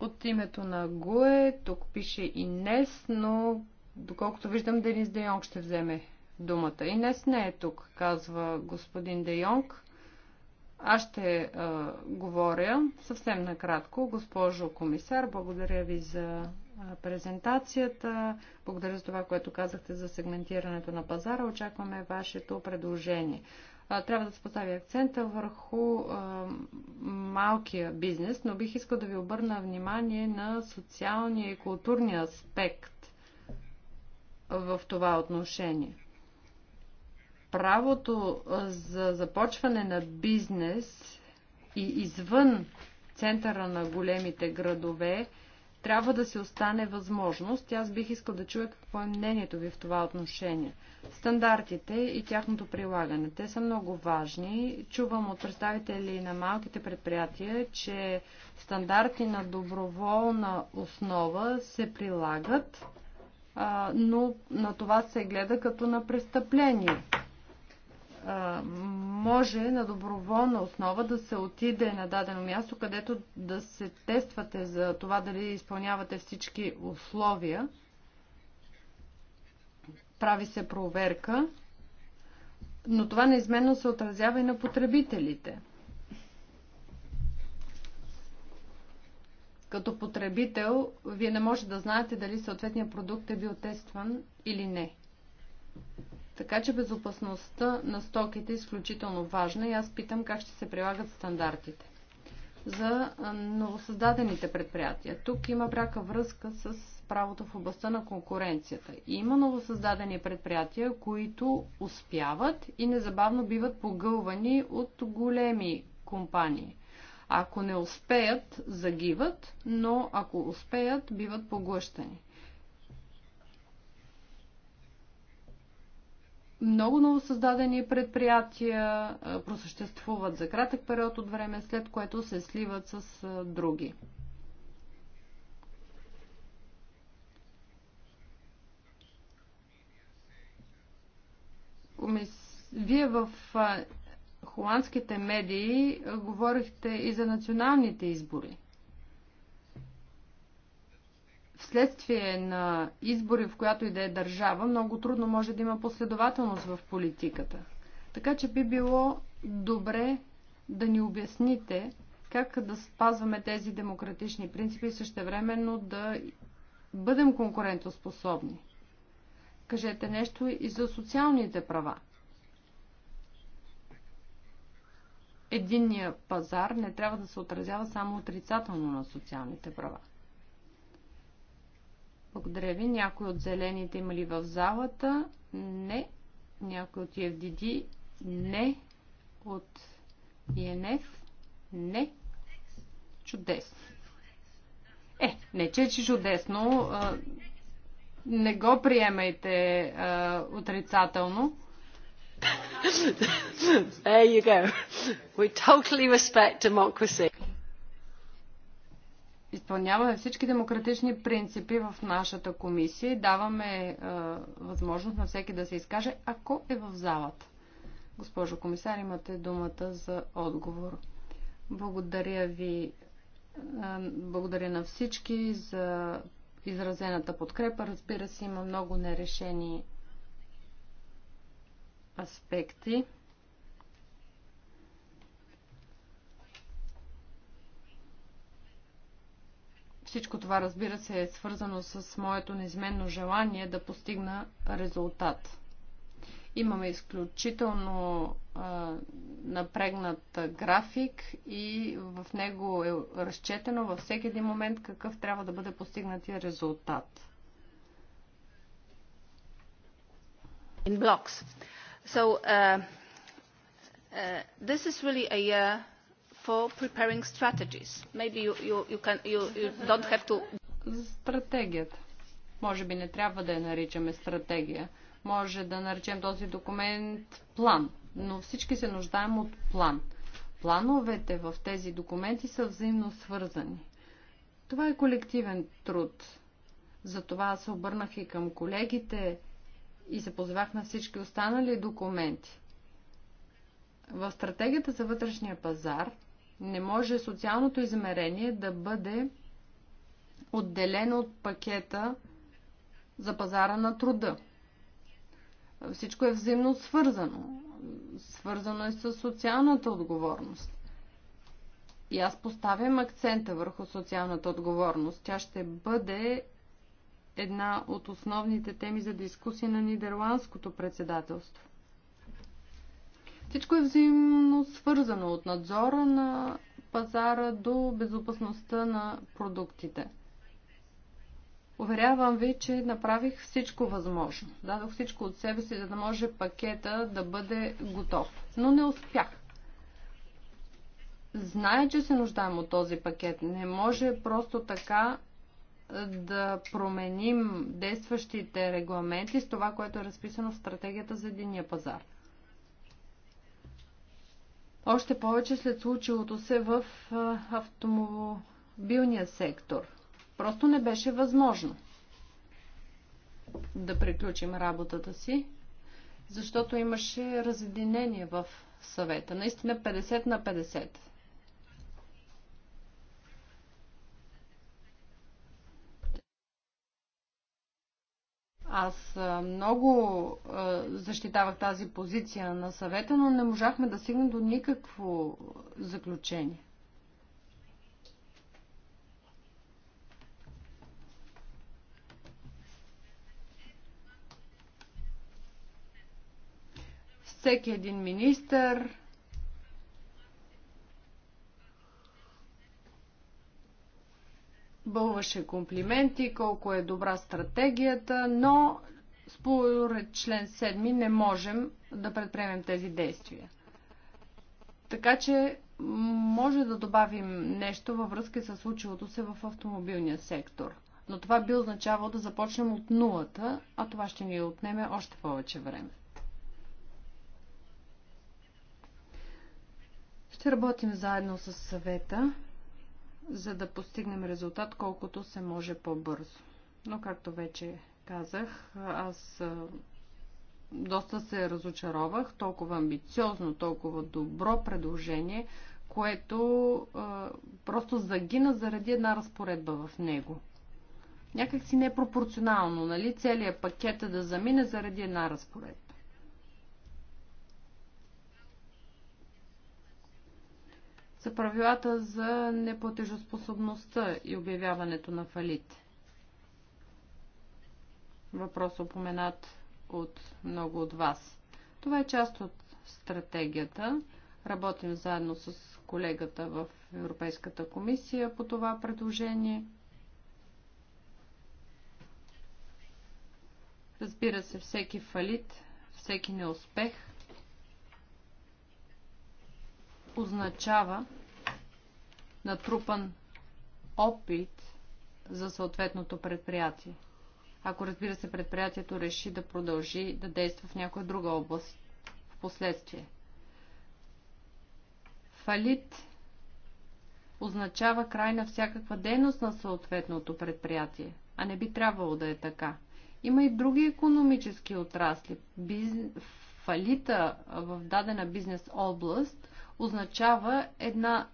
От името на ГУЕ, тук пише и НЕС, но доколкото виждам, Денис Де Йонг ще вземе думата. И НЕС не е тук, казва господин Де Йонг. Аз ще а, говоря съвсем накратко. Госпожо комисар, благодаря ви за презентацията. Благодаря за това, което казахте за сегментирането на пазара. Очакваме вашето предложение. Трябва да се постави акцента върху малкия бизнес, но бих искал да ви обърна внимание на социалния и културния аспект в това отношение. Правото за започване на бизнес и извън центъра на големите градове трябва да се остане възможност. Аз бих искал да чуя какво е мнението ви в това отношение. Стандартите и тяхното прилагане. Те са много важни. Чувам от представители на малките предприятия, че стандарти на доброволна основа се прилагат, но на това се гледа като на престъпление може на доброволна основа да се отиде на дадено място, където да се тествате за това дали изпълнявате всички условия. Прави се проверка, но това неизменно се отразява и на потребителите. Като потребител, вие не можете да знаете дали съответният продукт е бил тестван или не. Така че безопасността на стоките е изключително важна и аз питам как ще се прилагат стандартите за новосъздадените предприятия. Тук има пряка връзка с правото в областта на конкуренцията. има новосъздадени предприятия, които успяват и незабавно биват погълвани от големи компании. Ако не успеят, загиват, но ако успеят, биват поглъщани. много новосъздадени предприятия просъществуват за кратък период от време, след което се сливат с други. Вие в холандските медии говорихте и за националните избори вследствие на избори в която и да е държава, много трудно може да има последователност в политиката. Така че би било добре да ни обясните как да спазваме тези демократични принципи и същевременно да бъдем конкурентоспособни. Кажете нещо и за социалните права. Единният пазар не трябва да се отразява само отрицателно на социалните права. Благодаря ви. Някой от зелените има ли в залата? Не. Някой от EFDD? Е не. От ИНФ? Не. Чудесно. Е, не че е чудесно. А, не го приемайте а, отрицателно. There you go. We totally respect democracy изпълняваме всички демократични принципи в нашата комисия и даваме а, е, възможност на всеки да се изкаже, ако е в залата. Госпожо комисар, имате думата за отговор. Благодаря ви. А, е, благодаря на всички за изразената подкрепа. Разбира се, има много нерешени аспекти. Всичко това, разбира се, е свързано с моето неизменно желание да постигна резултат. Имаме изключително а, напрегнат график и в него е разчетено във всеки един момент какъв трябва да бъде постигнатия резултат. In blocks. So, uh, uh, this is really a year for preparing strategies. Maybe you, you, you, can, you, you don't have to... Стратегията. Може би не трябва да я наричаме стратегия. Може да наречем този документ план. Но всички се нуждаем от план. Плановете в тези документи са взаимно свързани. Това е колективен труд. Затова се обърнах и към колегите и се позвах на всички останали документи. В стратегията за вътрешния пазар не може социалното измерение да бъде отделено от пакета за пазара на труда. Всичко е взаимно свързано. Свързано е с социалната отговорност. И аз поставям акцента върху социалната отговорност. Тя ще бъде една от основните теми за дискусия на нидерландското председателство. Всичко е взаимно свързано от надзора на пазара до безопасността на продуктите. Уверявам ви, че направих всичко възможно. Дадох всичко от себе си, за да може пакета да бъде готов. Но не успях. Знае, че се нуждаем от този пакет. Не може просто така да променим действащите регламенти с това, което е разписано в стратегията за единия пазар. Още повече след случилото се в автомобилния сектор. Просто не беше възможно да приключим работата си, защото имаше разединение в съвета. Наистина 50 на 50. Аз много защитавах тази позиция на съвета, но не можахме да стигнем до никакво заключение. Всеки един министър бълваше комплименти, колко е добра стратегията, но според член 7 не можем да предприемем тези действия. Така че може да добавим нещо във връзка с случилото се в автомобилния сектор. Но това би означавало да започнем от нулата, а това ще ни отнеме още повече време. Ще работим заедно с съвета за да постигнем резултат колкото се може по-бързо. Но, както вече казах, аз доста се разочаровах. Толкова амбициозно, толкова добро предложение, което а, просто загина заради една разпоредба в него. Някак си непропорционално, нали? Целият пакет е да замине заради една разпоредба. са правилата за неплатежоспособността и обявяването на фалит. Въпрос опоменат от много от вас. Това е част от стратегията. Работим заедно с колегата в Европейската комисия по това предложение. Разбира се, всеки фалит, всеки неуспех – означава натрупан опит за съответното предприятие. Ако разбира се предприятието реши да продължи да действа в някоя друга област в последствие. Фалит означава край на всякаква дейност на съответното предприятие, а не би трябвало да е така. Има и други економически отрасли. Биз фалита в дадена бизнес област означава една,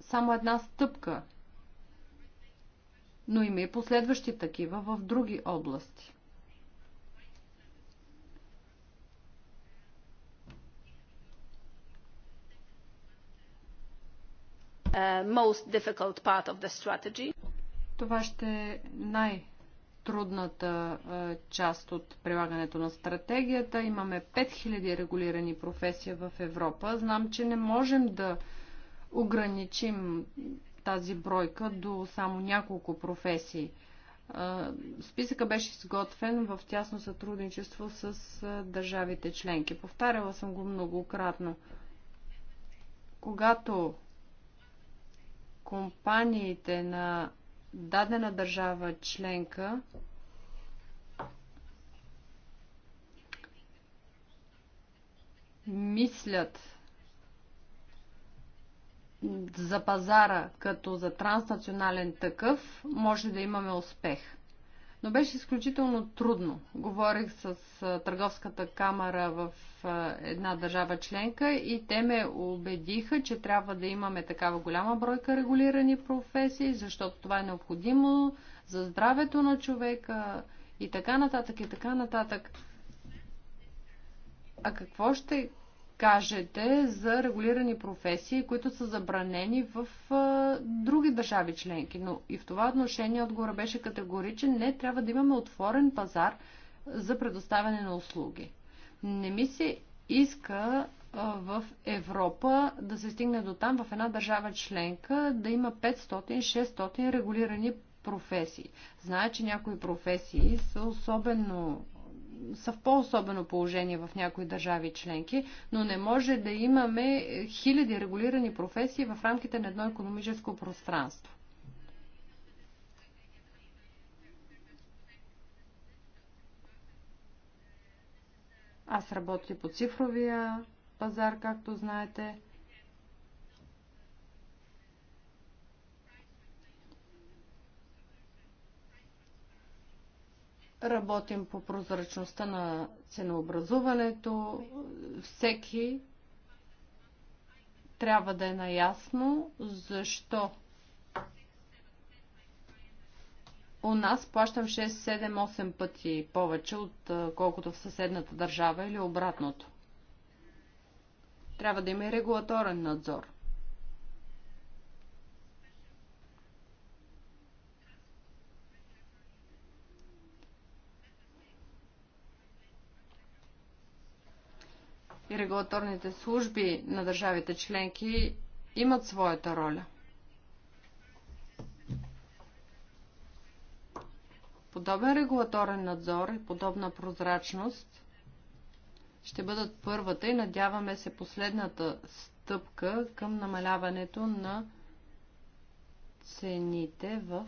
само една стъпка, но има и последващи такива в други области. Uh, most difficult part of the strategy. Това ще е най- трудната част от прилагането на стратегията. Имаме 5000 регулирани професии в Европа. Знам, че не можем да ограничим тази бройка до само няколко професии. Списъка беше изготвен в тясно сътрудничество с държавите членки. Повтаряла съм го многократно. Когато компаниите на дадена държава членка мислят за пазара като за транснационален такъв, може да имаме успех но беше изключително трудно. Говорих с Търговската камера в една държава членка и те ме убедиха, че трябва да имаме такава голяма бройка регулирани професии, защото това е необходимо за здравето на човека и така нататък и така нататък. А какво ще кажете за регулирани професии, които са забранени в а, други държави членки. Но и в това отношение отговора беше категоричен. Не, трябва да имаме отворен пазар за предоставяне на услуги. Не ми се иска а, в Европа да се стигне до там, в една държава членка, да има 500-600 регулирани професии. Знае, че някои професии са особено са в по-особено положение в някои държави членки, но не може да имаме хиляди регулирани професии в рамките на едно економическо пространство. Аз работя по цифровия пазар, както знаете. Работим по прозрачността на ценообразуването. Всеки трябва да е наясно защо у нас плащам 6, 7, 8 пъти повече, отколкото в съседната държава или обратното. Трябва да има и регулаторен надзор. и регулаторните служби на държавите членки имат своята роля. Подобен регулаторен надзор и подобна прозрачност ще бъдат първата и надяваме се последната стъпка към намаляването на цените в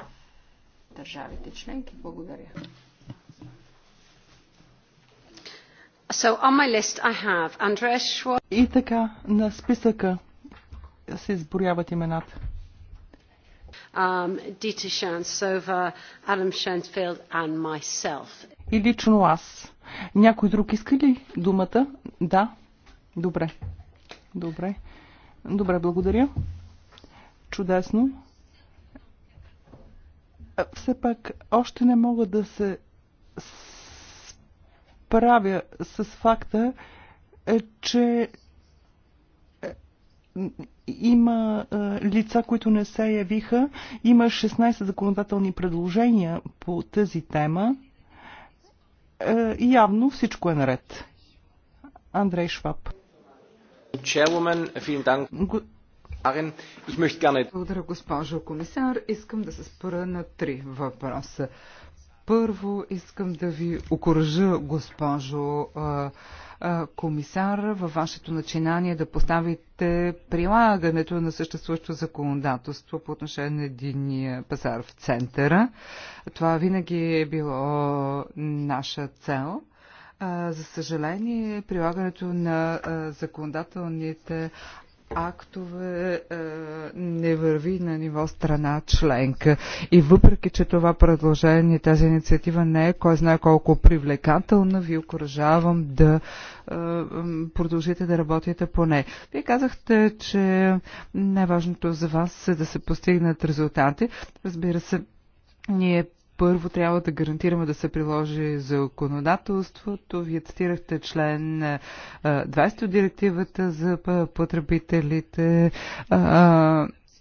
държавите членки. Благодаря. И така, на списъка се изборяват имената. Um, Dieter Shansova, Adam Schoenfeld and И лично аз. Някой друг иска ли думата? Да. Добре. Добре. Добре, благодаря. Чудесно. Е, все пак още не мога да се правя с факта, е, че е, има е, лица, които не се явиха. Има 16 законодателни предложения по тази тема. Явно всичко е наред. Андрей Шваб. Благодаря, госпожо комисар. Искам да се спора на три въпроса. Първо искам да ви окоръжа, госпожо комисар, във вашето начинание да поставите прилагането на съществуващото законодателство по отношение на единния пазар в центъра. Това винаги е било наша цел. За съжаление, прилагането на законодателните актове е, не върви на ниво страна членка. И въпреки, че това предложение, тази инициатива не е кой знае колко привлекателна, ви окоръжавам да е, продължите да работите по не. Вие казахте, че най-важното за вас е да се постигнат резултати. Разбира се, ние първо трябва да гарантираме да се приложи законодателството. Вие цитирахте член 20 от директивата за потребителите.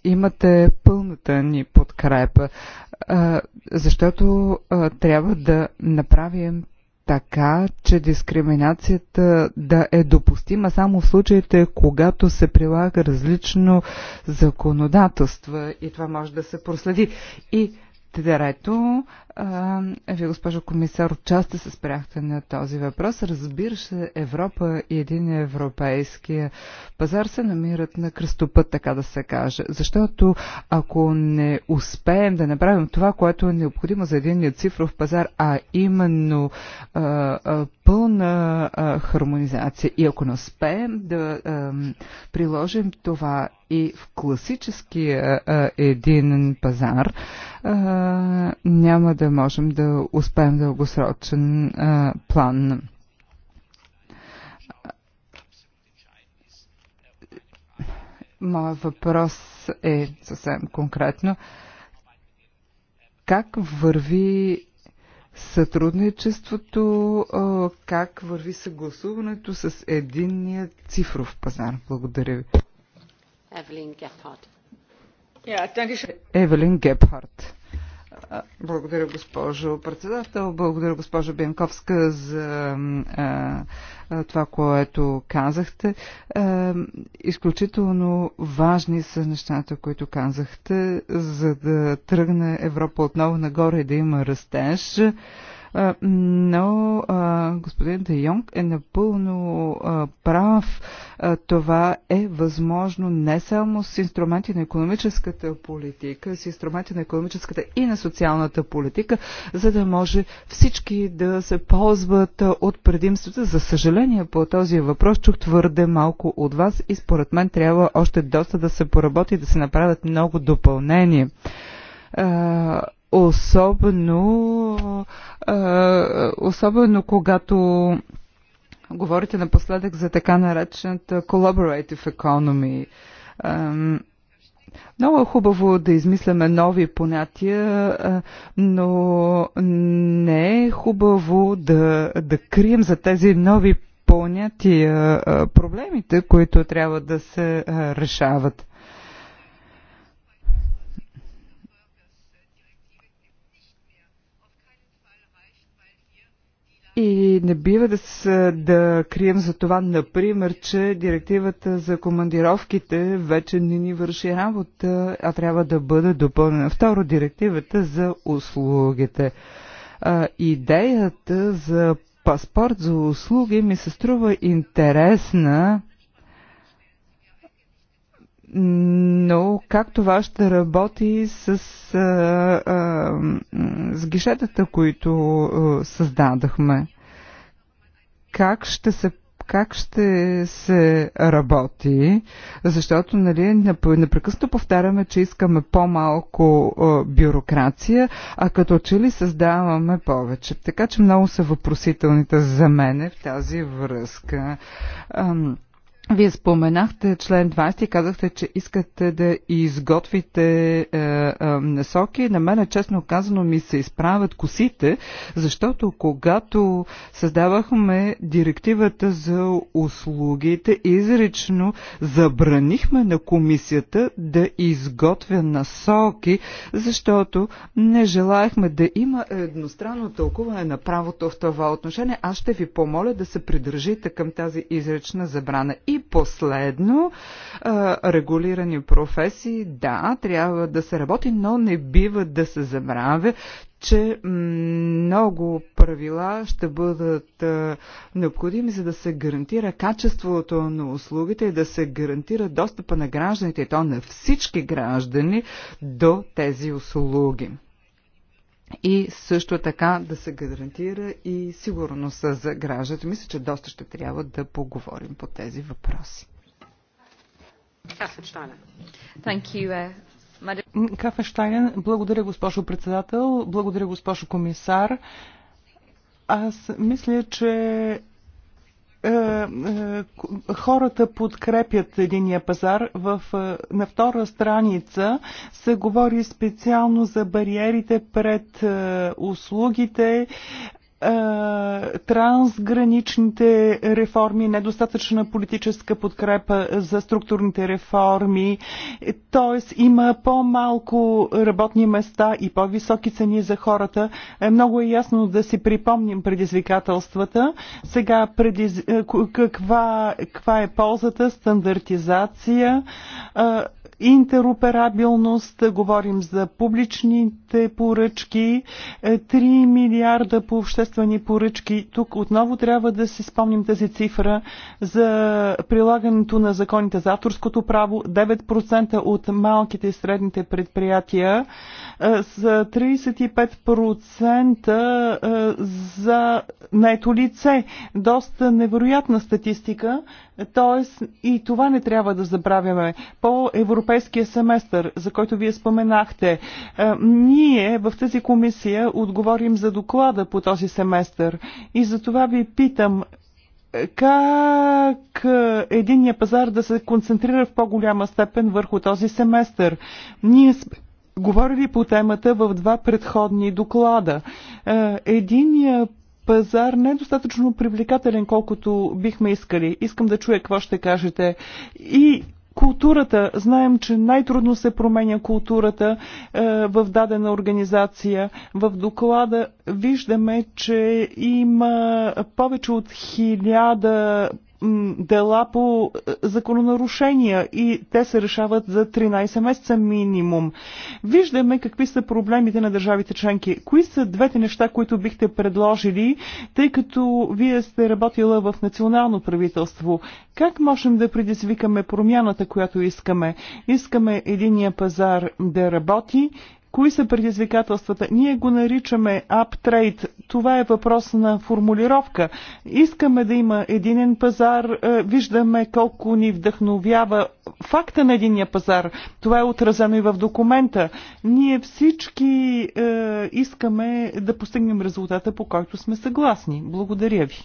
Имате пълната ни подкрепа, защото трябва да направим така, че дискриминацията да е допустима само в случаите, когато се прилага различно законодателство и това може да се проследи. И Трето, вие, госпожо комисар, отчасти се спряхте на този въпрос. Разбира се, Европа и един европейския пазар се намират на кръстопът, така да се каже. Защото ако не успеем да направим това, което е необходимо за един цифров пазар, а именно а, а, пълна а, хармонизация, и ако не успеем да а, приложим това и в класическия а, един пазар, а, няма да да можем да успеем дългосрочен а, план. Моят въпрос е съвсем конкретно. Как върви сътрудничеството, как върви съгласуването с единния цифров пазар? Благодаря ви. Евелин Гепхарт. Евелин Гепхарт. Благодаря, госпожо председател. Благодаря, госпожо Бенковска, за това, което казахте. изключително важни са нещата, които казахте, за да тръгне Европа отново нагоре и да има растеж но господин Де Йонг е напълно прав. Това е възможно не само с инструменти на економическата политика, с инструменти на економическата и на социалната политика, за да може всички да се ползват от предимствата. За съжаление по този въпрос чух твърде малко от вас и според мен трябва още доста да се поработи и да се направят много допълнения особено, а, особено когато говорите напоследък за така наречената collaborative economy. А, много е хубаво да измисляме нови понятия, но не е хубаво да, да крием за тези нови понятия проблемите, които трябва да се решават. И не бива да, с, да крием за това, например, че директивата за командировките вече не ни върши работа, а трябва да бъде допълнена. Второ, директивата за услугите. А, идеята за паспорт за услуги ми се струва интересна но как това ще работи с, а, а, с гишетата, които а, създадахме? Как ще се как ще се работи, защото нали, непрекъснато повтаряме, че искаме по-малко бюрокрация, а като че ли създаваме повече. Така че много са въпросителните за мене в тази връзка. Ам, вие споменахте член 20 и казахте, че искате да изготвите е, е, насоки. На мен, честно казано, ми се изправят косите, защото когато създавахме директивата за услугите, изрично забранихме на комисията да изготвя насоки, защото не желаяхме да има едностранно тълкуване на правото в това отношение. Аз ще ви помоля да се придържите към тази изрична забрана. И последно, последно, регулирани професии, да, трябва да се работи, но не бива да се забравя, че много правила ще бъдат необходими, за да се гарантира качеството на услугите и да се гарантира достъпа на гражданите, и то на всички граждани, до тези услуги и също така да се гарантира и сигурност за гражданите. Мисля, че доста ще трябва да поговорим по тези въпроси. Uh, Штайнен, благодаря госпожо председател, благодаря госпожо комисар. Аз мисля, че е, е, хората подкрепят единия пазар. В, е, на втора страница се говори специално за бариерите пред услугите, е, трансграничните реформи, недостатъчна политическа подкрепа за структурните реформи, т.е. има по-малко работни места и по-високи цени за хората. Е, много е ясно да си припомним предизвикателствата. Сега предиз... Е, каква, каква е ползата? Стандартизация, интероперабилност, говорим за публичните поръчки, 3 е, милиарда по обществени поръчки. Тук отново трябва да си спомним тази цифра за прилагането на законите за авторското право, 9% от малките и средните предприятия е, с 35% е, за нето лице. Доста невероятна статистика, т.е. и това не трябва да забравяме. По европейския семестър, за който вие споменахте, е, ние в тази комисия отговорим за доклада по този семестър и за това ви питам, как единния пазар да се концентрира в по-голяма степен върху този семестър. Ние говорили по темата в два предходни доклада. Е, единия пазар не е достатъчно привлекателен, колкото бихме искали. Искам да чуя какво ще кажете. И културата. Знаем, че най-трудно се променя културата е, в дадена организация. В доклада виждаме, че има повече от хиляда дела по е, закононарушения и те се решават за 13 месеца минимум. Виждаме какви са проблемите на държавите членки. Кои са двете неща, които бихте предложили, тъй като вие сте работила в национално правителство? Как можем да предизвикаме промяната, която искаме? Искаме единия пазар да работи Кои са предизвикателствата? Ние го наричаме аптрейд. Това е въпрос на формулировка. Искаме да има единен пазар. Е, виждаме колко ни вдъхновява факта на единия пазар. Това е отразено и в документа. Ние всички е, искаме да постигнем резултата, по който сме съгласни. Благодаря ви.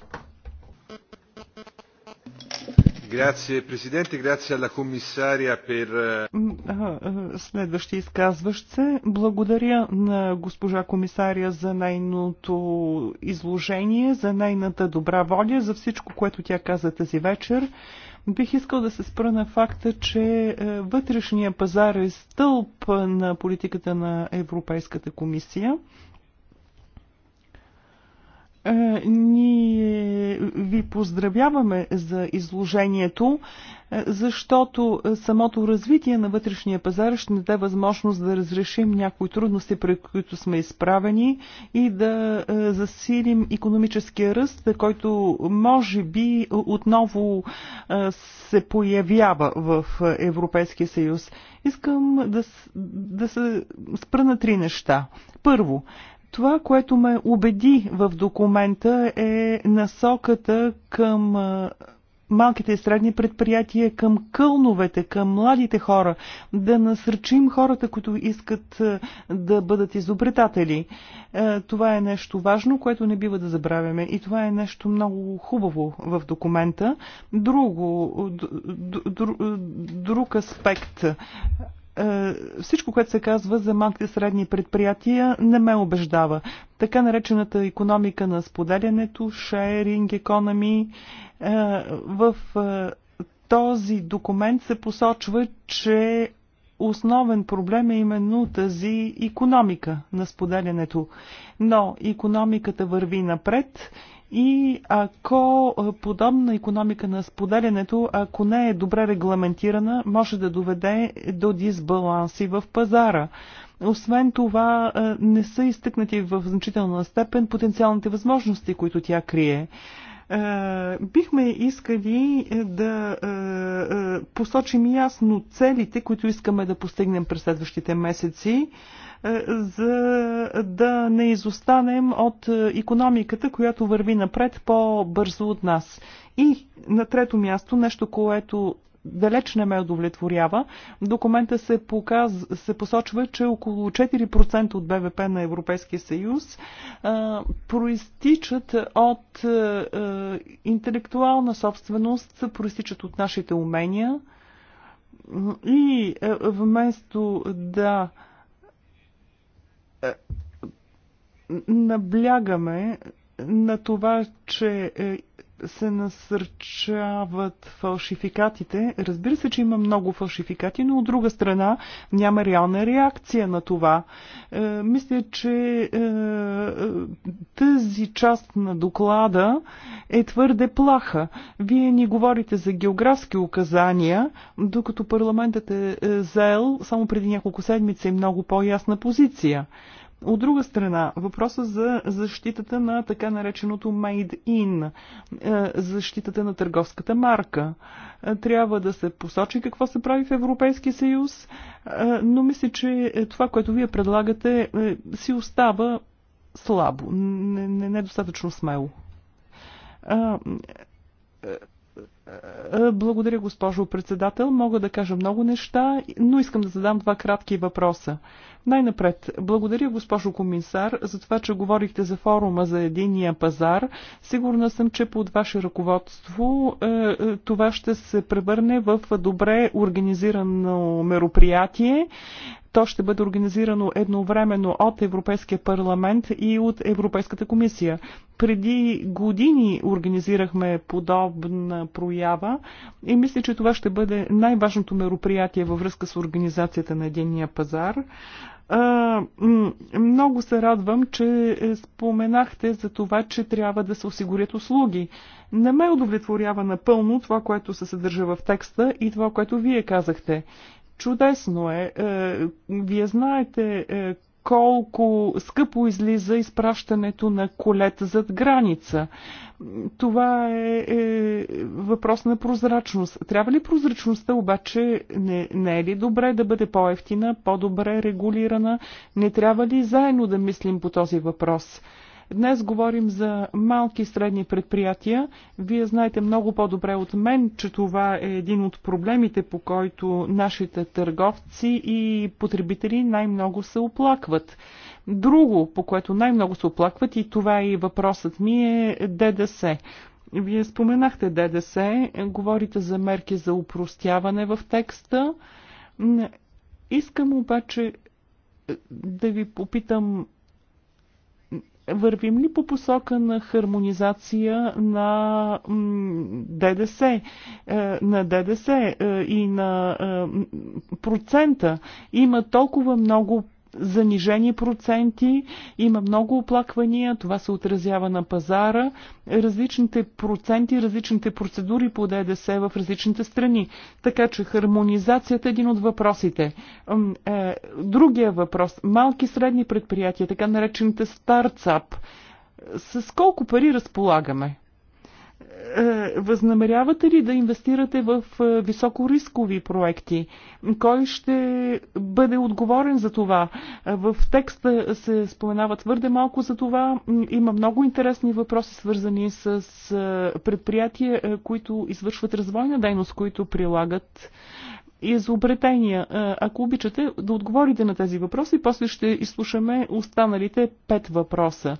Grazie президенте, грация на комисария пер... Следващи изказващ се. Благодаря на госпожа комисария за нейното изложение, за нейната добра воля, за всичко, което тя каза тази вечер. Бих искал да се спра на факта, че е, вътрешния пазар е стълб на политиката на Европейската комисия. Е, ние ви поздравяваме за изложението, е, защото самото развитие на вътрешния пазар ще даде възможност да разрешим някои трудности, пред които сме изправени и да е, засилим економическия ръст, който може би отново се появява в Европейския съюз. Искам да, да се спра на три неща. Първо, това, което ме убеди в документа е насоката към малките и средни предприятия, към кълновете, към младите хора, да насърчим хората, които искат да бъдат изобретатели. Това е нещо важно, което не бива да забравяме и това е нещо много хубаво в документа. Друго, друг аспект е, всичко, което се казва за малките средни предприятия, не ме убеждава. Така наречената економика на споделянето, sharing economy, е, в е, този документ се посочва, че основен проблем е именно тази економика на споделянето. Но економиката върви напред и ако подобна економика на споделянето, ако не е добре регламентирана, може да доведе до дисбаланси в пазара. Освен това, не са изтъкнати в значителна степен потенциалните възможности, които тя крие. Е, бихме искали е, да е, посочим ясно целите, които искаме да постигнем през следващите месеци, за да не изостанем от економиката, която върви напред по-бързо от нас. И на трето място, нещо, което далеч не ме удовлетворява. В документа се, показ, се посочва, че около 4% от БВП на Европейския съюз а, проистичат от а, интелектуална собственост, проистичат от нашите умения. И а, вместо да наблягаме на това, че е, се насърчават фалшификатите. Разбира се, че има много фалшификати, но от друга страна няма реална реакция на това. Е, мисля, че е, тази част на доклада е твърде плаха. Вие ни говорите за географски указания, докато парламентът е, е заел само преди няколко седмици много по-ясна позиция. От друга страна, въпроса за защитата на така нареченото made in, е, защитата на търговската марка. Е, трябва да се посочи какво се прави в Европейския съюз, е, но мисля, че това, което вие предлагате, си остава слабо, недостатъчно смело благодаря, госпожо председател. Мога да кажа много неща, но искам да задам два кратки въпроса. Най-напред, благодаря, госпожо комисар, за това, че говорихте за форума за единия пазар. Сигурна съм, че под ваше ръководство е, е, това ще се превърне в добре организирано мероприятие. То ще бъде организирано едновременно от Европейския парламент и от Европейската комисия. Преди години организирахме подобна проява и мисля, че това ще бъде най-важното мероприятие във връзка с организацията на единния пазар. Много се радвам, че е, споменахте за това, че трябва да се осигурят услуги. Не ме удовлетворява напълно това, което се съдържа в текста и това, което вие казахте. Чудесно е. е. Вие знаете е, колко скъпо излиза изпращането на колета зад граница. Това е, е въпрос на прозрачност. Трябва ли прозрачността обаче не, не е ли добре да бъде по-ефтина, по-добре регулирана? Не трябва ли заедно да мислим по този въпрос? Днес говорим за малки и средни предприятия. Вие знаете много по-добре от мен, че това е един от проблемите, по който нашите търговци и потребители най-много се оплакват. Друго, по което най-много се оплакват и това е и въпросът ми е ДДС. Вие споменахте ДДС, говорите за мерки за упростяване в текста. Искам обаче да ви попитам вървим ли по посока на хармонизация на ДДС, е, на ДДС е, и на е, процента? Има толкова много занижени проценти, има много оплаквания, това се отразява на пазара, различните проценти, различните процедури по ДДС в различните страни. Така че хармонизацията е един от въпросите. Е, другия въпрос – малки средни предприятия, така наречените стартап. С колко пари разполагаме? Е, възнамерявате ли да инвестирате в е, високорискови проекти? Кой ще бъде отговорен за това? Е, в текста се споменава твърде малко за това. Има много интересни въпроси, свързани с предприятия, които извършват развойна дейност, които прилагат изобретения. Ако обичате да отговорите на тези въпроси, после ще изслушаме останалите пет въпроса.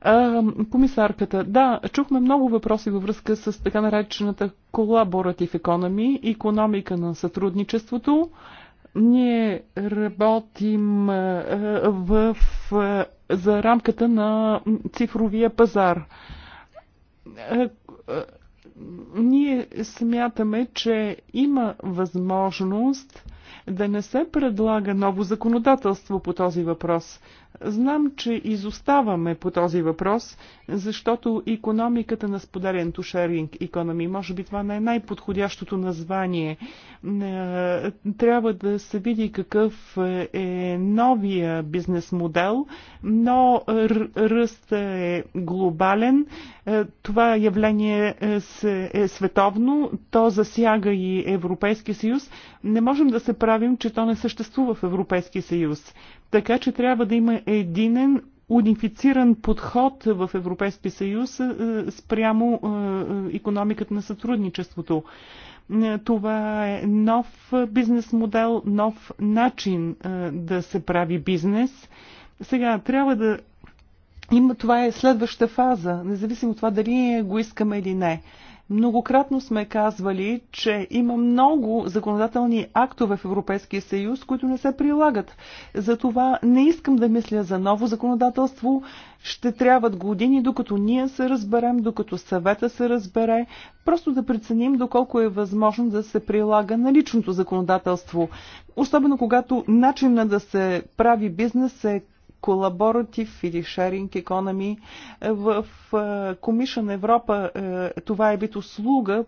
А, комисарката, да, чухме много въпроси във връзка с така наречената Collaborative Economy, економика на сътрудничеството. Ние работим в, за рамката на цифровия пазар. Ние смятаме, че има възможност да не се предлага ново законодателство по този въпрос, Знам, че изоставаме по този въпрос, защото економиката на споделеното шеринг економи, може би това не е най-подходящото название. Е, трябва да се види какъв е новия бизнес модел, но ръст е глобален. Е, това явление е, е световно, то засяга и Европейския съюз. Не можем да се правим, че то не съществува в Европейския съюз. Така че трябва да има единен унифициран подход в Европейския съюз е, спрямо економиката е, на сътрудничеството. Е, това е нов бизнес модел, нов начин да се прави бизнес. Сега трябва да има, това е следваща фаза, независимо от това дали го искаме или не. Многократно сме казвали, че има много законодателни актове в Европейския съюз, които не се прилагат. Затова не искам да мисля за ново законодателство. Ще трябват години, докато ние се разберем, докато съвета се разбере, просто да преценим доколко е възможно да се прилага наличното законодателство. Особено когато начинът да се прави бизнес е колаборатив или шеринг економи. В Комишън е, Европа е, това е вид услуга,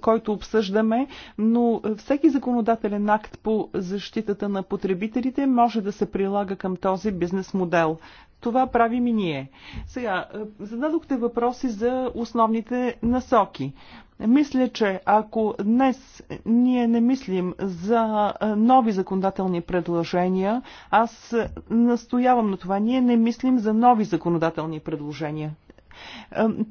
който обсъждаме, но всеки законодателен акт по защитата на потребителите може да се прилага към този бизнес модел. Това правим и ние. Сега, е, зададохте въпроси за основните насоки. Мисля, че ако днес ние не мислим за е, нови законодателни предложения, аз е, настоявам на това, ние не мислим за нови законодателни предложения.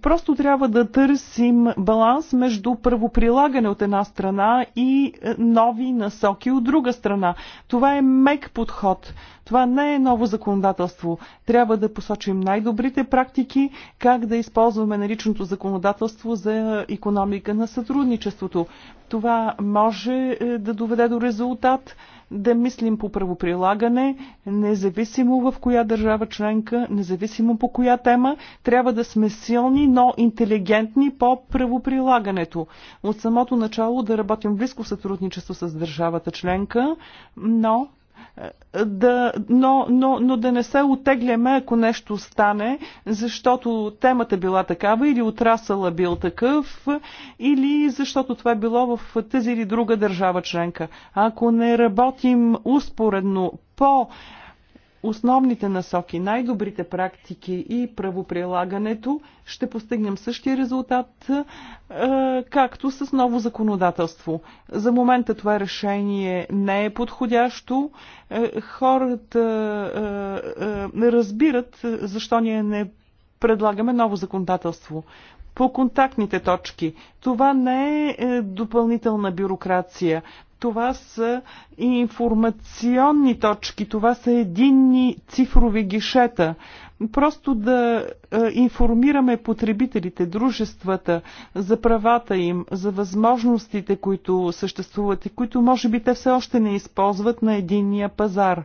Просто трябва да търсим баланс между правоприлагане от една страна и е, нови насоки от друга страна. Това е мек подход. Това не е ново законодателство. Трябва да посочим най-добрите практики, как да използваме наличното законодателство за економика на сътрудничеството. Това може е, да доведе до резултат да мислим по правоприлагане, независимо в коя държава членка, независимо по коя тема, трябва да сме силни, но интелигентни по правоприлагането. От самото начало да работим близко в сътрудничество с държавата членка, но да, но, но, но да не се отегляме, ако нещо стане, защото темата била такава или отрасъла бил такъв, или защото това е било в тази или друга държава членка. Ако не работим успоредно по основните насоки, най-добрите практики и правоприлагането, ще постигнем същия резултат, е, както с ново законодателство. За момента това решение не е подходящо. Е, хората не е, разбират защо ние не предлагаме ново законодателство по контактните точки. Това не е, е допълнителна бюрокрация. Това са информационни точки, това са единни цифрови гишета. Просто да е, информираме потребителите, дружествата за правата им, за възможностите, които съществуват и които може би те все още не използват на единния пазар.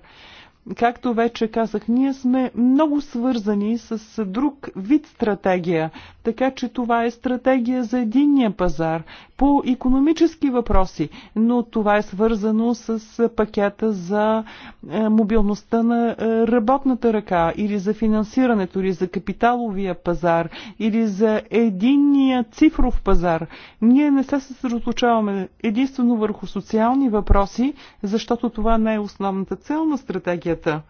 Както вече казах, ние сме много свързани с друг вид стратегия, така че това е стратегия за единния пазар по економически въпроси, но това е свързано с пакета за мобилността на работната ръка или за финансирането, или за капиталовия пазар, или за единния цифров пазар. Ние не се съсредоточаваме единствено върху социални въпроси, защото това не е основната цел на стратегията.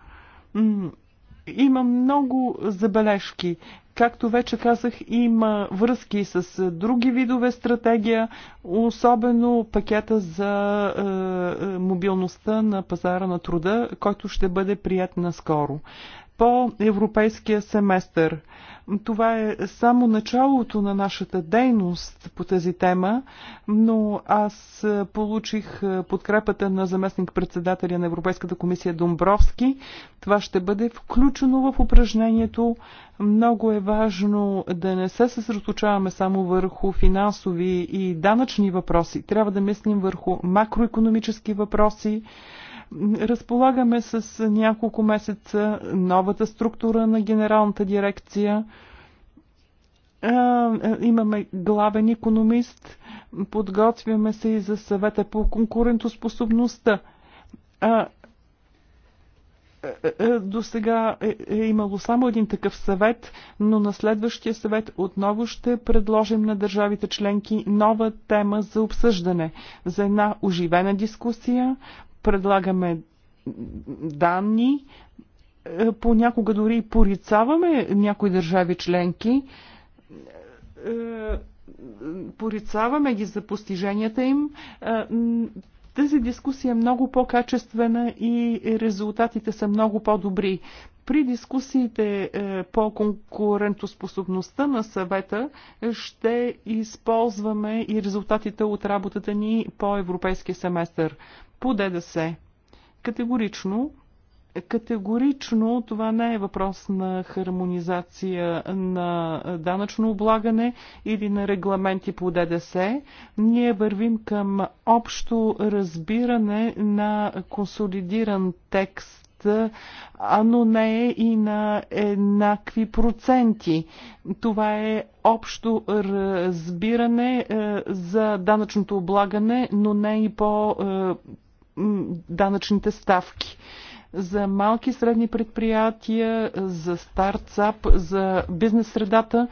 Има много забележки. Както вече казах, има връзки с други видове стратегия, особено пакета за мобилността на пазара на труда, който ще бъде прият наскоро. По европейския семестър. Това е само началото на нашата дейност по тази тема, но аз получих подкрепата на заместник-председателя на Европейската комисия Домбровски. Това ще бъде включено в упражнението. Много е важно да не се съсредоточаваме само върху финансови и данъчни въпроси. Трябва да мислим върху макроекономически въпроси, Разполагаме с няколко месеца новата структура на генералната дирекция. Имаме главен економист, подготвяме се и за съвета по конкурентоспособността. До сега е, е имало само един такъв съвет, но на следващия съвет отново ще предложим на държавите членки нова тема за обсъждане, за една оживена дискусия, предлагаме данни, е, понякога дори и порицаваме някои държави членки, е, порицаваме ги за постиженията им. Е, тази дискусия е много по-качествена и резултатите са много по-добри. При дискусиите по конкурентоспособността на съвета ще използваме и резултатите от работата ни по европейския семестър по ДДС. Категорично, категорично това не е въпрос на хармонизация на данъчно облагане или на регламенти по ДДС. Ние вървим към общо разбиране на консолидиран текст а но не е и на еднакви проценти. Това е общо разбиране е, за данъчното облагане, но не и по е, данъчните ставки за малки и средни предприятия, за стартап, за бизнес средата.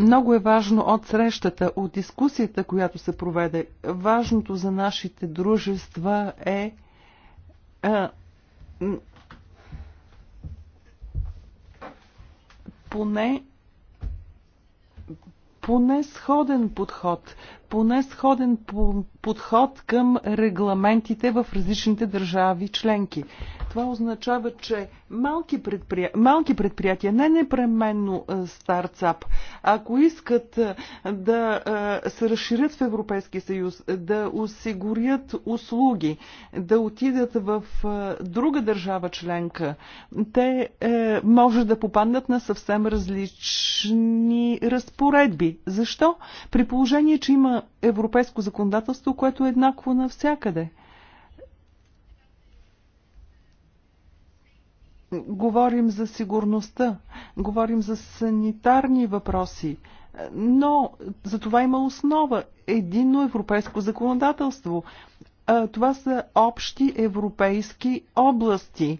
Много е важно от срещата, от дискусията, която се проведе. Важното за нашите дружества е а, поне по несходен подход поне сходен подход към регламентите в различните държави членки. Това означава, че малки, предприя... малки предприятия, не непременно стартап, ако искат да се разширят в Европейския съюз, да осигурят услуги, да отидат в друга държава членка, те е, може да попаднат на съвсем различни разпоредби. Защо? При положение, че има европейско законодателство, което е еднакво навсякъде. Говорим за сигурността, говорим за санитарни въпроси, но за това има основа единно европейско законодателство. Това са общи европейски области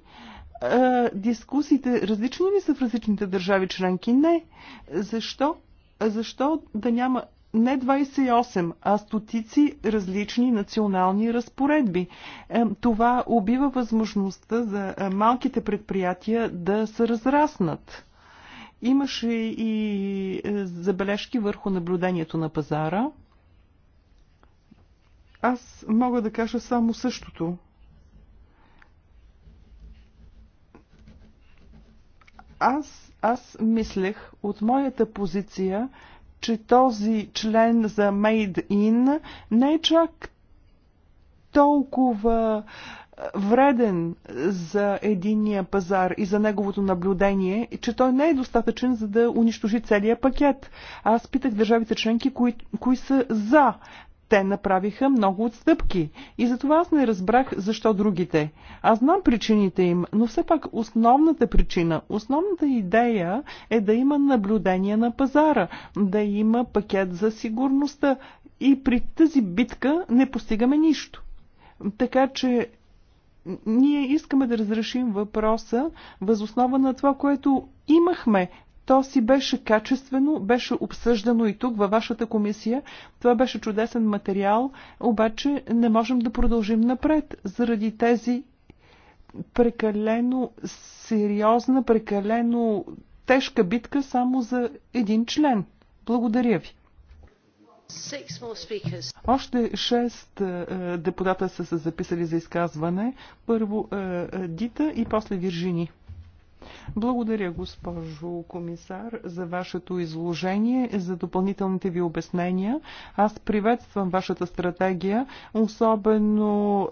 дискусиите различни ли са в различните държави членки? Не. Защо? Защо да няма не 28, а стотици различни национални разпоредби. Е, това убива възможността за е, малките предприятия да се разраснат. Имаше и е, забележки върху наблюдението на пазара. Аз мога да кажа само същото. Аз, аз мислех от моята позиция, че този член за Made in не е чак толкова вреден за единния пазар и за неговото наблюдение, че той не е достатъчен за да унищожи целия пакет. Аз питах държавите членки, кои, кои са за те направиха много отстъпки и затова аз не разбрах защо другите. Аз знам причините им, но все пак основната причина, основната идея е да има наблюдение на пазара, да има пакет за сигурността и при тази битка не постигаме нищо. Така че ние искаме да разрешим въпроса възоснова на това, което имахме то си беше качествено, беше обсъждано и тук във вашата комисия. Това беше чудесен материал, обаче не можем да продължим напред заради тези прекалено сериозна, прекалено тежка битка само за един член. Благодаря ви. Още шест е, е, депутата са се записали за изказване. Първо е, Дита и после Виржини. Благодаря, госпожо комисар, за вашето изложение, за допълнителните ви обяснения. Аз приветствам вашата стратегия, особено е,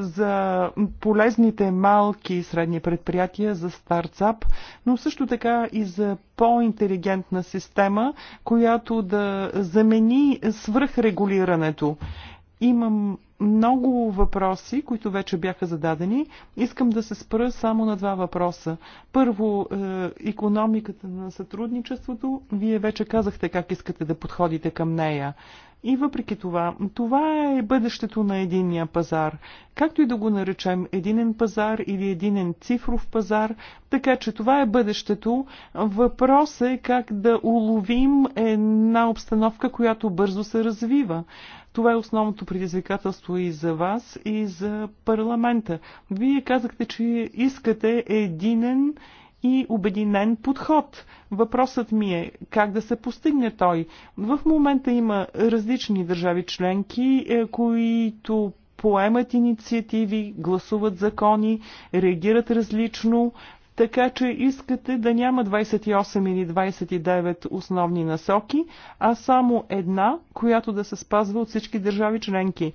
за полезните малки и средни предприятия, за стартап, но също така и за по-интелигентна система, която да замени свръхрегулирането. Имам много въпроси, които вече бяха зададени. Искам да се спра само на два въпроса. Първо, економиката на сътрудничеството. Вие вече казахте как искате да подходите към нея. И въпреки това, това е бъдещето на единния пазар. Както и да го наречем единен пазар или единен цифров пазар, така че това е бъдещето. Въпрос е как да уловим една обстановка, която бързо се развива. Това е основното предизвикателство и за вас, и за парламента. Вие казахте, че искате единен и обединен подход. Въпросът ми е как да се постигне той. В момента има различни държави членки, е, които поемат инициативи, гласуват закони, реагират различно, така че искате да няма 28 или 29 основни насоки, а само една, която да се спазва от всички държави членки.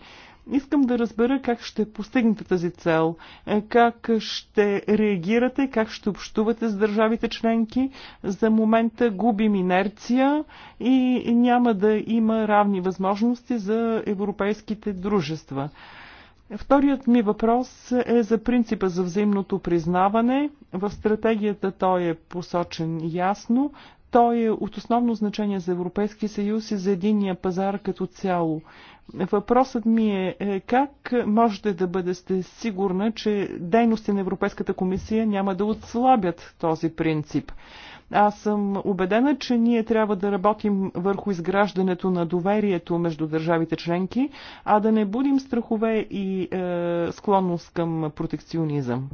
Искам да разбера как ще постигнете тази цел, е, как ще реагирате, как ще общувате с държавите членки. За момента губим инерция и няма да има равни възможности за европейските дружества. Вторият ми въпрос е за принципа за взаимното признаване. В стратегията той е посочен ясно. Той е от основно значение за Европейския съюз и за единния пазар като цяло. Въпросът ми е, е как можете да бъдете сигурна, че дейности на Европейската комисия няма да отслабят този принцип? Аз съм убедена, че ние трябва да работим върху изграждането на доверието между държавите членки, а да не будим страхове и е, склонност към протекционизъм.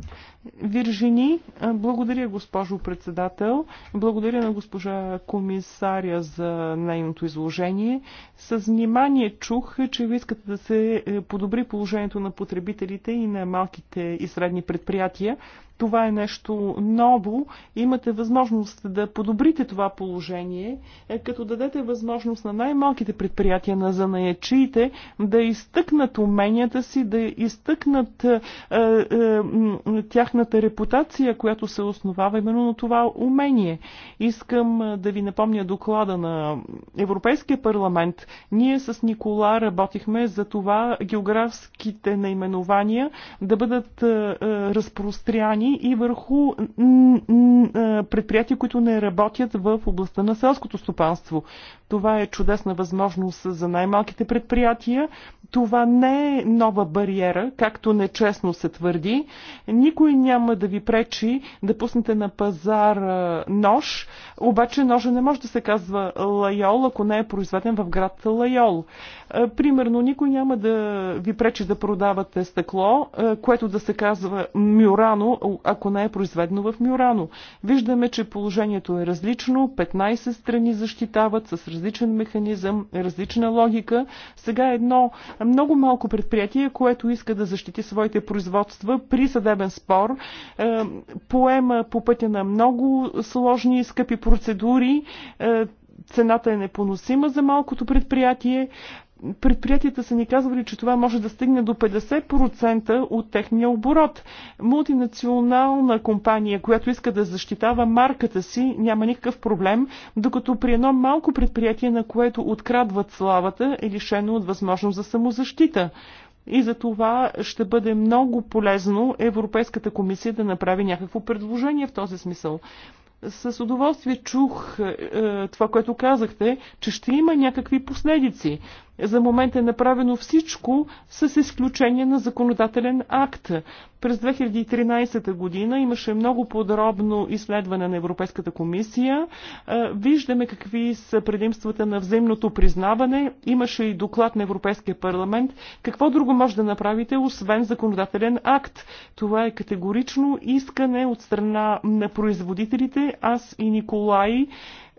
Виржини, благодаря госпожо председател, благодаря на госпожа комисаря за нейното изложение. С внимание чух, че ви искате да се е, подобри положението на потребителите и на малките и средни предприятия. Това е нещо ново. Имате възможност да подобрите това положение, е, като дадете възможност на най-малките предприятия, на занаячиите, да изтъкнат уменията си, да изтъкнат е, е, тях тяхната репутация, която се основава именно на това умение. Искам да ви напомня доклада на Европейския парламент. Ние с Никола работихме за това географските наименования да бъдат разпростряни и върху предприятия, които не работят в областта на селското стопанство. Това е чудесна възможност за най-малките предприятия. Това не е нова бариера, както нечестно се твърди. Никой няма да ви пречи да пуснете на пазар нож, обаче ножа не може да се казва лайол, ако не е произведен в град Лайол. Примерно, никой няма да ви пречи да продавате стъкло, което да се казва Мюрано, ако не е произведено в Мюрано. Виждаме, че положението е различно. 15 страни защитават с различен механизъм, различна логика. Сега е едно много малко предприятие, което иска да защити своите производства при съдебен спор, партньор, е, поема по пътя на много сложни и скъпи процедури. Е, цената е непоносима за малкото предприятие. Предприятията са ни казвали, че това може да стигне до 50% от техния оборот. Мултинационална компания, която иска да защитава марката си, няма никакъв проблем, докато при едно малко предприятие, на което открадват славата, е лишено от възможност за самозащита и за това ще бъде много полезно Европейската комисия да направи някакво предложение в този смисъл. С удоволствие чух е, това, което казахте, че ще има някакви последици. За момент е направено всичко с изключение на законодателен акт. През 2013 година имаше много подробно изследване на Европейската комисия. Е, виждаме какви са предимствата на взаимното признаване. Имаше и доклад на Европейския парламент. Какво друго може да направите, освен законодателен акт? Това е категорично искане от страна на производителите. Аз и Николай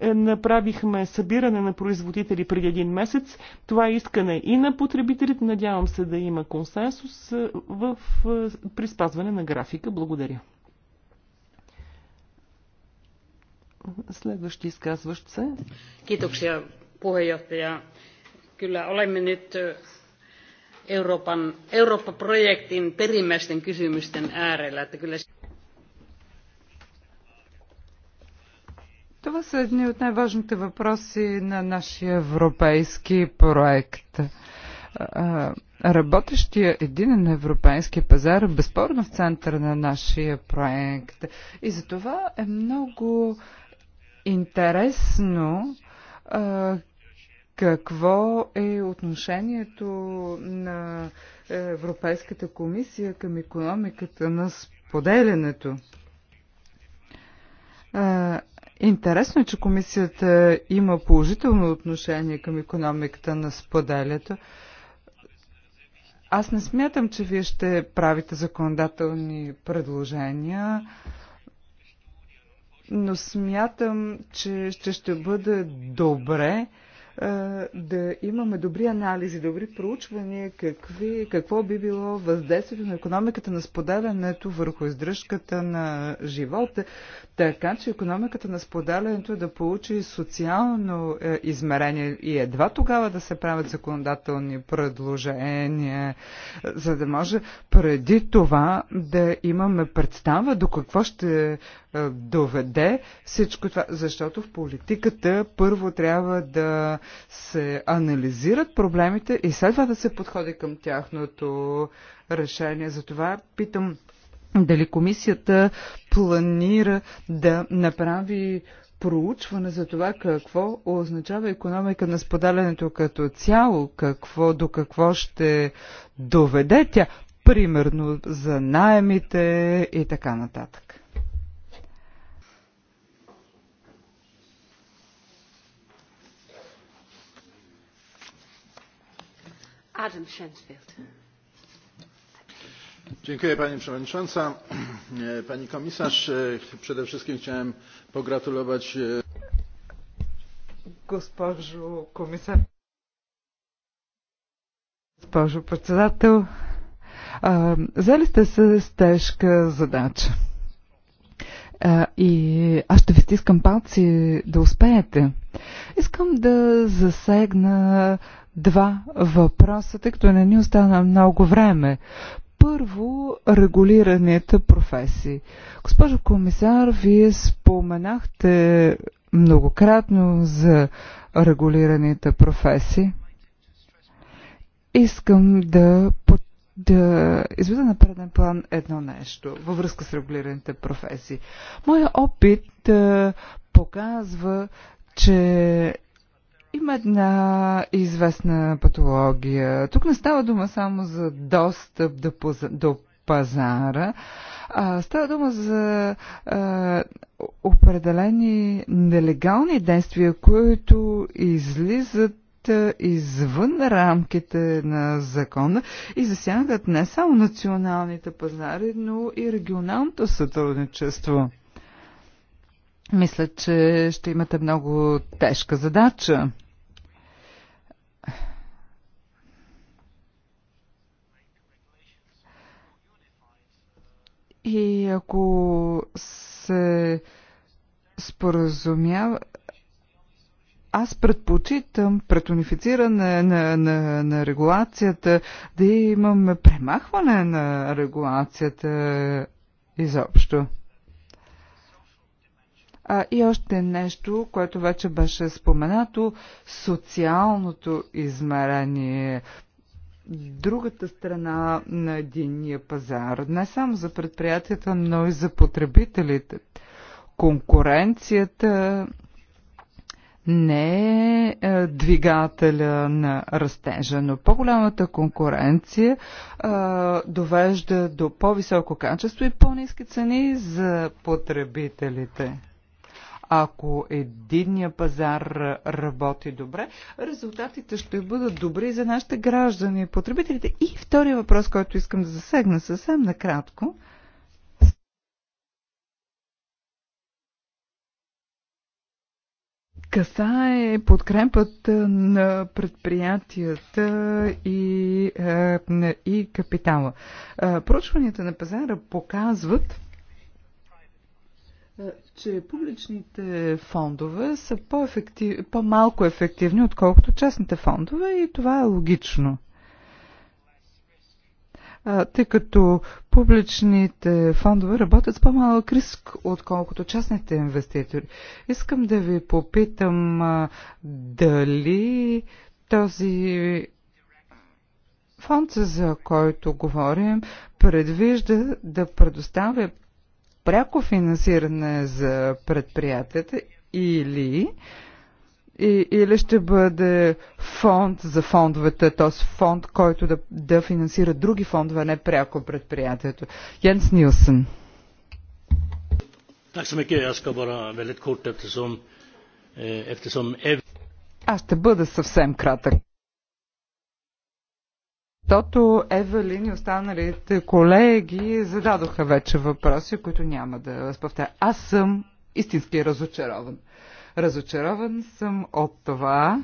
Направихме събиране на производители преди един месец. Това е искане и на потребителите. Надявам се да има консенсус е, в, е, при спазване на графика. Благодаря. Следващи изказващ се. Kiitoksia puheenjohtaja. Kyllä olemme nyt е, Euroopan, Eurooppa-projektin perimmäisten kysymysten äärellä. Että kyllä... Това са едни от най-важните въпроси на нашия европейски проект. Работещия един на европейски пазар е безспорно в центъра на нашия проект. И за това е много интересно какво е отношението на Европейската комисия към економиката на споделянето. Интересно е, че комисията има положително отношение към економиката на споделята. Аз не смятам, че вие ще правите законодателни предложения, но смятам, че ще, ще бъде добре да имаме добри анализи, добри проучвания, какви, какво би било въздействието на економиката на споделянето върху издръжката на живота, така че економиката на споделянето да получи социално е, измерение и едва тогава да се правят законодателни предложения, за да може преди това да имаме представа до какво ще доведе всичко това, защото в политиката първо трябва да се анализират проблемите и след това да се подходи към тяхното решение. Затова питам дали комисията планира да направи проучване за това какво означава економика на споделянето като цяло, какво до какво ще доведе тя, примерно за найемите и така нататък. pani przewodnicząca! E, pani komisarz! E, przede wszystkim chciałem pogratulować e, Госпожо председател, взели сте се с тежка задача. И аз ще ви стискам палци да успеете. Искам да засегна два въпроса, тъй като не ни остана много време. Първо, регулираните професии. Госпожо комисар, вие споменахте многократно за регулираните професии. Искам да, да изведа на преден план едно нещо във връзка с регулираните професии. Моя опит показва, че има една известна патология. Тук не става дума само за достъп до пазара, а става дума за а, определени нелегални действия, които излизат извън рамките на закона и засягат не само националните пазари, но и регионалното сътрудничество. Мисля, че ще имате много тежка задача. И ако се споразумява, аз предпочитам пред унифициране на, на, на регулацията да имаме премахване на регулацията изобщо. А, и още нещо, което вече беше споменато социалното измерение другата страна на единния пазар, не само за предприятията, но и за потребителите. Конкуренцията не е, е двигателя на растежа, но по-голямата конкуренция а, е, довежда до по-високо качество и по-низки цени за потребителите. Ако единния пазар работи добре, резултатите ще бъдат добри за нашите граждани и потребителите. И втория въпрос, който искам да засегна съвсем накратко. Каса е подкрепата на предприятията и, е, и капитала. Е, Прочванията на пазара показват, че публичните фондове са по-ефектив, по-малко ефективни, отколкото частните фондове и това е логично. Тъй като публичните фондове работят с по-малък риск, отколкото частните инвеститори. Искам да ви попитам дали този фонд, за който говорим, предвижда да предоставя пряко финансиране за предприятията или и, или ще бъде фонд за фондовете, т.е. фонд, който да, да финансира други фондове, не пряко предприятието. Йенс Нилсен. Eh, Аз ще бъда съвсем кратък защото Евелин и останалите колеги зададоха вече въпроси, които няма да повторя. Аз съм истински разочарован. Разочарован съм от това,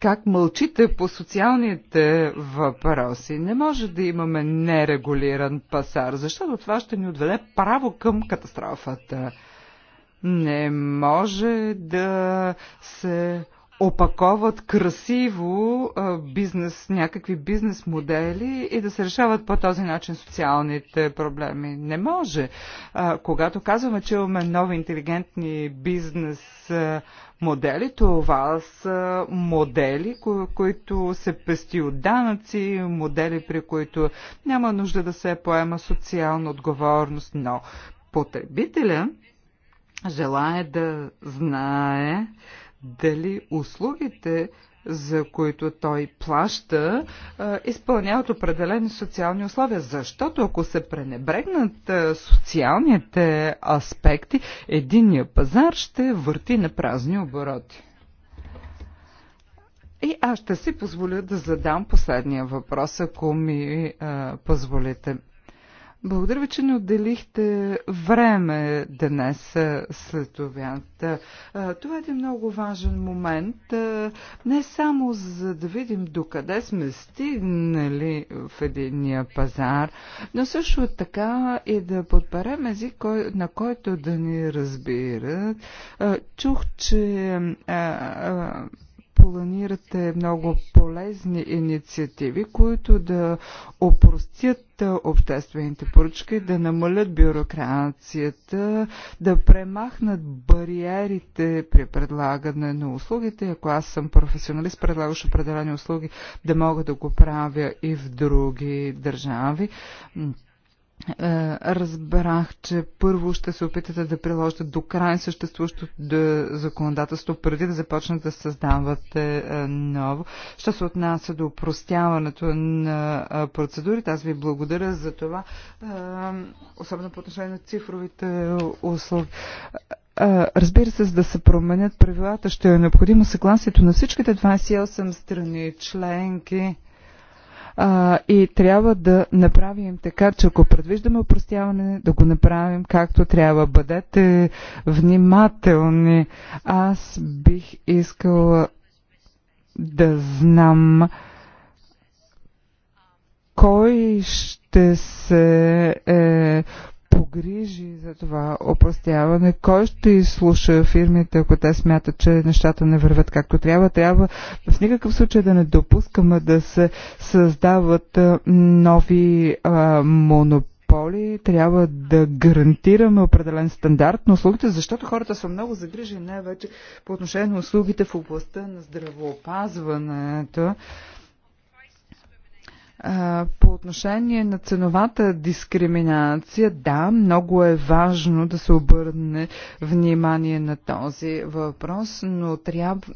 как мълчите по социалните въпроси. Не може да имаме нерегулиран пасар, защото това ще ни отведе право към катастрофата. Не може да се опаковат красиво бизнес, някакви бизнес модели и да се решават по този начин социалните проблеми. Не може. Когато казваме, че имаме нови интелигентни бизнес модели, това са модели, които се пести от данъци, модели, при които няма нужда да се поема социална отговорност, но потребителя желая да знае дали услугите, за които той плаща, изпълняват определени социални условия. Защото ако се пренебрегнат социалните аспекти, единния пазар ще върти на празни обороти. И аз ще си позволя да задам последния въпрос, ако ми позволите. Благодаря ви, че ни отделихте време днес след обяд. Това е един много важен момент, не само за да видим докъде сме стигнали в единия пазар, но също така и да подберем език, на който да ни разбират. Чух, че планирате много полезни инициативи, които да опростят обществените поръчки, да намалят бюрокрацията, да премахнат бариерите при предлагане на услугите. Ако аз съм професионалист, предлагаш определени услуги, да мога да го правя и в други държави. Е, разбрах, че първо ще се опитате да приложите до край съществуващото законодателство, преди да започнат да създавате е, ново. Що се отнася до упростяването на е, процедурите, аз ви благодаря за това, особено по отношение на цифровите услуги. Разбира се, за да се променят правилата, ще е необходимо съгласието на всичките 28 страни членки а, и трябва да направим така, че ако предвиждаме опростяване, да го направим както трябва. Бъдете внимателни. Аз бих искала да знам кой ще се е, погрижи за това опростяване? Кой ще изслуша фирмите, ако те смятат, че нещата не върват както трябва? Трябва в никакъв случай да не допускаме да се създават нови монополи монополи. Трябва да гарантираме определен стандарт на услугите, защото хората са много загрижени най-вече по отношение на услугите в областта на здравоопазването. По отношение на ценовата дискриминация, да, много е важно да се обърне внимание на този въпрос, но, тряб,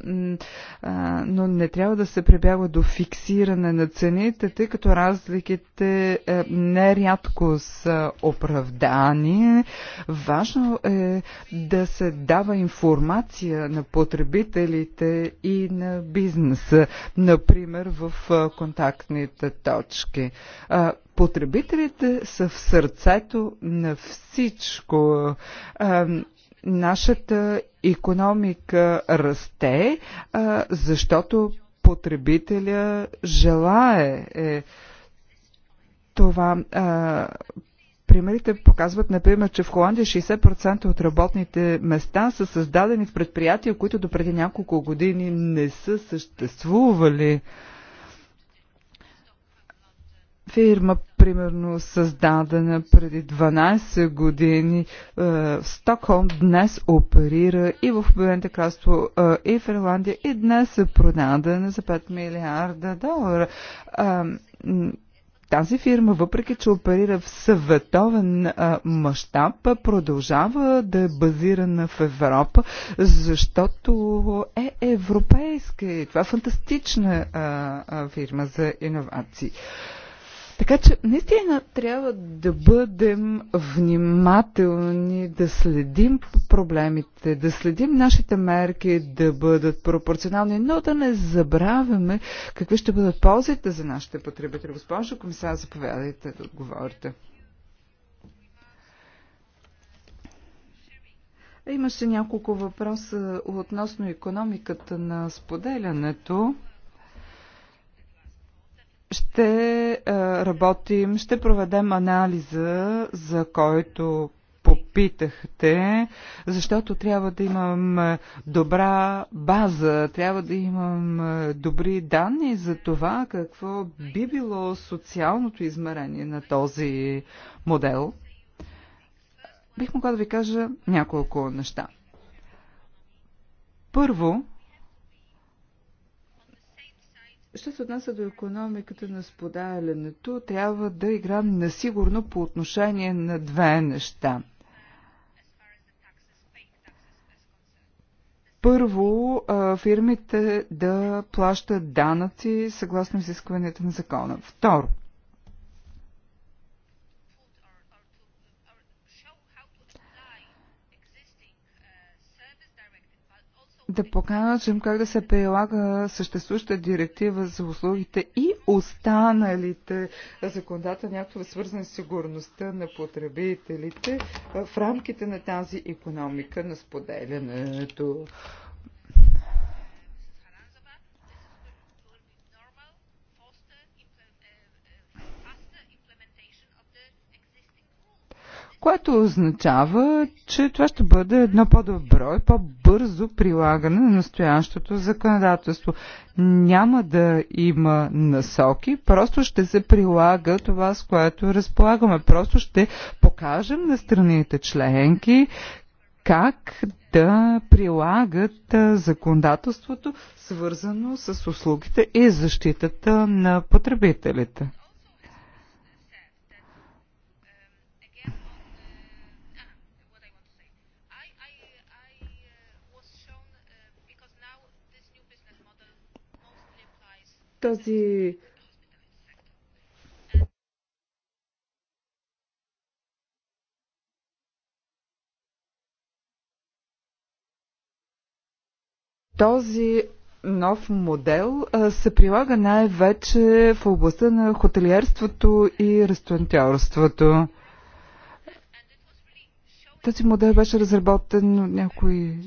но не трябва да се прибягва до фиксиране на цените, тъй като разликите е, нерядко са оправдани. Важно е да се дава информация на потребителите и на бизнеса, например в контактните точки точки. Потребителите са в сърцето на всичко. Нашата економика расте, защото потребителя желае. Е. Това примерите показват, например, че в Холандия 60% от работните места са създадени в предприятия, които до преди няколко години не са съществували фирма, примерно създадена преди 12 години е, в Стокхолм, днес оперира и в Обединеното кралство, е, и в Ирландия, и днес е продадена за 5 милиарда долара. Е, тази фирма, въпреки че оперира в съветовен мащаб, продължава да е базирана в Европа, защото е европейска и това е фантастична а, а, фирма за иновации. А, така че наистина трябва да бъдем внимателни, да следим проблемите, да следим нашите мерки, да бъдат пропорционални, но да не забравяме какви ще бъдат ползите за нашите потребители. Госпожо комисар, заповядайте да отговорите. Имаше няколко въпроса относно економиката на споделянето ще е, работим, ще проведем анализа, за който попитахте, защото трябва да имам е, добра база, трябва да имам е, добри данни за това какво би било социалното измерение на този модел. Бих могла да ви кажа няколко неща. Първо, Що се отнася до економиката на споделянето, трябва да играем насигурно по отношение на две неща. Първо, фирмите да плащат данъци съгласно изискванията на закона. Второ, да покажем как да се прилага съществуваща директива за услугите и останалите законодателни актове, свързани с сигурността на потребителите в рамките на тази економика на споделянето. което означава, че това ще бъде едно по-добро и по-бързо прилагане на настоящото законодателство. Няма да има насоки, просто ще се прилага това, с което разполагаме. Просто ще покажем на страните членки как да прилагат законодателството, свързано с услугите и защитата на потребителите. Този Този нов модел се прилага най-вече в областта на хотелиерството и ресторантьорството. Този модел беше разработен от някои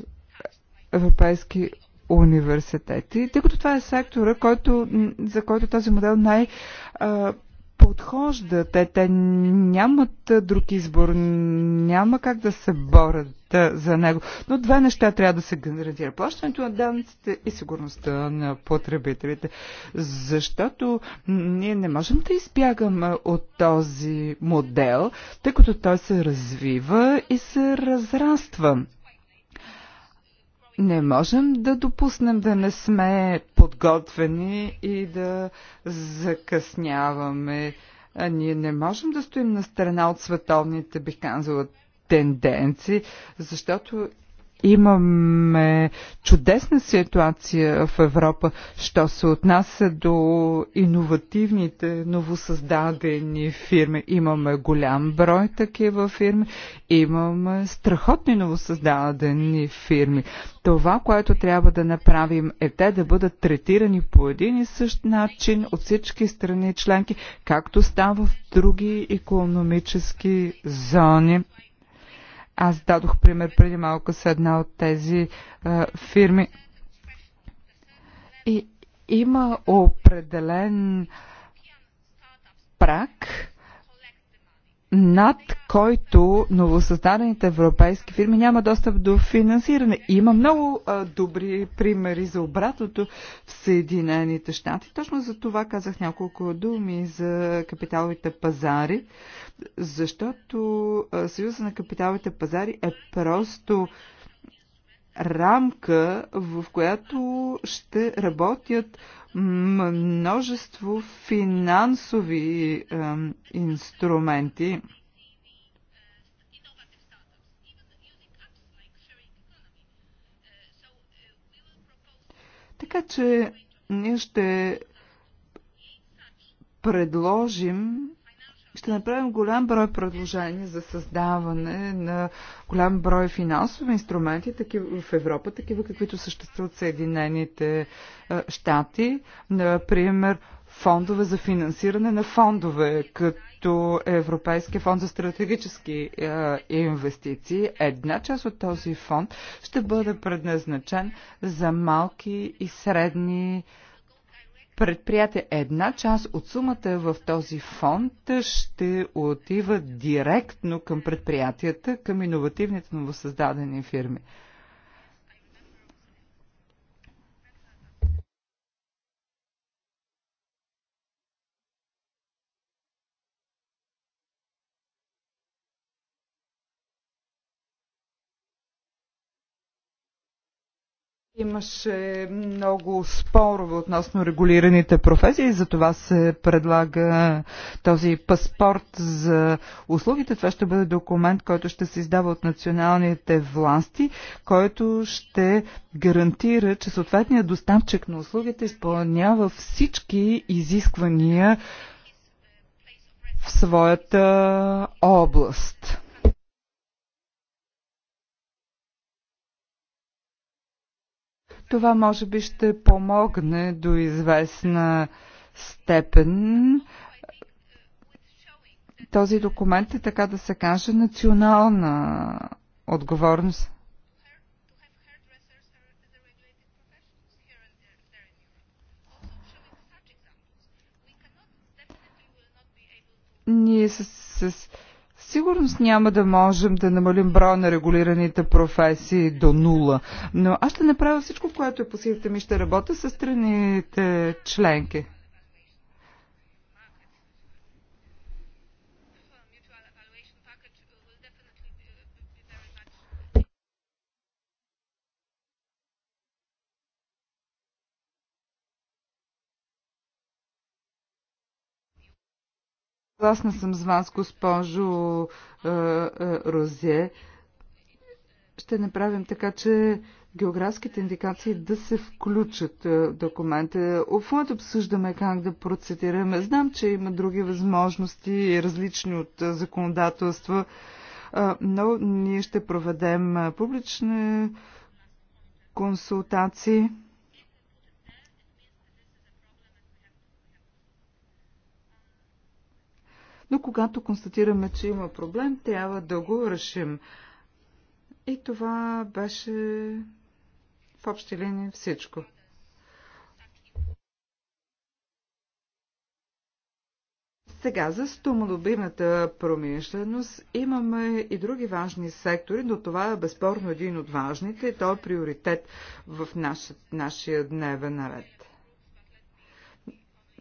европейски университети, тъй като това е сектора, който, за който този модел най- подхожда. Те, те нямат друг избор, няма как да се борят за него. Но две неща трябва да се гарантира. Плащането на данъците и сигурността на потребителите. Защото ние не можем да избягаме от този модел, тъй като той се развива и се разраства. Не можем да допуснем да не сме подготвени и да закъсняваме. А ние не можем да стоим на страна от световните, бих казала, тенденции, защото Имаме чудесна ситуация в Европа, що се отнася до иновативните, новосъздадени фирми. Имаме голям брой такива фирми, имаме страхотни новосъздадени фирми. Това, което трябва да направим е те да бъдат третирани по един и същ начин от всички страни членки, както става в други економически зони. Аз дадох пример преди малко с една от тези а, е, фирми. И има определен прак, над който новосъздадените европейски фирми няма достъп до финансиране. Има много а, добри примери за обратното в Съединените щати. Точно за това казах няколко думи за капиталовите пазари, защото а, Съюза на капиталовите пазари е просто рамка, в която ще работят множество финансови инструменти, Така че ние ще предложим ще направим голям брой предложения за създаване на голям брой финансови инструменти такива, в Европа, такива каквито съществуват Съединените щати. Например, фондове за финансиране на фондове, като Европейския фонд за стратегически е, инвестиции. Една част от този фонд ще бъде предназначен за малки и средни предприятия, една част от сумата в този фонд ще отива директно към предприятията, към иновативните новосъздадени фирми. Имаше много спорове относно регулираните професии, за това се предлага този паспорт за услугите. Това ще бъде документ, който ще се издава от националните власти, който ще гарантира, че съответният доставчик на услугите изпълнява всички изисквания в своята област. Това може би ще помогне до известна степен. Този документ е, така да се каже, национална отговорност. Ние с, с сигурност няма да можем да намалим броя на регулираните професии до нула. Но аз ще направя всичко, което е по силите ми. Ще работя с страните членки. Съгласна съм с вас, госпожо е, е, Ще направим така, че географските индикации да се включат е, в документа. В момента обсъждаме как да процедираме. Знам, че има други възможности, различни от е, законодателства, е, но ние ще проведем публични консултации. но когато констатираме, че има проблем, трябва да го решим. И това беше в общи линии всичко. Сега за стомолюбивната промишленост имаме и други важни сектори, но това е безспорно един от важните и то е приоритет в нашия, нашия дневен наред.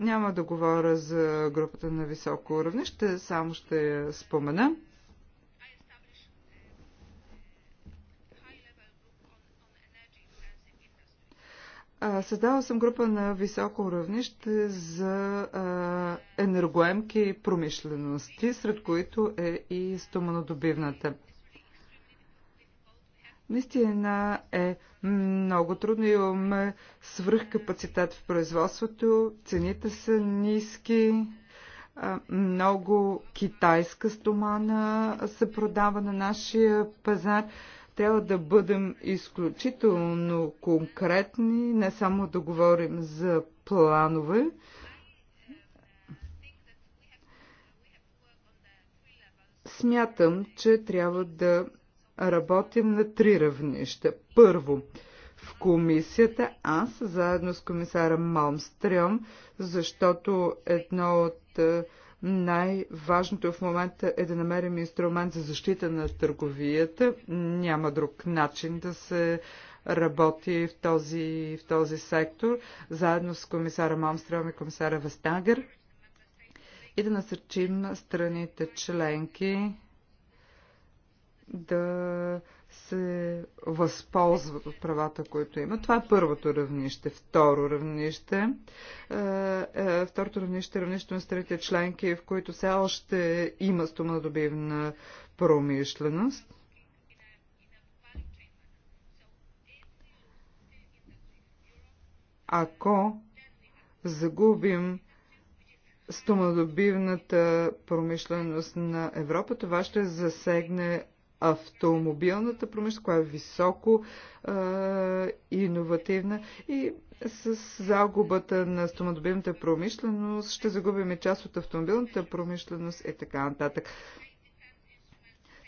Няма да говоря за групата на високо равнище, само ще я спомена. Създала съм група на високо равнище за енергоемки промишлености, сред които е и стоманодобивната. Наистина е много трудно. Имаме капацитет в производството, цените са ниски, много китайска стомана се продава на нашия пазар. Трябва да бъдем изключително конкретни, не само да говорим за планове, смятам, че трябва да работим на три равнища. Първо, в комисията аз, заедно с комисара Малмстрем, защото едно от е, най-важното в момента е да намерим инструмент за защита на търговията. Няма друг начин да се работи в този, в този сектор, заедно с комисара Малмстрем и комисара Вестагер и да насърчим страните членки да се възползват от правата, които имат. Това е първото равнище. Второ равнище. Е, е, второто равнище е равнището на страните членки, в които все още има стомадобивна промишленост. Ако загубим стомадобивната промишленост на Европа, това ще засегне автомобилната промишленост, която е високо а, иновативна и с загубата на стомадобивната промишленост ще загубим и част от автомобилната промишленост и така нататък.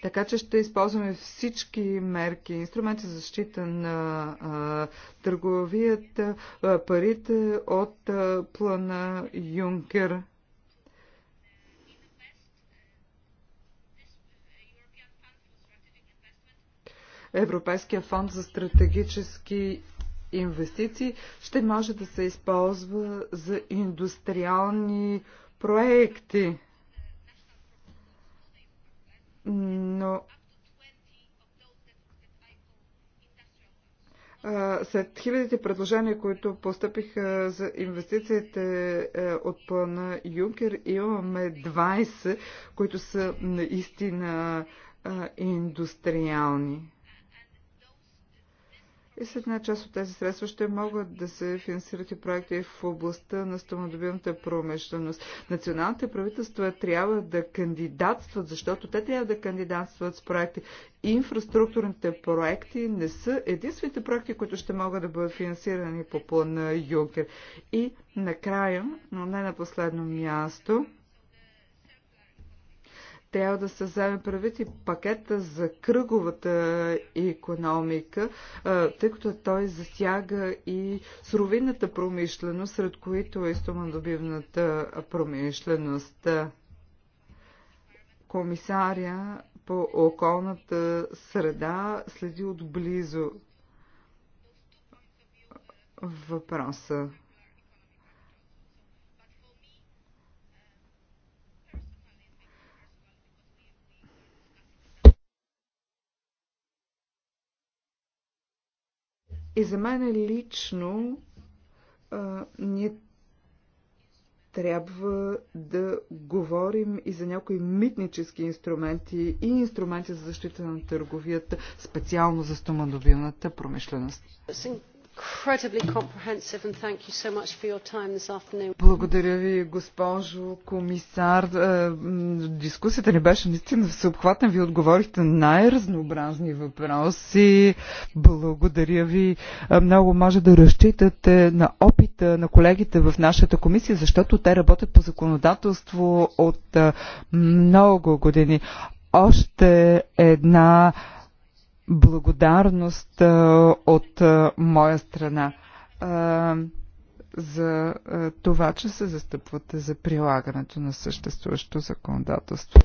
Така че ще използваме всички мерки, инструменти за защита на а, търговията, а, парите от а, плана Юнкер. Европейския фонд за стратегически инвестиции ще може да се използва за индустриални проекти. Но След хилядите предложения, които поступиха за инвестициите е, от плана Юнкер, имаме 20, които са наистина индустриални. И след една част от тези средства ще могат да се финансират и проекти в областта на стомодобивната промишленост. Националните правителства трябва да кандидатстват, защото те трябва да кандидатстват с проекти. Инфраструктурните проекти не са единствените проекти, които ще могат да бъдат финансирани по плана Юнкер. И накрая, но не на последно място, трябва да се вземе правит и пакета за кръговата економика, тъй като той засяга и суровинната промишленост, сред които е стомандобивната промишленост. Комисаря по околната среда следи отблизо въпроса. И за мен лично а, ние трябва да говорим и за някои митнически инструменти и инструменти за защита на търговията, специално за стомановилната промишленост. Благодаря ви, госпожо комисар. Е, дискусията ни беше наистина всеобхватна. Ви отговорихте на най-разнообразни въпроси. Благодаря ви. Е, много може да разчитате на опита на колегите в нашата комисия, защото те работят по законодателство от е, много години. Още една благодарност от моя страна за това, че се застъпвате за прилагането на съществуващото законодателство.